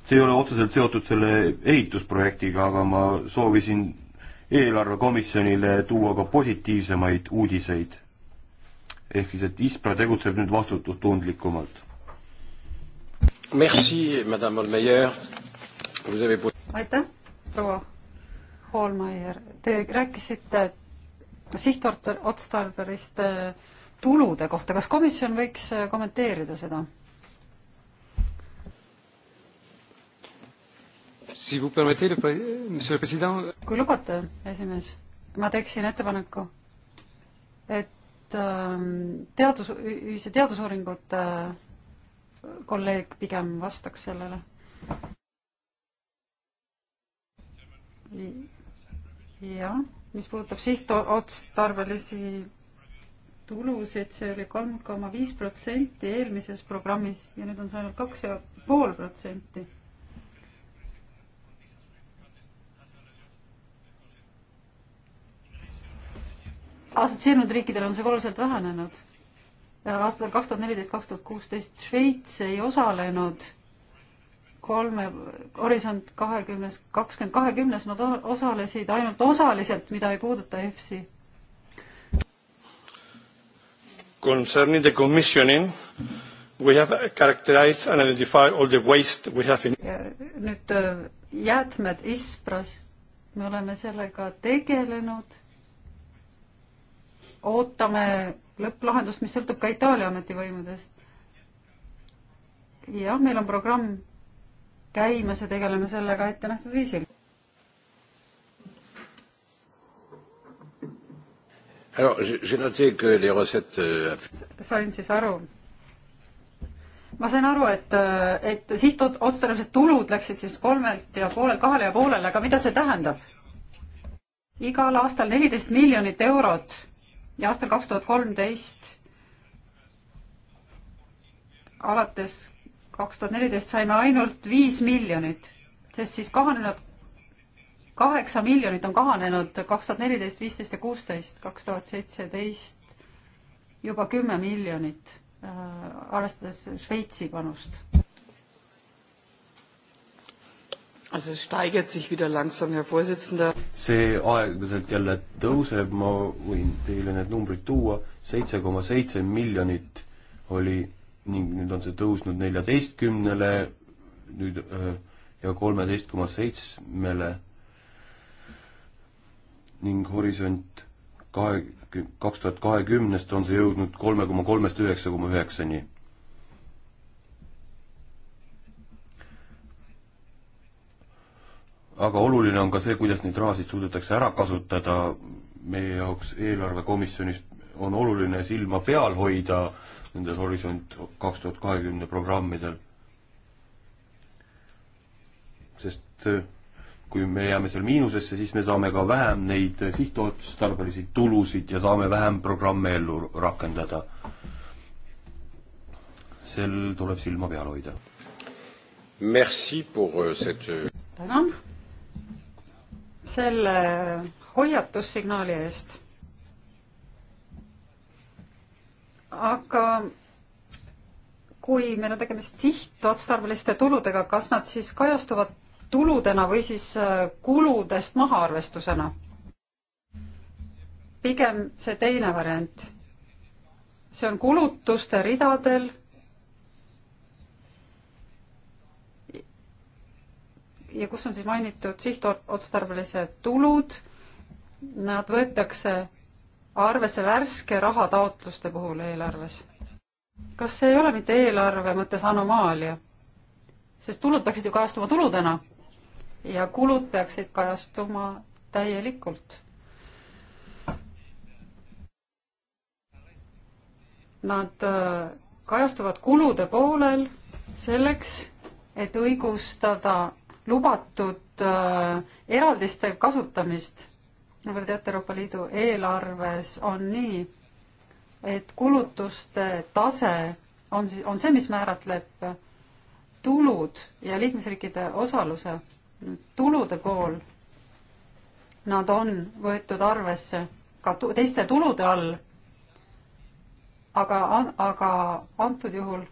see ei ole otseselt seotud selle ehitusprojektiga, aga ma soovisin eelarvekomisjonile tuua ka positiivsemaid uudiseid. ehk siis, et ISPRA tegutseb nüüd vastutustundlikumalt. Merci, madame Olmeier. Avez... aitäh, proua Holmeier, te rääkisite sihtotstarbeliste äh, tulude kohta, kas komisjon võiks äh, kommenteerida seda? kui lubate, esimees, ma teeksin ettepaneku, et ähm, teadus, ühise teadusuuringute äh, kolleeg pigem vastaks sellele jah, mis puudutab sihtotstarbelisi tulusid, see oli kolm koma viis protsenti eelmises programmis ja nüüd on see ainult kaks ja pool protsenti. assotsieerunud riikidel on see oluliselt vähenenud. aastatel kaks tuhat neliteist, kaks tuhat kuusteist Šveits ei osalenud kolme, Horisont kahekümnes, kakskümmend kahekümnes nad osalesid ainult osaliselt, mida ei puuduta EFSI. Concerning the commissioning, we have characterized and identified all the waste we have in ja nüüd äh, jäätmed ISPRAS, me oleme sellega tegelenud, ootame lõpplahendust, mis sõltub ka Itaalia ametivõimudest. jah, meil on programm käimas ja tegeleme sellega ettenähtud viisil. Euh, sain siis aru. ma sain aru, et, äh, et sihtotstarbelised tulud läksid siis kolmelt ja poolelt kahele ja poolele, aga mida see tähendab? igal aastal neliteist miljonit eurot ja aastal kaks tuhat kolmteist alates kaks tuhat neliteist saime ainult viis miljonit, sest siis kahanenud, kaheksa miljonit on kahanenud kaks tuhat neliteist, viisteist ja kuusteist, kaks tuhat seitseteist juba kümme miljonit, äh, arvestades Šveitsi panust. see aeglaselt jälle tõuseb, ma võin teile need numbrid tuua, seitse koma seitse miljonit oli ning nüüd on see tõusnud neljateistkümnele nüüd äh, ja kolmeteist koma seitsmele ning horisont kahe, kaks tuhat kahekümnest on see jõudnud kolme koma kolmest üheksa koma üheksani. aga oluline on ka see, kuidas neid rahasid suudetakse ära kasutada, meie jaoks eelarvekomisjonis on oluline silma peal hoida äh, nendel Horisont kaks tuhat kahekümne programmidel. sest äh, kui me jääme seal miinusesse, siis me saame ka vähem neid sihtotstarbelisi tulusid ja saame vähem programme ellu rakendada. sel tuleb silma peal hoida. Merci pour euh, cette euh, tänan selle hoiatussignaali eest aga kui meil on tegemist sihtotstarbeliste tuludega, kas nad siis kajastuvad tuludena või siis äh, kuludest mahaarvestusena? pigem see teine variant. see on kulutuste ridadel. ja kus on siis mainitud sihtotstarbelised tulud, nad võetakse arvesse värske raha taotluste puhul eelarves. kas see ei ole mitte eelarve mõttes anomaalia? sest tulud peaksid ju kajastuma tuludena ja kulud peaksid kajastuma täielikult. Nad äh, kajastuvad kulude poolel selleks, et õigustada lubatud äh, eraldiste kasutamist nagu te teate, Euroopa Liidu eelarves on nii, et kulutuste tase on, on see, mis määratleb tulud ja liikmesriikide osaluse tulude pool, nad on võetud arvesse ka tu teiste tulude all, aga, aga antud juhul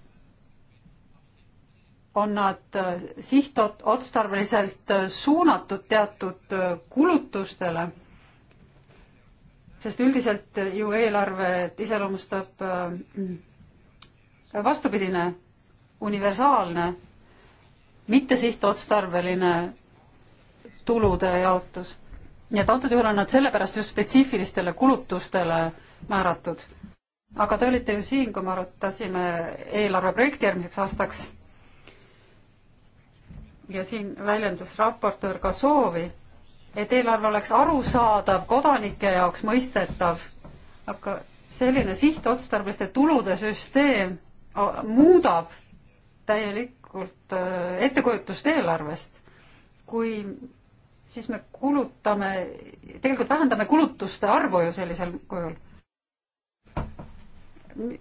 on nad sihtotstarbeliselt suunatud teatud kulutustele sest üldiselt ju eelarvet iseloomustab äh, vastupidine, universaalne, mitte sihtotstarbeline tulude jaotus. nii et antud juhul on nad sellepärast just spetsiifilistele kulutustele määratud. aga te olite ju siin, kui me arutasime eelarveprojekti järgmiseks aastaks. ja siin väljendas raportöör ka soovi et eelarve oleks arusaadav, kodanike jaoks mõistetav, aga selline sihtotstarbeliste tulude süsteem muudab täielikult äh, ettekujutust eelarvest, kui siis me kulutame, tegelikult vähendame kulutuste arvu ju sellisel kujul.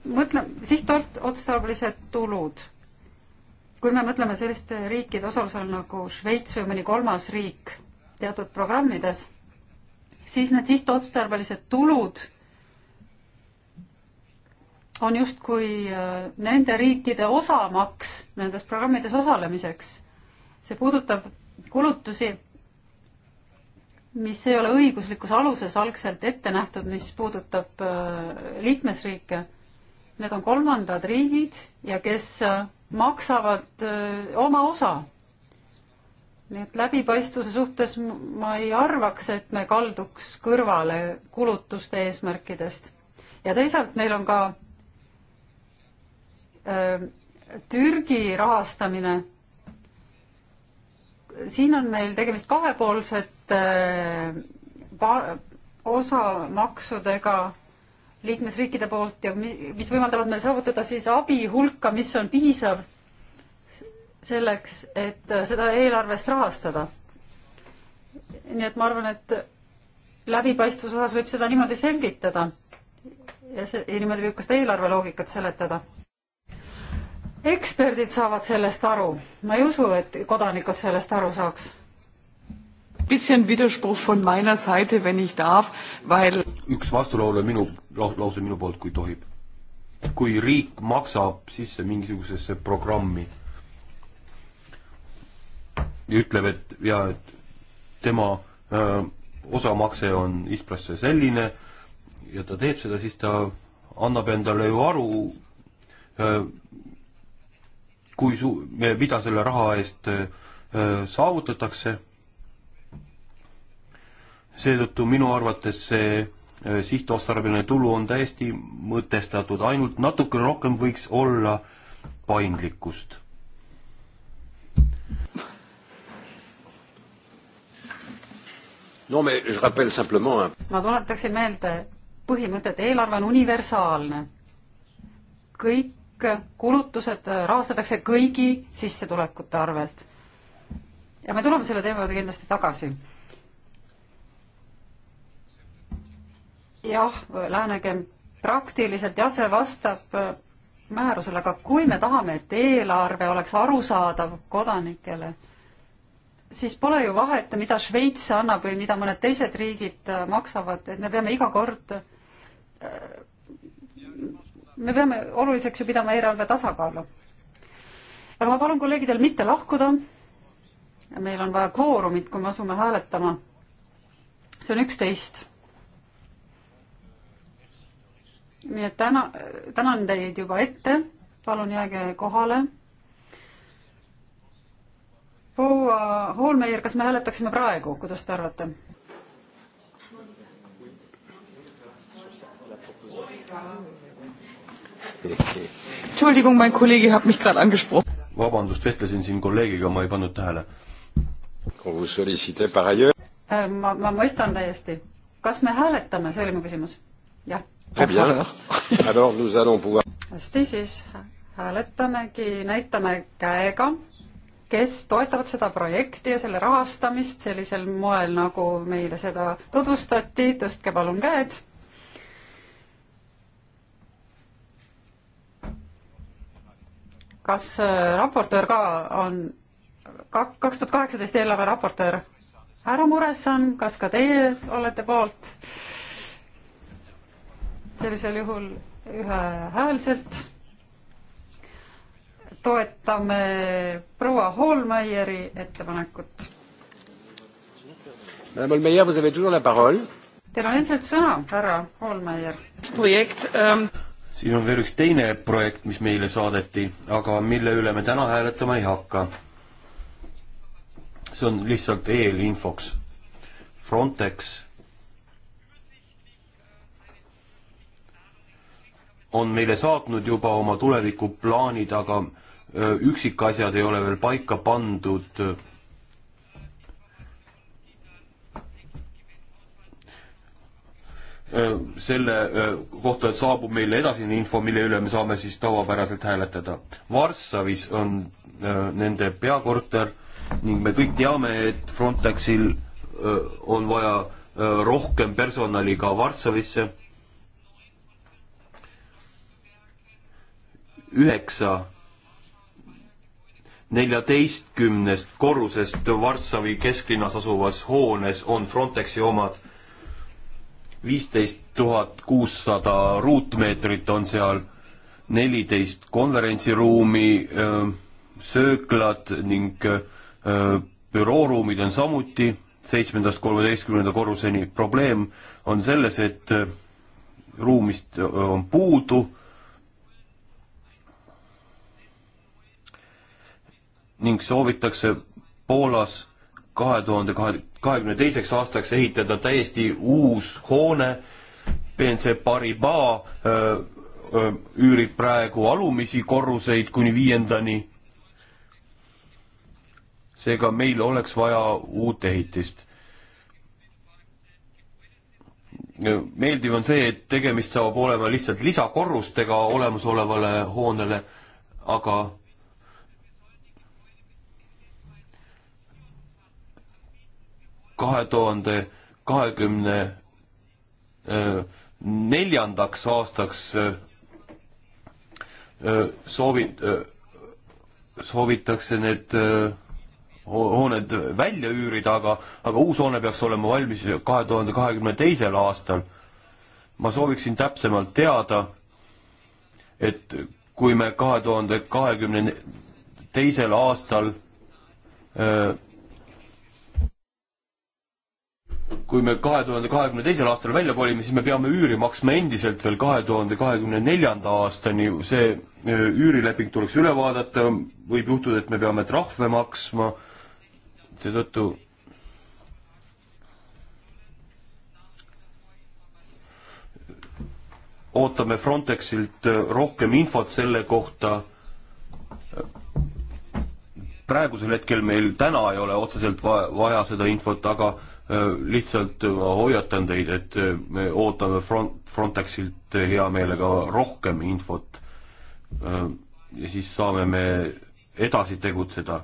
mõtle, sihtotstarbelised tulud. kui me mõtleme selliste riikide osalusel nagu Šveits või mõni kolmas riik teatud programmides, siis need sihtotstarbelised tulud on justkui äh, nende riikide osamaks nendes programmides osalemiseks. see puudutab kulutusi, mis ei ole õiguslikus aluses algselt ette nähtud, mis puudutab äh, liikmesriike. Need on kolmandad riigid ja kes äh, maksavad oma osa nii et läbipaistvuse suhtes ma ei arvaks, et me kalduks kõrvale kulutuste eesmärkidest. ja teisalt meil on ka öö, ähm, Türgi rahastamine. siin on meil tegemist kahepoolsete öö, äh, osamaksudega liikmesriikide poolt ja mis võimaldavad meil saavutada siis abi hulka, mis on piisav selleks, et äh, seda eelarvest rahastada. nii et ma arvan, et läbipaistvuse osas võib seda niimoodi selgitada ja see, ja niimoodi võib ka seda eelarve loogikat seletada. eksperdid saavad sellest aru, ma ei usu, et kodanikud sellest aru saaks bisschen Widerspruch von meiner Seite, wenn ich darf, weil üks vastulaule minu, lause minu poolt, kui tohib. kui riik maksab sisse mingisugusesse programmi, ütleb, et ja et tema öö, äh, osamakse on Isprasse selline ja ta teeb seda, siis ta annab endale ju aru, äh, kui su-, mida selle raha eest öö, äh, saavutatakse. seetõttu minu arvates see sihtotstarbeline tulu on täiesti mõtestatud, ainult natuke rohkem võiks olla paindlikkust no me, je rappelle simplement. ma tuletaksin meelde põhimõtet, eelarve on universaalne. kõik kulutused rahastatakse kõigi sissetulekute arvelt. ja me tuleme selle teema juurde kindlasti tagasi. jah, lähenegem praktiliselt, jah, see vastab määrusele, aga kui me tahame, et eelarve oleks arusaadav kodanikele siis pole ju vahet, mida Šveits annab või mida mõned teised riigid äh, maksavad, et me peame iga kord, äh, me peame oluliseks ju pidama eelarve tasakaalu. aga ma palun kolleegidel mitte lahkuda. meil on vaja kvoorumit, kui me asume hääletama. see on üksteist. nii et täna, tänan teid juba ette, palun jääge kohale proua Hoolmeier, kas me hääletaksime praegu, kuidas te arvate? Entschuldigung, mein Kollege hat mich gerade angesprochen. vabandust, vestlesin siin kolleegiga, ma ei pannud tähele. Äh, ma, ma mõistan täiesti. kas me hääletame, see oli mu küsimus. jah. hästi, siis hääletamegi, näitame käega kes toetavad seda projekti ja selle rahastamist sellisel moel, nagu meile seda tutvustati, tõstke palun käed. kas äh, raportöör ka on, kaks tuhat kaheksateist eelarve raportöör härra Muresson, kas ka teie olete poolt? sellisel juhul ühehäälselt toetame proua Holmeieri ettepanekut. Teil on endiselt sõna, härra Holmeier. projekt ähm.... siin on veel üks teine projekt, mis meile saadeti, aga mille üle me täna hääletama ei hakka. see on lihtsalt eelinfoks. Frontex on meile saatnud juba oma tulevikuplaanid, aga Äh, üksikasjad ei ole veel paika pandud. Äh, selle äh, kohta saabub meile edasine info, mille üle me saame siis tavapäraselt hääletada. Varssavis on nende peakorter ning me kõik teame, et Frontexil on vaja rohkem personali ka Varssavisse. üheksa neljateistkümnest korrusest Varssavi kesklinnas asuvas hoones on Frontexi omad. viisteist tuhat kuussada ruutmeetrit on seal, neliteist konverentsiruumi, sööklad ning bürooruumid on samuti seitsmendast kolmeteistkümnenda korruseni. probleem on selles, et ruumist on puudu ning soovitakse Poolas kahe tuhande kahekümne teiseks aastaks ehitada täiesti uus hoone, BNC Paribas öö, öö, üürib praegu alumisi korruseid kuni viiendani. seega meil oleks vaja uut ehitist. meeldiv on see, et tegemist saab olema lihtsalt lisakorrustega olemasolevale hoonele, aga kahe tuhande kahekümne äh, neljandaks aastaks äh, äh, soovid, soovitakse need hooned välja üürida, aga, aga uus hoone peaks olema valmis kahe tuhande kahekümne teisel aastal. ma sooviksin täpsemalt teada, et kui me kahe tuhande kahekümne teisel aastal öö, kui me kahe tuhande kahekümne teisel aastal välja kolime, siis me peame üüri maksma endiselt veel kahe tuhande kahekümne neljanda aastani, see e, üürileping tuleks üle vaadata, võib juhtuda, et me peame trahve maksma, seetõttu ootame Frontexilt rohkem infot selle kohta, praegusel hetkel meil täna ei ole otseselt vaja seda infot, aga Äh, lihtsalt äh, ma hoiatan teid, et äh, me ootame Front, Frontexilt hea meelega rohkem infot. ja siis saame me edasi tegutseda.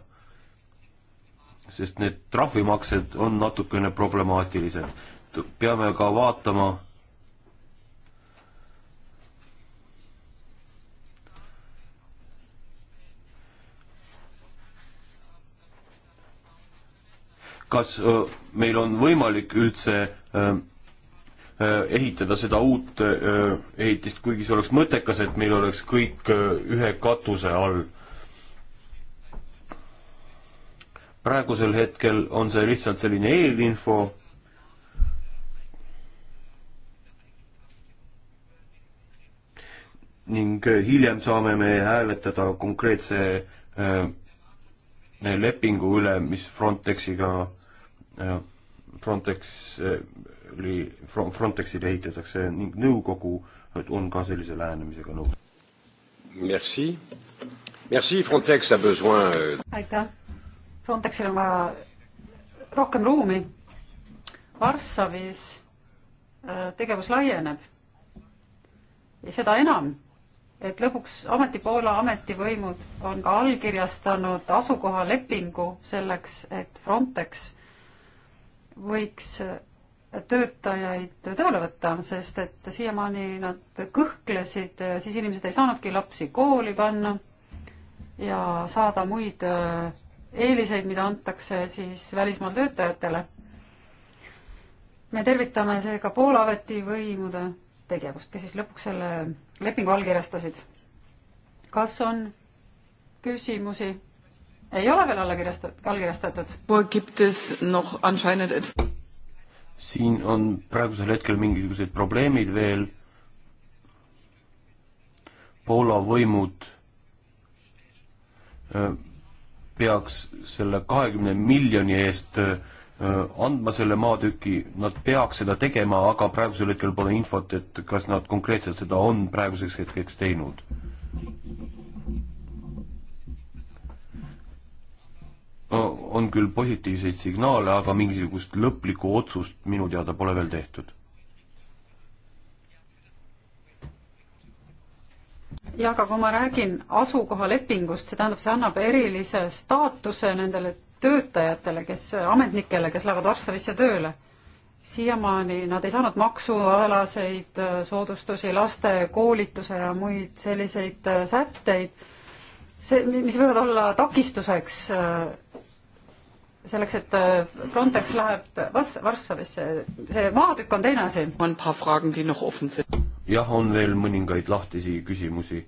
sest need trahvimaksed on natukene problemaatilised. peame ka vaatama kas meil on võimalik üldse ehitada seda uut ehitist, kuigi see oleks mõttekas, et meil oleks kõik ühe katuse all. praegusel hetkel on see lihtsalt selline eelinfo. ning hiljem saame me hääletada konkreetse lepingu üle, mis Frontexiga, äh, Frontexi, äh, Frontexile ehitatakse ning nõukogu on ka sellise lähenemisega nõus. Merci. Merci, Frontex a besoin. Euh, aitäh. Frontexil on vaja rohkem ruumi. Varssavis äh, tegevus laieneb ja seda enam et lõpuks ameti Poola ametivõimud on ka allkirjastanud asukohalepingu selleks, et Frontex võiks töötajaid tööle võtta, sest et siiamaani nad kõhklesid, siis inimesed ei saanudki lapsi kooli panna ja saada muid äh, eeliseid, mida antakse siis välismaal töötajatele. me tervitame seega Poola ametivõimude tegevust, kes siis lõpuks selle lepingu allkirjastasid. kas on küsimusi? ei ole veel allakirjastatud, allkirjastatud. siin on praegusel hetkel mingisugused probleemid veel. Poola võimud äh, peaks selle kahekümne miljoni eest äh, Äh, andma selle maatüki, nad peaks seda tegema, aga praegusel hetkel pole infot, et kas nad konkreetselt seda on praeguseks hetkeks teinud. on küll positiivseid signaale, aga mingisugust lõplikku otsust minu teada pole veel tehtud. jah, aga kui ma räägin asukohalepingust, see tähendab, see annab erilise staatuse nendele töötajatele, kes, ametnikele, kes lähevad Varssavisse tööle. siiamaani nad ei saanud maksualaseid äh, soodustusi, laste koolituse ja muid selliseid äh, sätteid, see, mis võivad olla takistuseks äh, selleks, et Frontex läheb Vas-, Varssavisse, see maatükk on teine asi. jah, on veel mõningaid lahtisi küsimusi,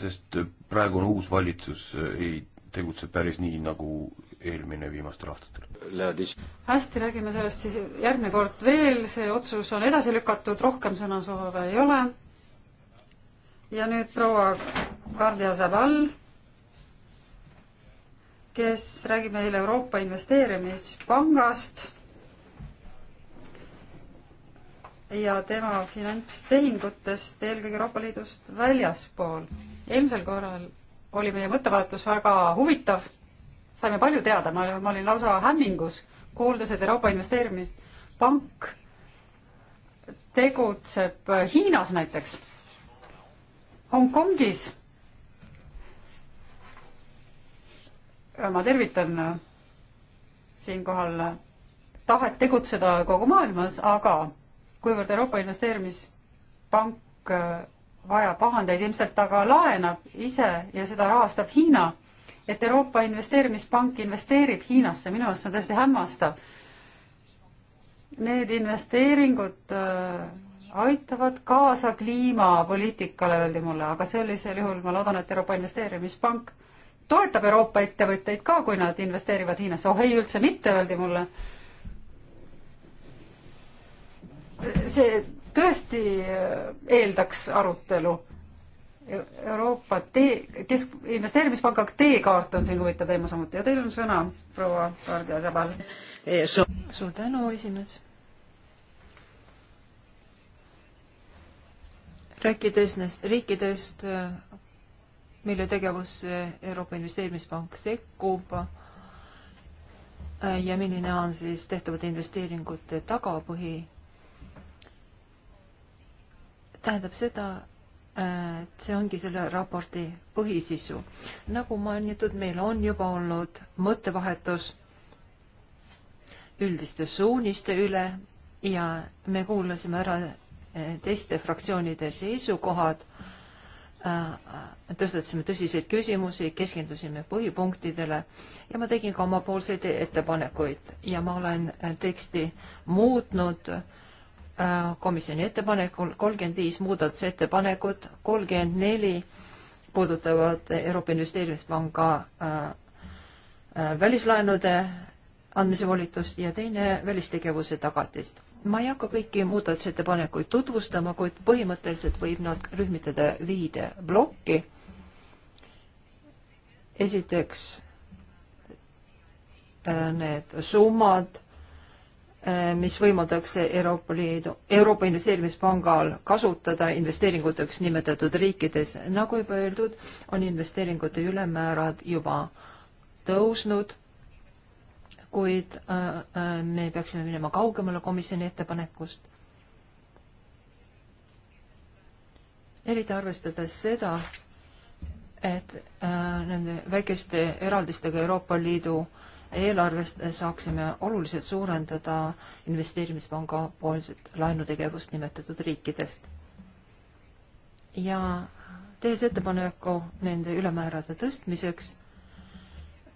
sest praegune uus valitsus äh, ei tegutse päris nii, nagu eelmine viimastel aastatel. hästi, räägime sellest siis järgmine kord veel, see otsus on edasi lükatud, rohkem sõnasoove ei ole. ja nüüd proua Kardia Zabal, kes räägib meile Euroopa Investeerimispangast ja tema finantstehingutest eelkõige Euroopa Liidust väljaspool eelmisel korral oli meie mõttevahetus väga huvitav, saime palju teada, ma, ma olin lausa hämmingus, kuuldes, et Euroopa Investeerimispank tegutseb Hiinas näiteks, Hongkongis. ma tervitan siinkohal tahet tegutseda kogu maailmas, aga kuivõrd Euroopa Investeerimispank vaja pahandeid, ilmselt ta ka laenab ise ja seda rahastab Hiina. et Euroopa Investeerimispank investeerib Hiinasse, minu arust see on tõesti hämmastav. Need investeeringud äh, aitavad kaasa kliimapoliitikale, öeldi mulle, aga sellisel juhul ma loodan, et Euroopa Investeerimispank toetab Euroopa ettevõtteid ka, kui nad investeerivad Hiinasse. oh ei, üldse mitte, öeldi mulle. see tõesti eh, eeldaks arutelu. E-, Euroopa tee, kesk, investeerimispanga teekaart on siin huvitav teema samuti ja teil on sõna, proua Kardia Sabal. Eh, suur tänu, esimees. rääkides neist riikidest, eh, mille tegevusse Euroopa Investeerimispank sekkub ja milline on siis tehtavate investeeringute tagapõhi tähendab seda, et see ongi selle raporti põhisisu. nagu mainitud, meil on juba olnud mõttevahetus üldiste suuniste üle ja me kuulasime ära eh, teiste fraktsioonide seisukohad, äh, tõstatasime tõsiseid küsimusi, keskendusime põhipunktidele ja ma tegin ka omapoolseid ettepanekuid ja ma olen teksti muutnud äh, komisjoni ettepanekul, kolmkümmend viis muudatusettepanekut, kolmkümmend neli puudutavad Euroopa Investeerimispanga äh, äh, välislaenude andmise volitust ja teine välistegevuse tagatist. ma ei hakka kõiki muudatusettepanekuid tutvustama, kuid põhimõtteliselt võib nad rühmitada viide plokki. esiteks äh, need summad Eh, mis võimaldaks Euroopa Liidu, Euroopa Investeerimispangal kasutada investeeringuteks nimetatud riikides. nagu juba öeldud, on investeeringute ülemmäärad juba tõusnud, kuid eh, eh, me peaksime minema kaugemale komisjoni ettepanekust. eriti arvestades seda, et nende väikeste eraldistega Euroopa Liidu äh, eelarvest saaksime oluliselt suurendada investeerimispanga poolset laenutegevust nimetatud riikidest. ja tehes ettepaneku nende ülemäärade tõstmiseks,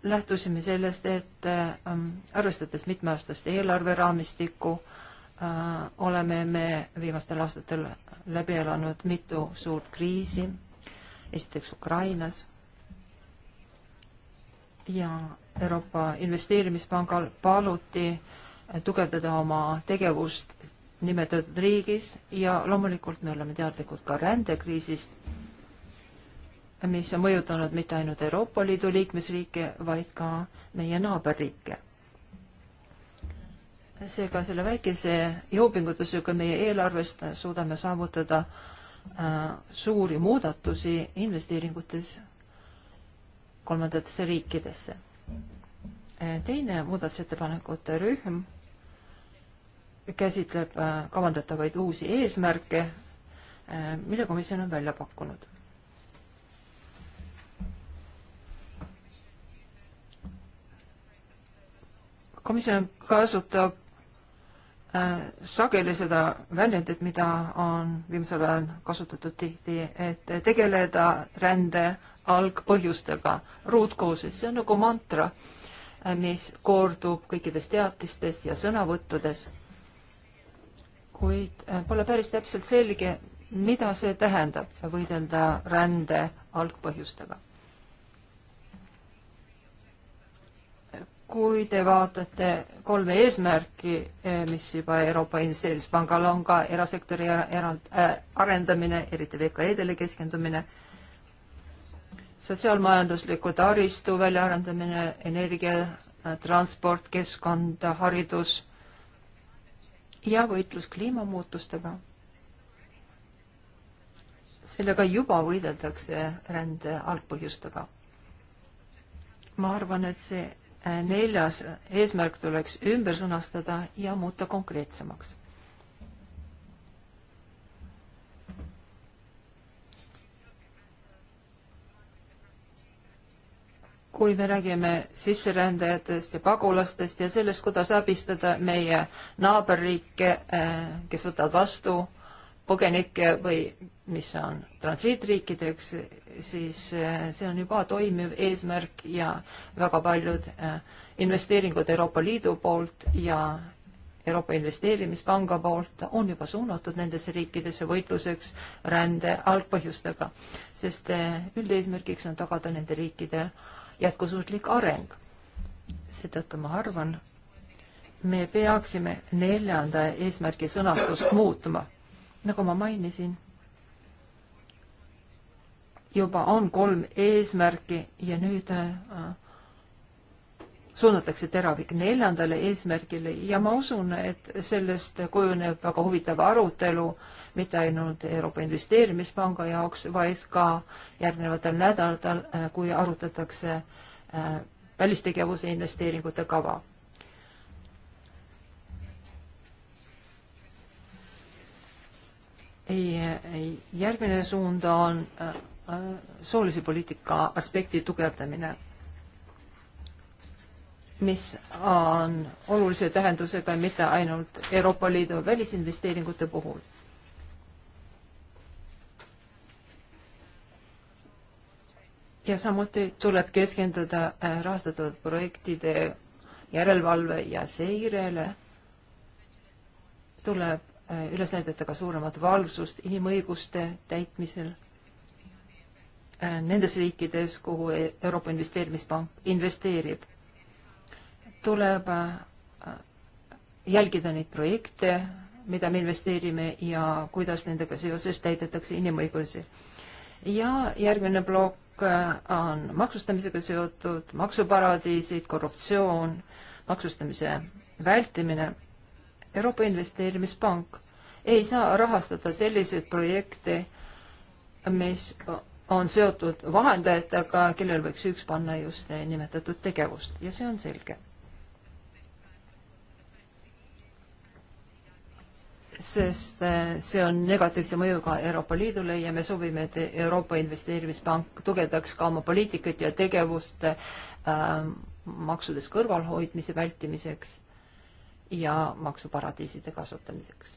lähtusime sellest, et äh, arvestades mitmeaastast eelarveraamistikku äh,, oleme me viimastel aastatel läbi elanud mitu suurt kriisi, esiteks Ukrainas ja Euroopa Investeerimispangal paluti tugevdada oma tegevust nimetatud riigis ja loomulikult me oleme teadlikud ka rändekriisist, mis on mõjutanud mitte ainult Euroopa Liidu liikmesriike, vaid ka meie naaberriike. seega selle väikese jõupingutusega meie eelarvest suudame saavutada äh, suuri muudatusi investeeringutes kolmandatesse riikidesse. Äh, teine muudatusettepanekute rühm käsitleb äh, kavandatavaid uusi eesmärke, äh, mille komisjon on välja pakkunud. komisjon kasutab sageli seda väljendit, mida on viimasel ajal kasutatud tihti, et tegeleda rände algpõhjustega, ruutkoosed, see on nagu mantra, mis kordub kõikides teatistes ja sõnavõttudes, kuid äh, pole päris täpselt selge, mida see tähendab, võidelda rände algpõhjustega. kui te vaatate kolme eesmärki, eh, mis juba Euroopa Investeerimispangal on ka erasektori erand- äh,, arendamine, eriti VKE-dele keskendumine äh,, sotsiaalmajandusliku taristu väljaarendamine, energia, transport, keskkond, haridus ja võitlus kliimamuutustega. sellega juba võideldakse rände algpõhjustega. ma arvan, et see neljas eesmärk tuleks ümber sõnastada ja muuta konkreetsemaks kui me räägime sisserändajatest ja pagulastest ja sellest, kuidas abistada meie naaberriike, eh, kes võtavad vastu põgenikke või mis on transiitriikideks, siis eh, see on juba toimiv eesmärk ja väga paljud eh, investeeringud Euroopa Liidu poolt ja Euroopa Investeerimispanga poolt on juba suunatud nendesse riikidesse võitluseks rände algpõhjustega, sest üldeesmärgiks on tagada nende riikide äh, jätkusuutlik areng. seetõttu ma arvan, me peaksime neljanda eesmärgi sõnastust muutma. nagu ma mainisin, juba on kolm eesmärki ja nüüd äh, suunatakse teravik neljandale eesmärgile ja ma usun, et sellest kujuneb väga huvitav arutelu mitte ainult Euroopa Investeerimispanga jaoks, vaid ka järgnevatel nädalatel, äh, kui arutatakse äh, välistegevuse investeeringute kava. järgmine suund on äh, soolise poliitika aspekti tugevdamine mis on olulise tähendusega mitte ainult Euroopa Liidu välisinvesteeringute puhul. ja samuti tuleb keskenduda äh, rahastatud projektide järelevalve ja seirele. tuleb äh, üles näidata ka suuremat valvsust inimõiguste täitmisel äh, nendes riikides, kuhu Euroopa Investeerimispank investeerib tuleb äh, jälgida neid projekte, mida me investeerime ja kuidas nendega seoses täidetakse inimõigusi. ja järgmine plokk äh, on maksustamisega seotud, maksuparadiisid, korruptsioon, maksustamise vältimine. Euroopa Investeerimispank ei saa rahastada selliseid projekte, mis on seotud vahendajatega, kellel võiks süüks panna just nimetatud tegevust ja see on selge sest eh, see on negatiivse mõjuga Euroopa Liidule ja me soovime, et Euroopa Investeerimispank tugevdaks ka oma poliitikat ja tegevust äh, maksudest kõrvalhoidmise vältimiseks ja maksuparadiiside kasutamiseks.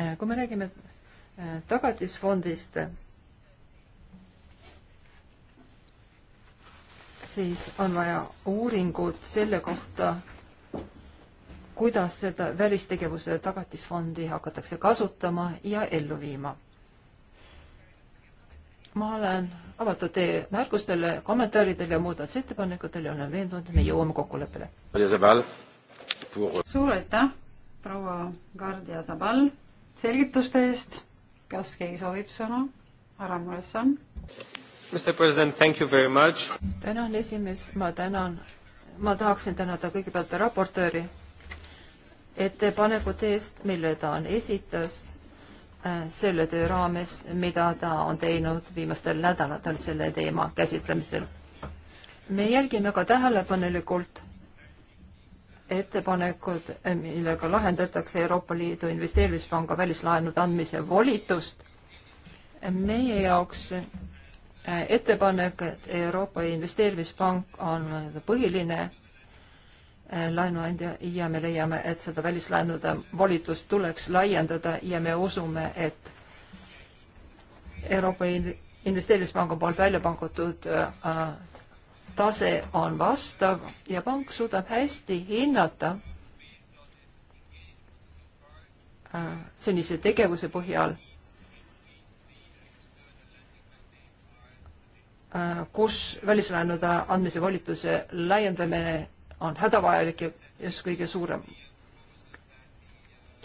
Äh, kui me räägime äh, tagatisfondist, siis on vaja uuringut selle kohta, kuidas seda välistegevuse tagatisfondi hakatakse kasutama ja ellu viima. ma olen avatud teie märkustele, kommentaaridele ja muudatusettepanekutele ja olen veendunud, et me jõuame kokkuleppele. suur aitäh, proua Gardia Zabal, selgituste eest. kas keegi soovib sõna? härra Muresson. Mr President, thank you very much. tänan, esimees, ma tänan. ma tahaksin tänada kõigepealt raportööri ettepanekute eest, mille ta on esitas äh, selle töö raames, mida ta on teinud viimastel nädalatel selle teema käsitlemisel. me jälgime ka tähelepanelikult ettepanekud, millega lahendatakse Euroopa Liidu Investeerimispanga välislaenude andmise volitust. meie jaoks äh, ettepanek, et Euroopa Investeerimispank on põhiline Äh, laenuandja ja me leiame, et seda välislaenude volitust tuleks laiendada ja me usume, et Euroopa Investeerimispanga poolt välja pakutud äh, tase on vastav ja pank suudab hästi hinnata äh, senise tegevuse põhjal, kus välislaenude andmise volituse laiendamine on hädavajalik ja just kõige suurem.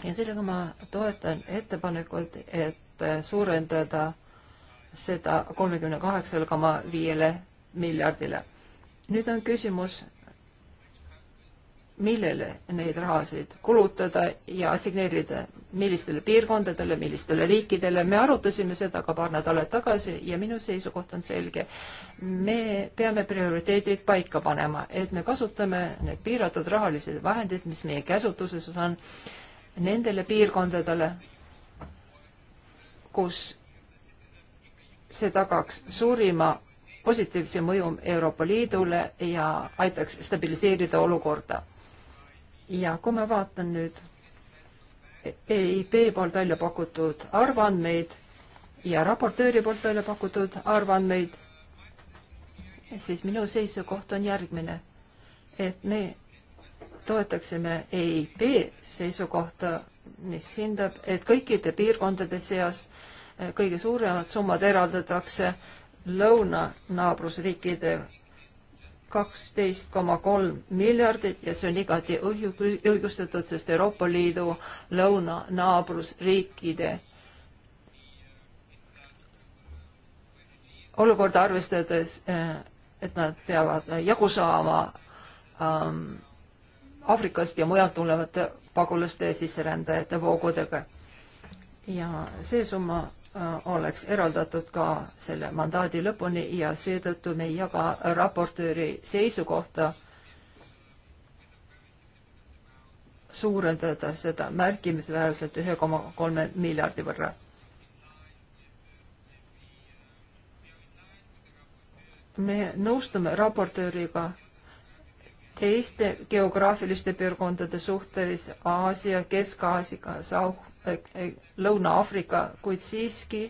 ja sellega ma toetan ettepanekut, et suurendada seda kolmekümne kaheksale koma viiele miljardile. nüüd on küsimus, millele neid rahasid kulutada ja assigneerida, millistele piirkondadele, millistele riikidele. me arutasime seda ka paar nädalat tagasi ja minu seisukoht on selge. me peame prioriteedid paika panema, et me kasutame need piiratud rahalised vahendid, mis meie käsutuses on, nendele piirkondadele, kus see tagaks suurima positiivse mõju Euroopa Liidule ja aitaks stabiliseerida olukorda ja kui ma vaatan nüüd EIP poolt välja pakutud arvandmeid ja raportööri poolt välja pakutud arvandmeid, siis minu seisukoht on järgmine, et me toetaksime EIP seisukohta, mis hindab, et kõikide piirkondade seas eh, kõige suuremad summad eraldatakse lõunanaabrusriikide kaksteist koma kolm miljardit ja see on igati õigustatud, sest Euroopa Liidu lõunanaabrusriikide olukorda arvestades, eh, et nad peavad jagu saama ähm, Aafrikast ja mujalt tulevate pagulaste ja sisserändajate voogudega. ja see summa Äh, oleks eraldatud ka selle mandaadi lõpuni ja seetõttu me ei jaga raportööri seisukohta suurendada seda märkimisväärselt ühe koma kolme miljardi võrra. me nõustume raportööriga teiste geograafiliste piirkondade suhtes Aasia, Kesk-Aasiaga, eh, eh, Lõuna-Aafrika, kuid siiski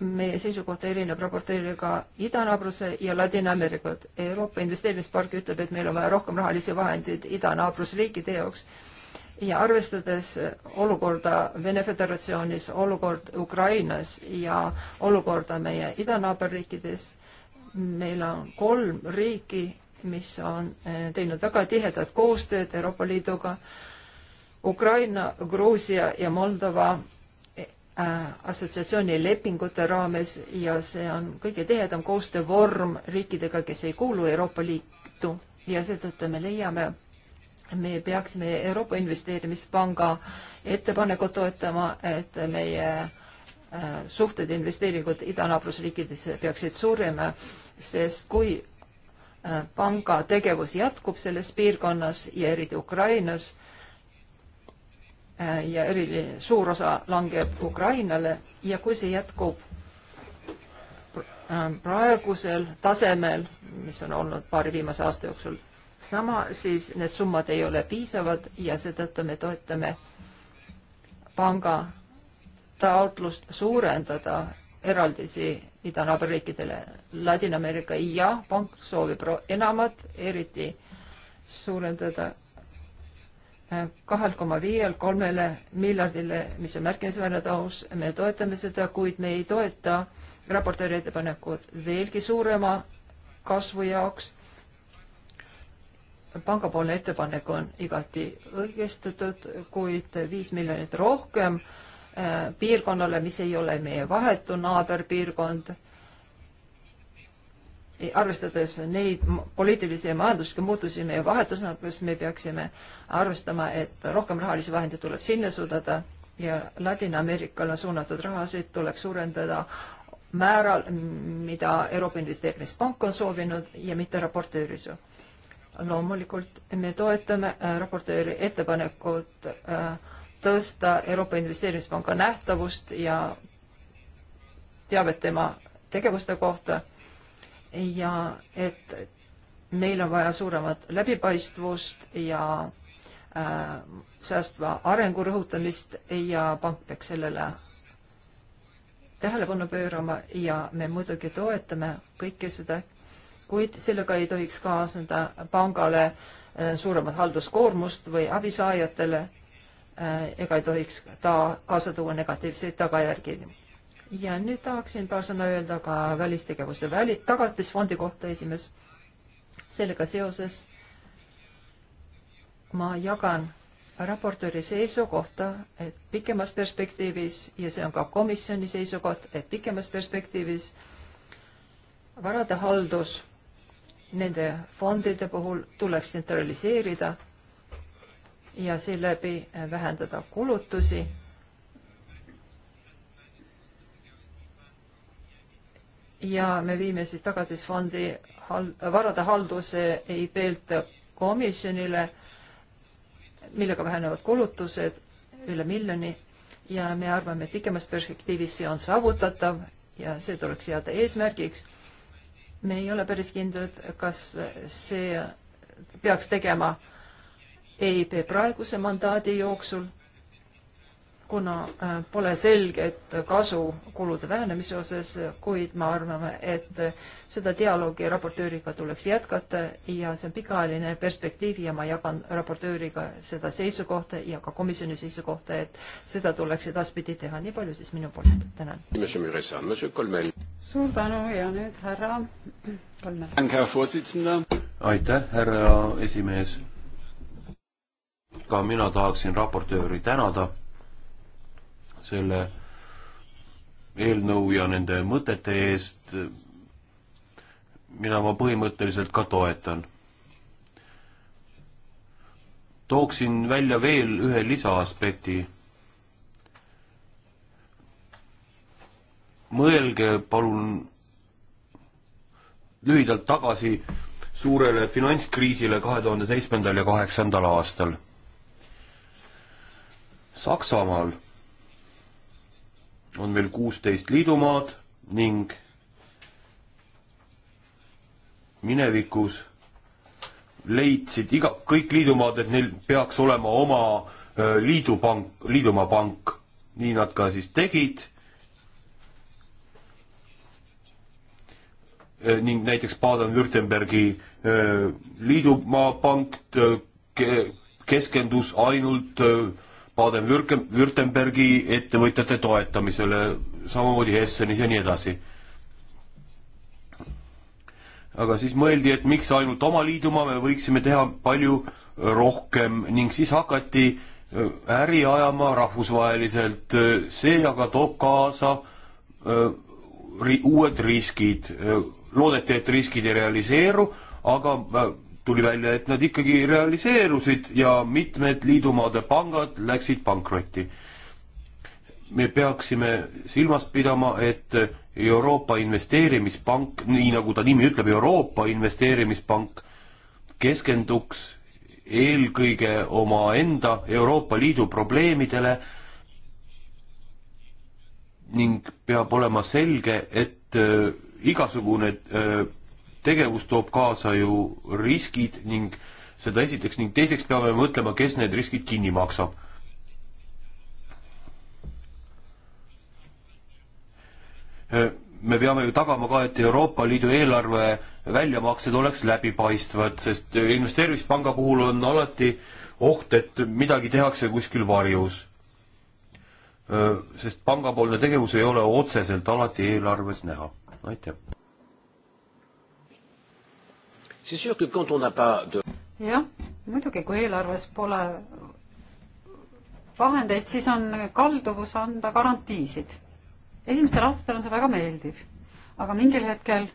meie seisukoht erineb raporteerijaga idanaabruse ja Ladina-Ameerika. Euroopa Investeerimispark ütleb, et meil on vaja rohkem rahalisi vahendeid idanaabrusriikide jaoks ja arvestades olukorda Vene Föderatsioonis, olukord Ukrainas ja olukorda meie idanaaberriikides, meil on kolm riiki, mis on eh, teinud väga tihedat koostööd Euroopa Liiduga. Ukraina, Gruusia ja Moldova eh, assotsiatsiooni lepingute raames ja see on kõige tihedam koostöövorm riikidega, kes ei kuulu Euroopa Liitu ja seetõttu me leiame, me peaksime Euroopa Investeerimispanga ettepanekut toetama, et meie eh, suhted investeeringud idanaabrusriikides peaksid suurema, sest kui Äh, panga tegevus jätkub selles piirkonnas ja eriti Ukrainas äh, ja eriline suur osa langeb Ukrainale ja kui see jätkub äh, praegusel tasemel, mis on olnud paari viimase aasta jooksul sama, siis need summad ei ole piisavad ja seetõttu me toetame panga taotlust suurendada eraldisi idanaaberriikidele. Ladina-Ameerika IA pank soovib enamat, eriti suurendada äh, kahelt koma viiel kolmele miljardile, mis on märkimisväärne tõus, me toetame seda, kuid me ei toeta raportööri ettepanekut veelgi suurema kasvu jaoks. pangapoolne ettepanek on igati õigestatud, kuid viis miljonit rohkem äh, Äh, piirkonnale, mis ei ole meie vahetu naaberpiirkond, arvestades neid poliitilisi ja majanduslikke muutusi meie vahetus naabris, me peaksime arvestama, et rohkem rahalisi vahendeid tuleb sinna suudada ja Ladina-Ameerikale suunatud rahasid tuleks suurendada määral, mida Euroopa Investeerimispank on soovinud ja mitte raporteeris ju. loomulikult me toetame äh, raporteeri ettepanekut äh, tõsta Euroopa Investeerimispanga nähtavust ja teavet tema tegevuste kohta ja et meil on vaja suuremat läbipaistvust ja äh, säästva arengu rõhutamist ja pank peaks sellele tähelepanu pöörama ja me muidugi toetame kõike seda, kuid sellega ei tohiks kaasneda pangale äh, suuremat halduskoormust või abisaajatele äh, Äh, ega ei tohiks ta kaasa tuua negatiivseid tagajärgi. ja nüüd tahaksin paar sõna öelda ka välistegevuste väli-, tagatisfondi kohta esimees. sellega seoses ma jagan raportööri seisukohta, et pikemas perspektiivis ja see on ka komisjoni seisukoht, et pikemas perspektiivis varade haldus nende fondide puhul tuleks tsentraliseerida ja seeläbi vähendada kulutusi. ja me viime siis tagatisfondi hal varade halduse EIB-lt komisjonile, millega vähenevad kulutused üle miljoni ja me arvame, et pikemas perspektiivis see on saavutatav ja see tuleks seada eesmärgiks. me ei ole päris kindlad, kas see peaks tegema äh, EIP praeguse mandaadi jooksul, kuna äh, pole selget kasu kulude vähenemise osas, kuid me arvame, et seda dialoogi raportööriga tuleks jätkata ja see on pikaajaline perspektiiv ja ma jagan raportööriga seda seisukohta ja ka komisjoni seisukohta, et seda tuleks edaspidi teha. nii palju siis minu poolt, tänan. suur tänu ja nüüd härra Kolmel. aitäh, härra esimees ka mina tahaksin raportööri tänada selle eelnõu ja nende mõtete eest, mida ma põhimõtteliselt ka toetan. tooksin välja veel ühe lisaaspekti. mõelge palun lühidalt tagasi suurele finantskriisile kahe tuhande seitsmendal ja kaheksandal aastal Saksamaal on meil kuusteist liidumaad ning minevikus leidsid iga, kõik liidumaad, et neil peaks olema oma liidupank, liidumaa pank. nii nad ka siis tegid. ning näiteks Baden-Württembergi liidumaa pank keskendus ainult öö, Baden-Württembergi ettevõtjate toetamisele, samamoodi Hessenis ja nii edasi. aga siis mõeldi, et miks ainult oma liidumaa, me võiksime teha palju rohkem ning siis hakati äh, äri ajama rahvusvaheliselt, äh, see aga toob kaasa äh, ri-, uued riskid. loodeti, et riskid ei realiseeru, aga tuli välja, et nad ikkagi realiseerusid ja mitmed liidumaade pangad läksid pankrotti. me peaksime silmas pidama, et Euroopa Investeerimispank, nii nagu ta nimi ütleb, Euroopa Investeerimispank, keskenduks eelkõige omaenda Euroopa Liidu probleemidele ning peab olema selge, et äh, igasugune öö, äh, tegevus toob kaasa ju riskid ning seda esiteks ning teiseks peame mõtlema, kes need riskid kinni maksab. me peame ju tagama ka, et Euroopa Liidu eelarve väljamaksed oleks läbipaistvad, sest investeerimispanga puhul on alati oht, et midagi tehakse kuskil varjus. sest pangapoolne tegevus ei ole otseselt alati eelarves näha. aitäh! jah, muidugi, kui eelarves pole vahendeid, siis on kalduvus anda garantiisid. esimestel aastatel on see väga meeldiv, aga mingil hetkel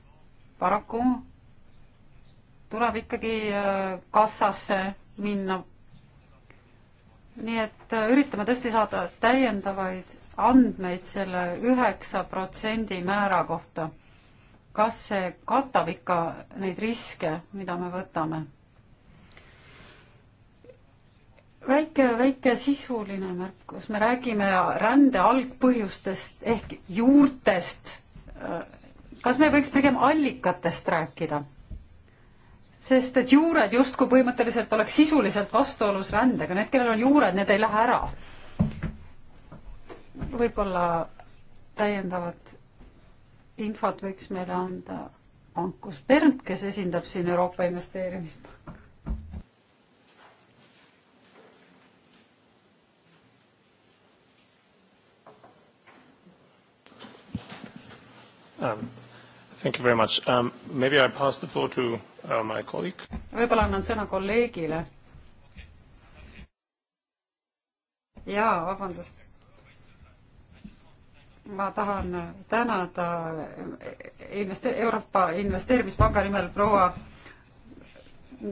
paraku tuleb ikkagi äh, kassasse minna. nii et äh, üritame tõesti saada täiendavaid andmeid selle üheksa protsendi määra kohta kas see katab ikka neid riske, mida me võtame? väike, väike sisuline märkus, me räägime rände algpõhjustest ehk juurtest. kas me võiks pigem allikatest rääkida? sest et juured justkui põhimõtteliselt oleks sisuliselt vastuolus rändega, need, kellel on juured, need ei lähe ära. võib-olla täiendavat infot võiks meile anda Ankus Bernd, kes esindab siin Euroopa Investeerimispanka. Um, thank you very much. Um, maybe I pass the floor to uh, my colleague. võib-olla annan sõna kolleegile. jaa, vabandust ma tahan tänada investe-, Euroopa Investeerimispanga nimel proua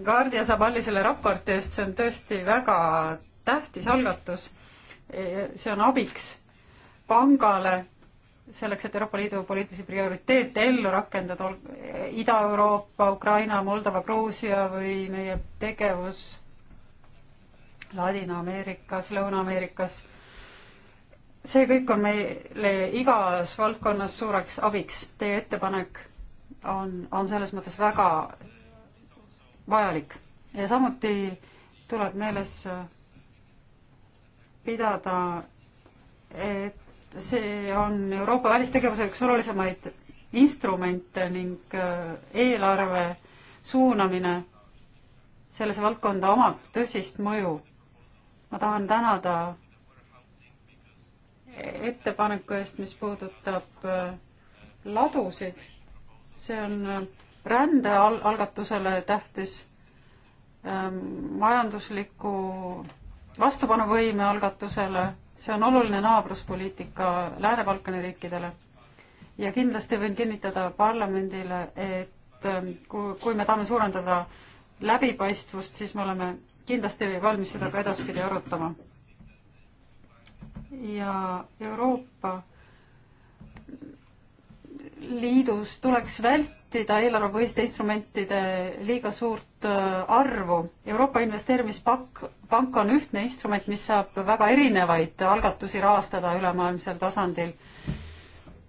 Gardia Sabali selle raporti eest, see on tõesti väga tähtis algatus. E, see on abiks pangale selleks, et Euroopa Liidu poliitilisi prioriteete ellu rakendada, Ida-Euroopa, Ukraina, Moldova, Gruusia või meie tegevus Ladina-Ameerikas, Lõuna-Ameerikas see kõik on meile igas valdkonnas suureks abiks. Teie ettepanek on, on selles mõttes väga vajalik ja samuti tuleb meeles pidada, et see on Euroopa välistegevuse üks olulisemaid instrumente ning äh, eelarve suunamine sellesse valdkonda omab tõsist mõju. ma tahan tänada ettepaneku eest, mis puudutab äh, ladusid. see on äh, rändealgatusele tähtis ähm, majandusliku vastupanuvõime algatusele, see on oluline naabruspoliitika Lääne-Balkani riikidele. ja kindlasti võin kinnitada parlamendile, et ähm, kui, kui me tahame suurendada läbipaistvust, siis me oleme kindlasti valmis seda ka edaspidi arutama ja Euroopa Liidus tuleks vältida eelarvepõhiste instrumentide liiga suurt äh, arvu. Euroopa Investeerimispank, pank on ühtne instrument, mis saab väga erinevaid algatusi rahastada ülemaailmsel tasandil.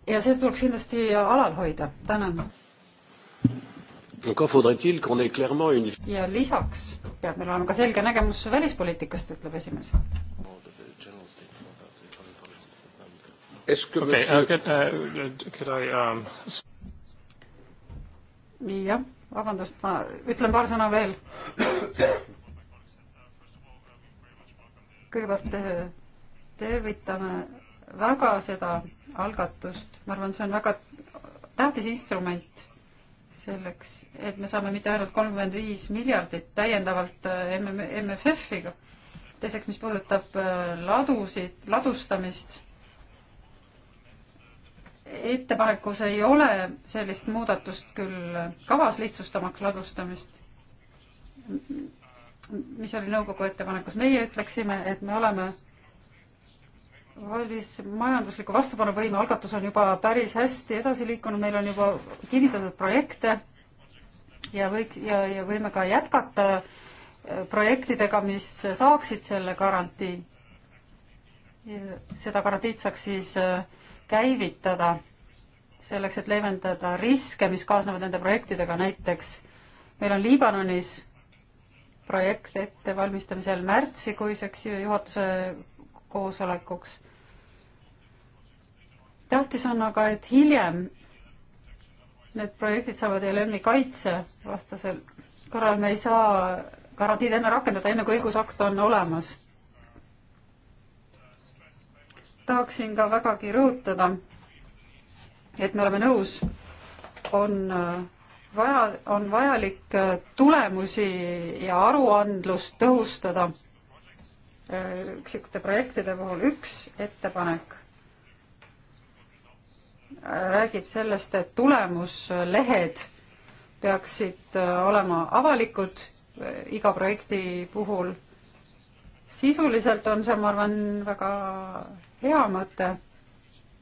ja seda tuleks kindlasti alal hoida. tänan. ja lisaks peab meil olema ka selge nägemus välispoliitikast, ütleb esimees Est-ce que okay, monsieur... uh, could, uh, could I, um... jah, vabandust, ma ütlen paar sõna veel. kõigepealt tervitame väga seda algatust, ma arvan, see on väga tähtis instrument selleks, et me saame mitte ainult kolmkümmend viis miljardit täiendavalt MM, äh, MFF-iga. teiseks, mis puudutab äh, ladusid, ladustamist ettepanekus ei ole sellist muudatust küll kavas lihtsustamaks ladustamist, mis oli nõukogu ettepanekus. meie ütleksime, et me oleme valmis majandusliku vastupanuvõime algatus on juba päris hästi edasi liikunud, meil on juba kinnitatud projekte ja võiks ja, ja võime ka jätkata äh, projektidega, mis saaksid selle garantii. seda garantiid saaks siis äh, käivitada selleks, et leevendada riske, mis kaasnevad nende projektidega, näiteks meil on Liibanonis projekt ettevalmistamisel märtsikuiseks juhatuse koosolekuks. tähtis on aga, et hiljem need projektid saavad ELM-i kaitse, vastasel korral me ei saa garantiid enne rakendada, enne kui õigusakt on olemas tahaksin ka vägagi rõhutada, et me oleme nõus, on äh, vaja, on vajalik äh, tulemusi ja aruandlust tõhustada äh, üksikute projektide puhul. üks ettepanek räägib sellest, et tulemuslehed peaksid olema avalikud iga projekti puhul. sisuliselt on see, ma arvan, väga hea mõte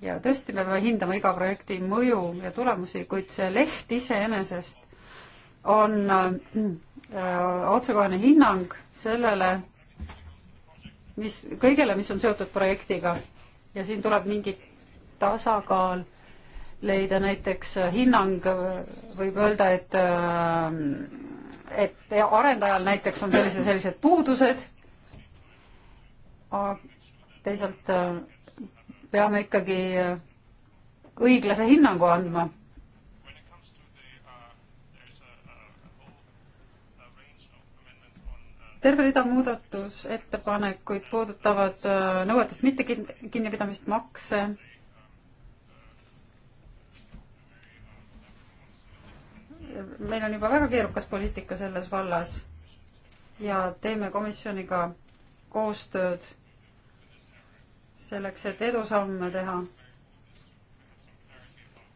ja tõesti, me peame hindama iga projekti mõju ja tulemusi, kuid see leht iseenesest on öö, äh, otsekohene hinnang sellele, mis, kõigele, mis on seotud projektiga. ja siin tuleb mingi tasakaal leida, näiteks äh, hinnang äh, võib öelda, et et arendajal näiteks on sellised, sellised puudused, teisalt äh, peame ikkagi äh, õiglase hinnangu andma. terve rida muudatusettepanekuid puudutavad äh, nõuetest mitte kinnipidamist, makse. meil on juba väga keerukas poliitika selles vallas ja teeme komisjoniga koostööd selleks, et edusamme teha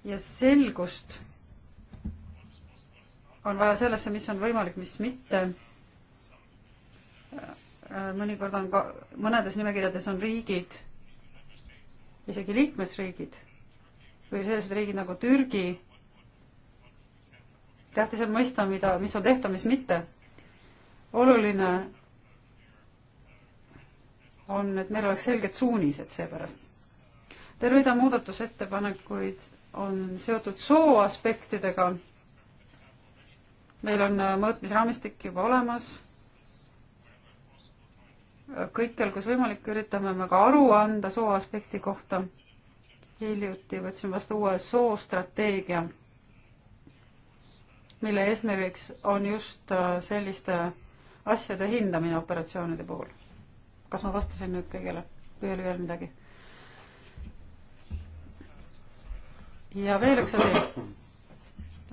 ja selgust on vaja sellesse, mis on võimalik, mis mitte. mõnikord on ka, mõnedes nimekirjades on riigid, isegi liikmesriigid või sellised riigid nagu Türgi. tähtis on mõista, mida, mis on tehtav, mis mitte. oluline on, et meil oleks selged suunised seepärast. terve rida muudatusettepanekuid on seotud soo aspektidega. meil on äh, mõõtmisraamistik juba olemas. Äh, kõikjal, kus võimalik, üritame me ka aru anda soo aspekti kohta. hiljuti võtsin vastu uue soostrateegia, mille eesmärgiks on just äh, selliste asjade hindamine operatsioonide puhul kas ma vastasin nüüd kõigele või oli veel midagi? ja veel üks asi,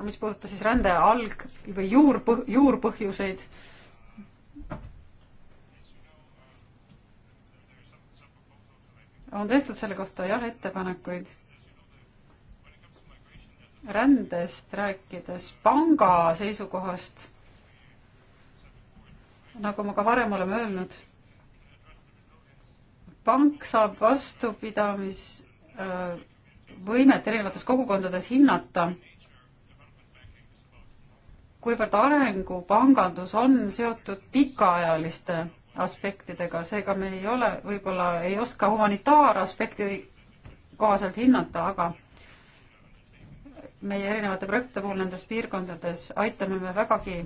mis puudutas siis rände alg- või juurpõh-, juurpõhjuseid on tehtud selle kohta jah, ettepanekuid. rändest rääkides panga seisukohast, nagu ma ka varem oleme öelnud, pank saab vastupidamisvõimet äh, erinevates kogukondades hinnata, kuivõrd arengupangandus on seotud pikaajaliste aspektidega, seega me ei ole, võib-olla ei oska humanitaaraspekti kohaselt hinnata, aga meie erinevate projektide puhul nendes piirkondades aitame me vägagi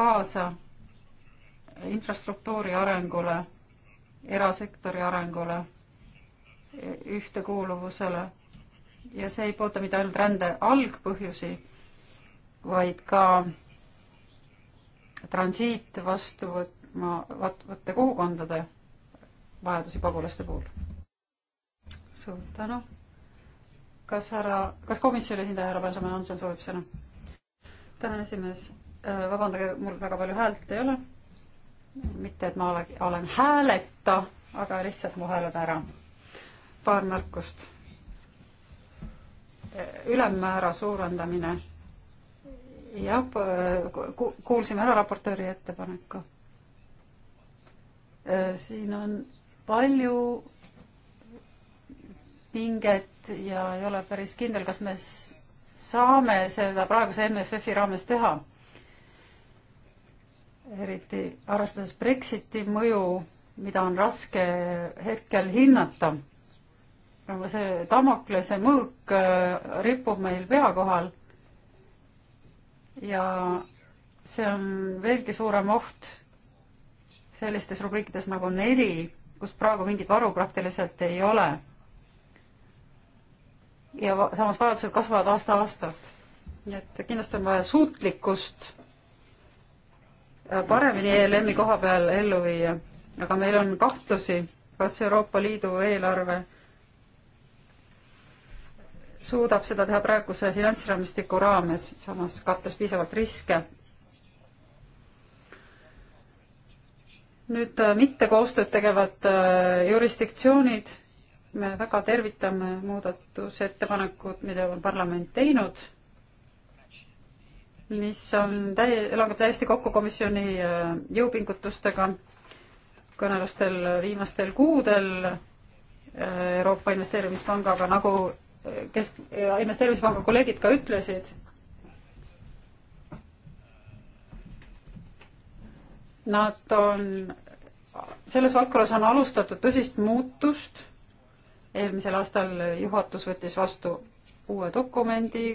kaasa infrastruktuuri arengule erasektori arengule, ühtekuuluvusele ja see ei puuduta mitte ainult rände algpõhjusi, vaid ka transiit vastu võtma, võtta kogukondade vajadusi pagulaste puhul. suur tänu. kas härra, kas komisjoni esindaja härra Benjamin Hanson soovib sõna? tänan, esimees. Äh, vabandage, mul väga palju häält ei ole mitte et ma ole, olen hääleta, aga lihtsalt mu hääled ära. paar märkust. ülemmäära suurendamine. jah, kuulsime ära raportööri ettepaneku. siin on palju pinget ja ei ole päris kindel, kas me saame seda praeguse MFF-i raames teha eriti arvestades Brexiti mõju, mida on raske hetkel hinnata. see Damoklese mõõk äh, ripub meil pea kohal. ja see on veelgi suurem oht sellistes rubriikides nagu neli, kus praegu mingit varu praktiliselt ei ole. ja samas vajadused kasvavad aasta-aastalt. nii et kindlasti on vaja suutlikkust paremini ELM-i koha peal ellu viia. aga meil on kahtlusi, kas Euroopa Liidu eelarve suudab seda teha praeguse finantsraamistiku raames, samas kattes piisavalt riske. nüüd äh, mitte koostööd tegevad äh, jurisdiktsioonid, me väga tervitame muudatusettepanekut, mida on parlament teinud mis on täi-, langeb täiesti kokku komisjoni äh, jõupingutustega kõnelustel viimastel kuudel äh, Euroopa Investeerimispangaga, nagu äh, kes, investeerimispanga kolleegid ka ütlesid, nad on, selles valdkonnas on alustatud tõsist muutust, eelmisel aastal juhatus võttis vastu uue dokumendi,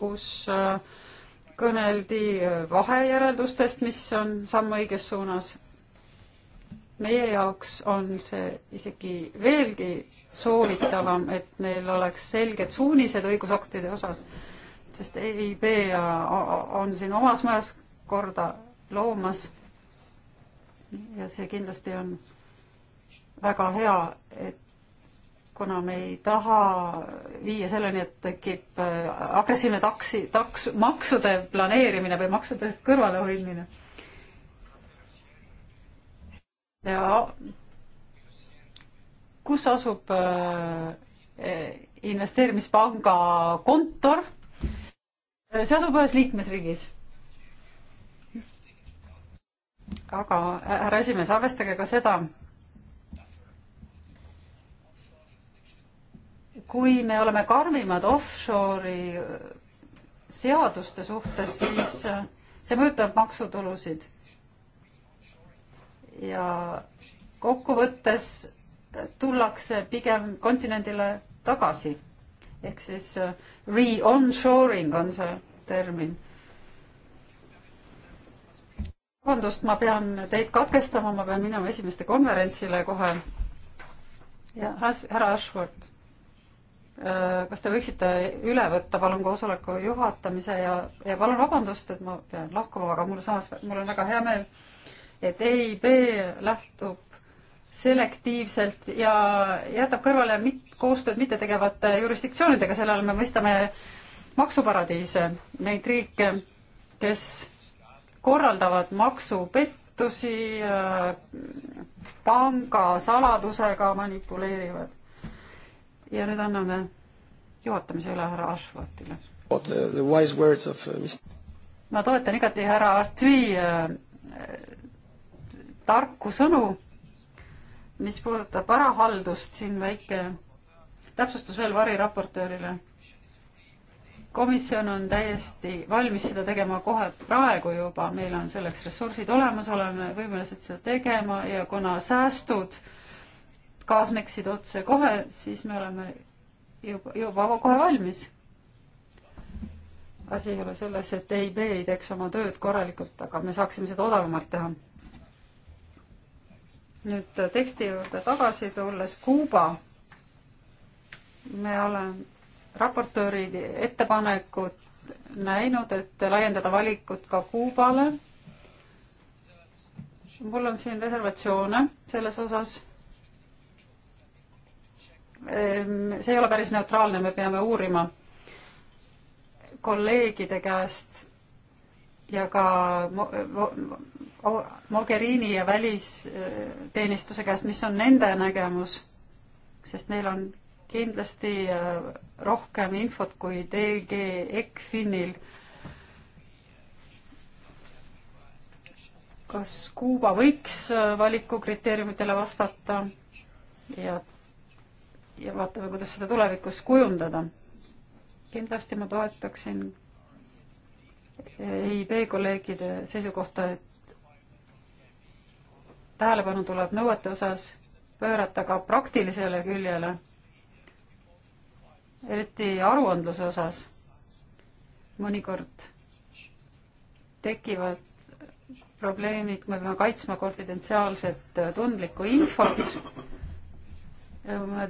kus äh, kõneldi äh, vahejäreldustest, mis on samm õiges suunas. meie jaoks on see isegi veelgi soovitavam, et neil oleks selged suunised õigusaktide osas, sest EIB on siin omas majas korda loomas. ja see kindlasti on väga hea, et kuna me ei taha viia selleni, et tekib äh, agressiivne taksi, taks, maksude planeerimine või maksudest kõrvalehoidmine. ja kus asub äh, investeerimispanga kontor? see asub ühes liikmesriigis. aga äh, härra esimees, arvestage ka seda, kui me oleme karmimad offshore'i seaduste suhtes, siis äh, see mõjutab maksutulusid. ja kokkuvõttes tullakse pigem kontinendile tagasi. ehk siis äh, re-onshoring on see termin. vabandust, ma pean teid katkestama, ma pean minema esimeste konverentsile kohe. ja härra Ashworth Äh, kas te võiksite üle võtta palun koosoleku juhatamise ja, ja palun vabandust, et ma pean lahkuma, aga mul samas, mul on väga hea meel, et EIB lähtub selektiivselt ja jätab kõrvale mit-, koostööd mittetegevate jurisdiktsioonidega, selle all me mõistame maksuparadiise, neid riike, kes korraldavad maksupettusi, äh, pangasaladusega manipuleerivad ja nüüd anname juhatamise üle härra Ashworthile. Uh, uh, ma toetan igati härra Artui äh, äh, tarku sõnu, mis puudutab varahaldust, siin väike täpsustus veel variraportöörile. komisjon on täiesti valmis seda tegema kohe praegu juba, meil on selleks ressursid olemas, oleme võimelised seda tegema ja kuna säästud äh, kaasneksid otsekohe, siis me oleme juba, juba kohe valmis. asi ei ole selles, et EIB ei teeks oma tööd korralikult, aga me saaksime seda odavamalt teha. nüüd äh, teksti juurde tagasi tulles, Kuuba, me oleme raportööri ettepanekut näinud, et laiendada valikut ka Kuubale. mul on siin reservatsioone selles osas Ehm, see ei ole päris neutraalne, me peame uurima kolleegide käest ja ka Mogherini ja välisteenistuse käest, mis on nende nägemus, sest neil on kindlasti äh, rohkem infot kui DG ECFINil. kas Kuuba võiks äh, valikukriteeriumitele vastata ja ja vaatame, kuidas seda tulevikus kujundada. kindlasti ma toetaksin EIB kolleegide seisukohta, et tähelepanu tuleb nõuete osas pöörata ka praktilisele küljele, eriti aruandluse osas. mõnikord tekivad probleemid, me peame kaitsma konfidentsiaalset tundlikku infot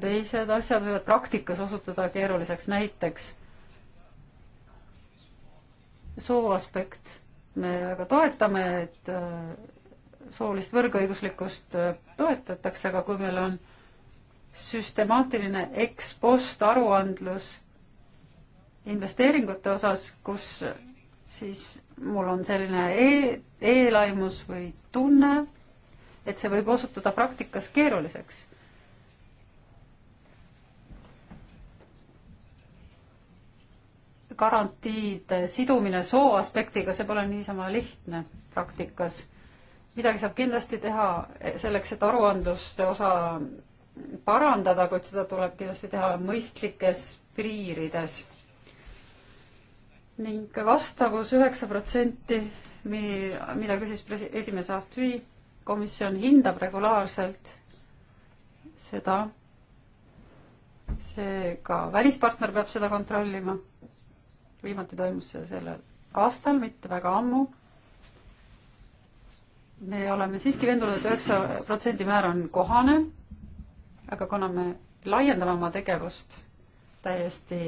teised asjad võivad praktikas osutuda keeruliseks, näiteks soo aspekt. me väga toetame, et äh, soolist võrgõiguslikkust äh, toetatakse, aga kui meil on süstemaatiline ex-post aruandlus investeeringute osas, kus siis mul on selline e eelaimus või tunne, et see võib osutuda praktikas keeruliseks garantiide sidumine soo aspektiga, see pole niisama lihtne praktikas. midagi saab kindlasti teha selleks, et aruandluste osa parandada, kuid seda tuleb kindlasti teha mõistlikes piirides. ning vastavus üheksa protsenti, mida küsis esimees Ahtvi, komisjon hindab regulaarselt seda, seega välispartner peab seda kontrollima viimati toimus see sellel aastal, mitte väga ammu. me oleme siiski veendunud, et üheksa protsendi määr on kohane, aga kuna me laiendame oma tegevust täiesti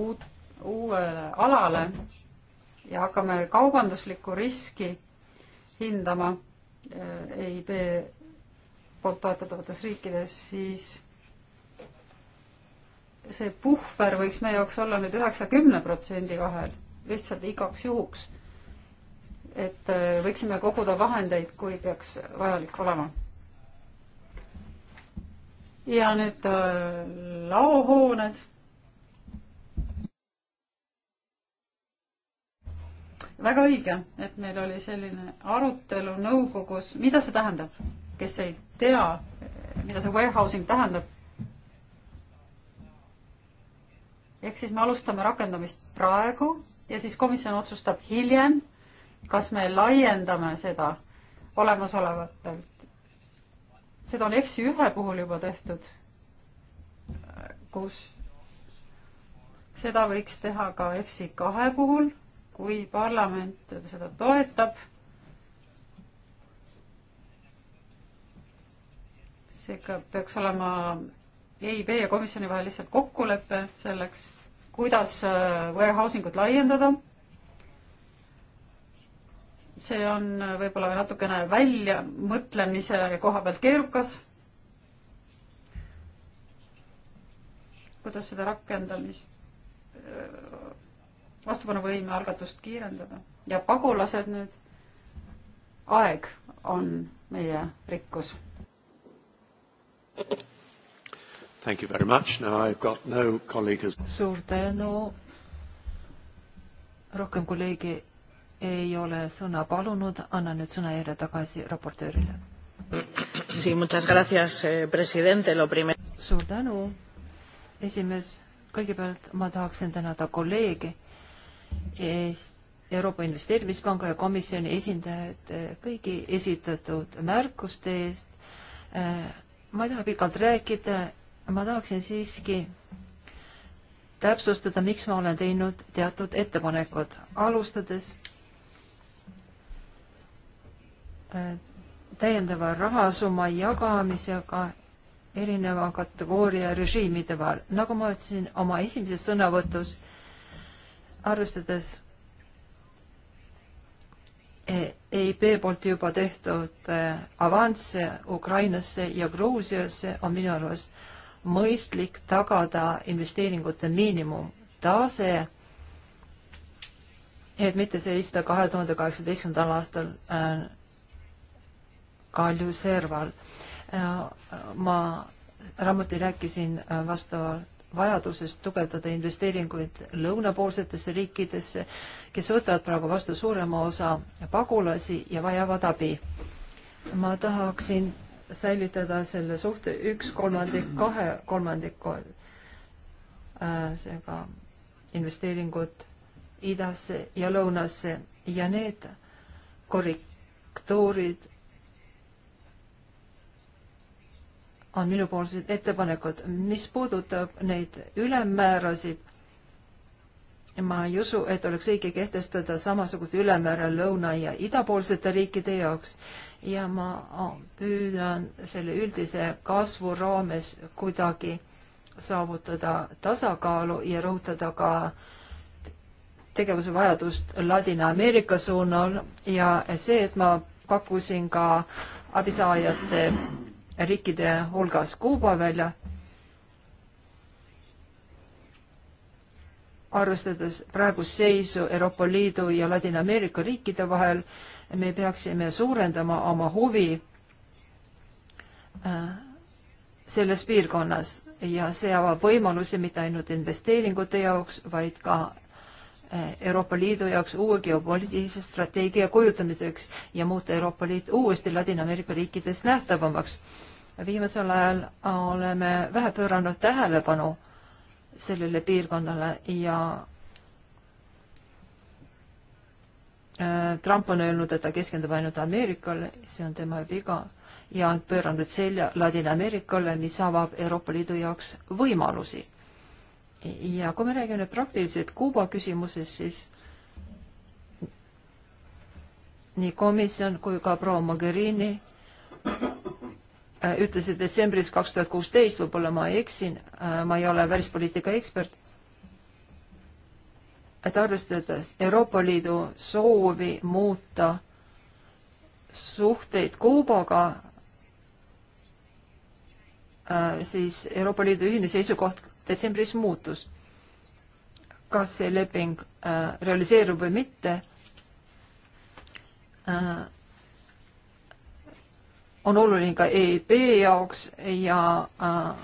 uut, uuele alale ja hakkame kaubanduslikku riski hindama EIB eh, e poolt toetatavates riikides, siis see puhver võiks meie jaoks olla nüüd üheksa-kümne protsendi vahel, lihtsalt igaks juhuks. et äh, võiksime koguda vahendeid, kui peaks vajalik olema. ja nüüd äh, laohooned. väga õige, et meil oli selline arutelu nõukogus, mida see tähendab, kes ei tea, mida see warehousing tähendab ehk siis me alustame rakendamist praegu ja siis komisjon otsustab hiljem, kas me laiendame seda olemasolevatelt. seda on EFSI ühe puhul juba tehtud, kus seda võiks teha ka EFSI kahe puhul, kui parlament seda toetab. seega peaks olema EIB ja komisjoni vahel lihtsalt kokkulepe selleks, kuidas äh, warehousing ut laiendada. see on äh, võib-olla natukene väljamõtlemise koha pealt keerukas. kuidas seda rakendamist, äh, vastupanuvõime algatust kiirendada ja pagulased nüüd, aeg on meie rikkus. Thank you very much. Now I've got no colleague as... Suur tänu. Rohkem kolleegi ei ole sõna palunud. Annan nüüd sõna järje tagasi raportöörile. Sí, muchas gracias, eh, presidente. Lo primero... Suur tänu, esimees. Kõigepealt ma tahaksin tänada kolleegi Eest Euroopa Investeerimispanga ja komisjoni esindajad eh, kõigi esitatud märkuste eest. Eh, ma ei taha pikalt rääkida, ma tahaksin siiski täpsustada, miks ma olen teinud teatud ettepanekud, alustades äh, täiendava rahasumma jagamisega erineva kategooria režiimide vahel. nagu ma ütlesin oma esimeses sõnavõtus, arvestades EIB e poolt juba tehtud äh, avansse Ukrainasse ja Gruusiasse, on minu arust äh, mõistlik tagada investeeringute miinimumtase, et mitte seista kahe tuhande kaheksateistkümnendal aastal äh, kaljuserval äh,. ma raamatu rääkisin äh, vastavalt vajadusest tugevdada investeeringuid lõunapoolsetesse riikidesse, kes võtavad praegu vastu suurema osa pagulasi ja vajavad abi. ma tahaksin säilitada selle suhte üks kolmandik kahe kolmandiku äh,, seega investeeringud idasse ja lõunasse ja need korrektuurid on minupoolsed ettepanekud. mis puudutab neid ülemmäärasid, ma ei usu, et oleks õige kehtestada samasugust ülemmäära lõuna- ja idapoolsete riikide jaoks ja ma püüan selle üldise kasvu raames kuidagi saavutada tasakaalu ja rõhutada ka tegevuse vajadust Ladina-Ameerika suunal ja see, et ma pakkusin ka abisaajate riikide hulgas Kuuba välja, arvestades praegust seisu Euroopa Liidu ja Ladina-Ameerika riikide vahel me peaksime suurendama oma huvi äh, selles piirkonnas ja see avab võimalusi mitte ainult investeeringute jaoks, vaid ka äh, Euroopa Liidu jaoks uue geopoliitilise strateegia kujutamiseks ja muuta Euroopa Liit uuesti Ladina-Ameerika riikides nähtavamaks. viimasel ajal oleme vähe pööranud tähelepanu sellele piirkonnale ja Äh, Trump on öelnud, et ta keskendub ainult Ameerikale, see on tema viga, ja on pööranud selja Ladina-Ameerikale, mis avab Euroopa Liidu jaoks võimalusi. ja kui me räägime nüüd praktiliselt Kuuba küsimusest, siis nii komisjon kui ka proua Mogherini äh, ütlesid detsembris kaks tuhat kuusteist, võib-olla ma eksin, äh, ma ei ole välispoliitika ekspert et arvestades Euroopa Liidu soovi muuta suhteid Kuubaga, äh, siis Euroopa Liidu ühine seisukoht detsembris muutus. kas see leping äh, realiseerub või mitte äh,, on oluline ka EIB jaoks ja äh,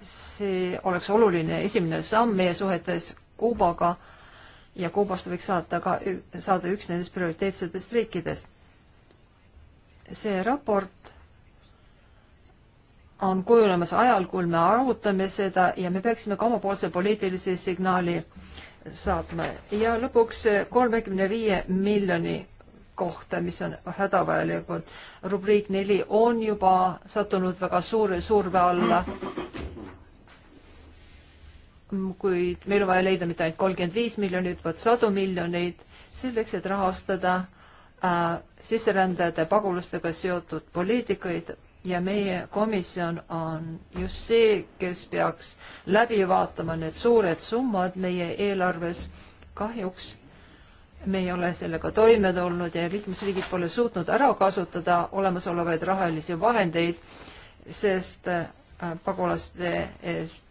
see oleks oluline esimene samm meie suhetes Kuubaga äh, ja Kuubast võiks saata ka, saada üks nendest prioriteetsetest riikidest. see raport on kujunemas ajal, kui me arutame seda ja me peaksime ka omapoolse poliitilise signaali saatma. ja lõpuks kolmekümne viie miljoni kohta, mis on hädavajalikud. rubriik neli on juba sattunud väga suure surve alla kuid meil on vaja leida mitte ainult kolmkümmend viis miljonit, vaid sadu miljoneid selleks, et rahastada äh, sisserändajate pagulastega seotud poliitikaid ja meie komisjon on just see, kes peaks läbi vaatama need suured summad meie eelarves. kahjuks me ei ole sellega toime tulnud ja liikmesriigid pole suutnud ära kasutada olemasolevaid rahalisi vahendeid, sest äh, pagulaste eest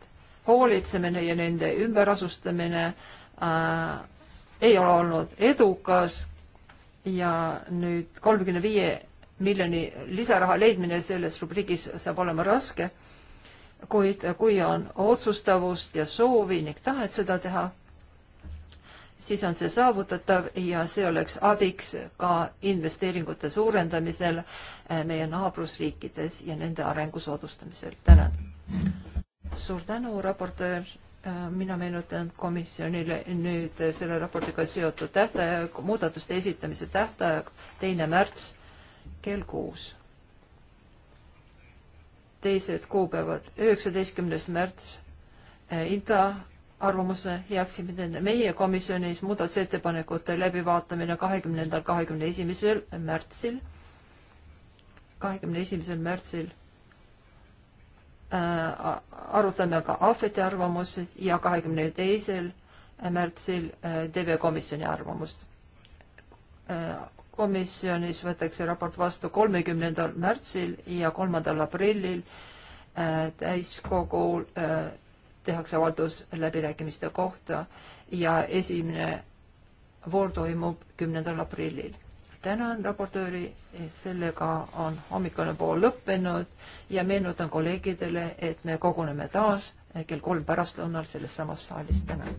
hoolitsemine ja nende ümberasustamine äh, ei ole olnud edukas ja nüüd kolmekümne viie miljoni lisaraha leidmine selles rubriigis saab olema raske, kuid kui on otsustavust ja soovi ning tahet seda teha, siis on see saavutatav ja see oleks abiks ka investeeringute suurendamisel äh, meie naabrusriikides ja nende arengu soodustamisel. tänan suur tänu, raportöör. Äh, mina meenutan komisjonile nüüd selle raportiga seotud tähtaeg, muudatuste esitamise tähtaeg, teine märts kell kuus. teised kuupäevad, üheksateistkümnes märts, äh, INTA arvamuse heaksimine meie komisjonis muudatusettepanekute läbivaatamine kahekümnendal, kahekümne esimesel märtsil, kahekümne esimesel märtsil Äh, arutame ka ahveti arvamusi ja kahekümne teisel märtsil äh, TV Komisjoni arvamust. Äh, komisjonis võetakse raport vastu kolmekümnendal märtsil ja kolmandal aprillil täiskogul tehakse avaldus läbirääkimiste kohta ja esimene voor toimub kümnendal aprillil tänan raportööri, sellega on hommikune pool lõppenud ja meenutan kolleegidele, et me koguneme taas kell kolm pärastlõunal selles samas saalis täna.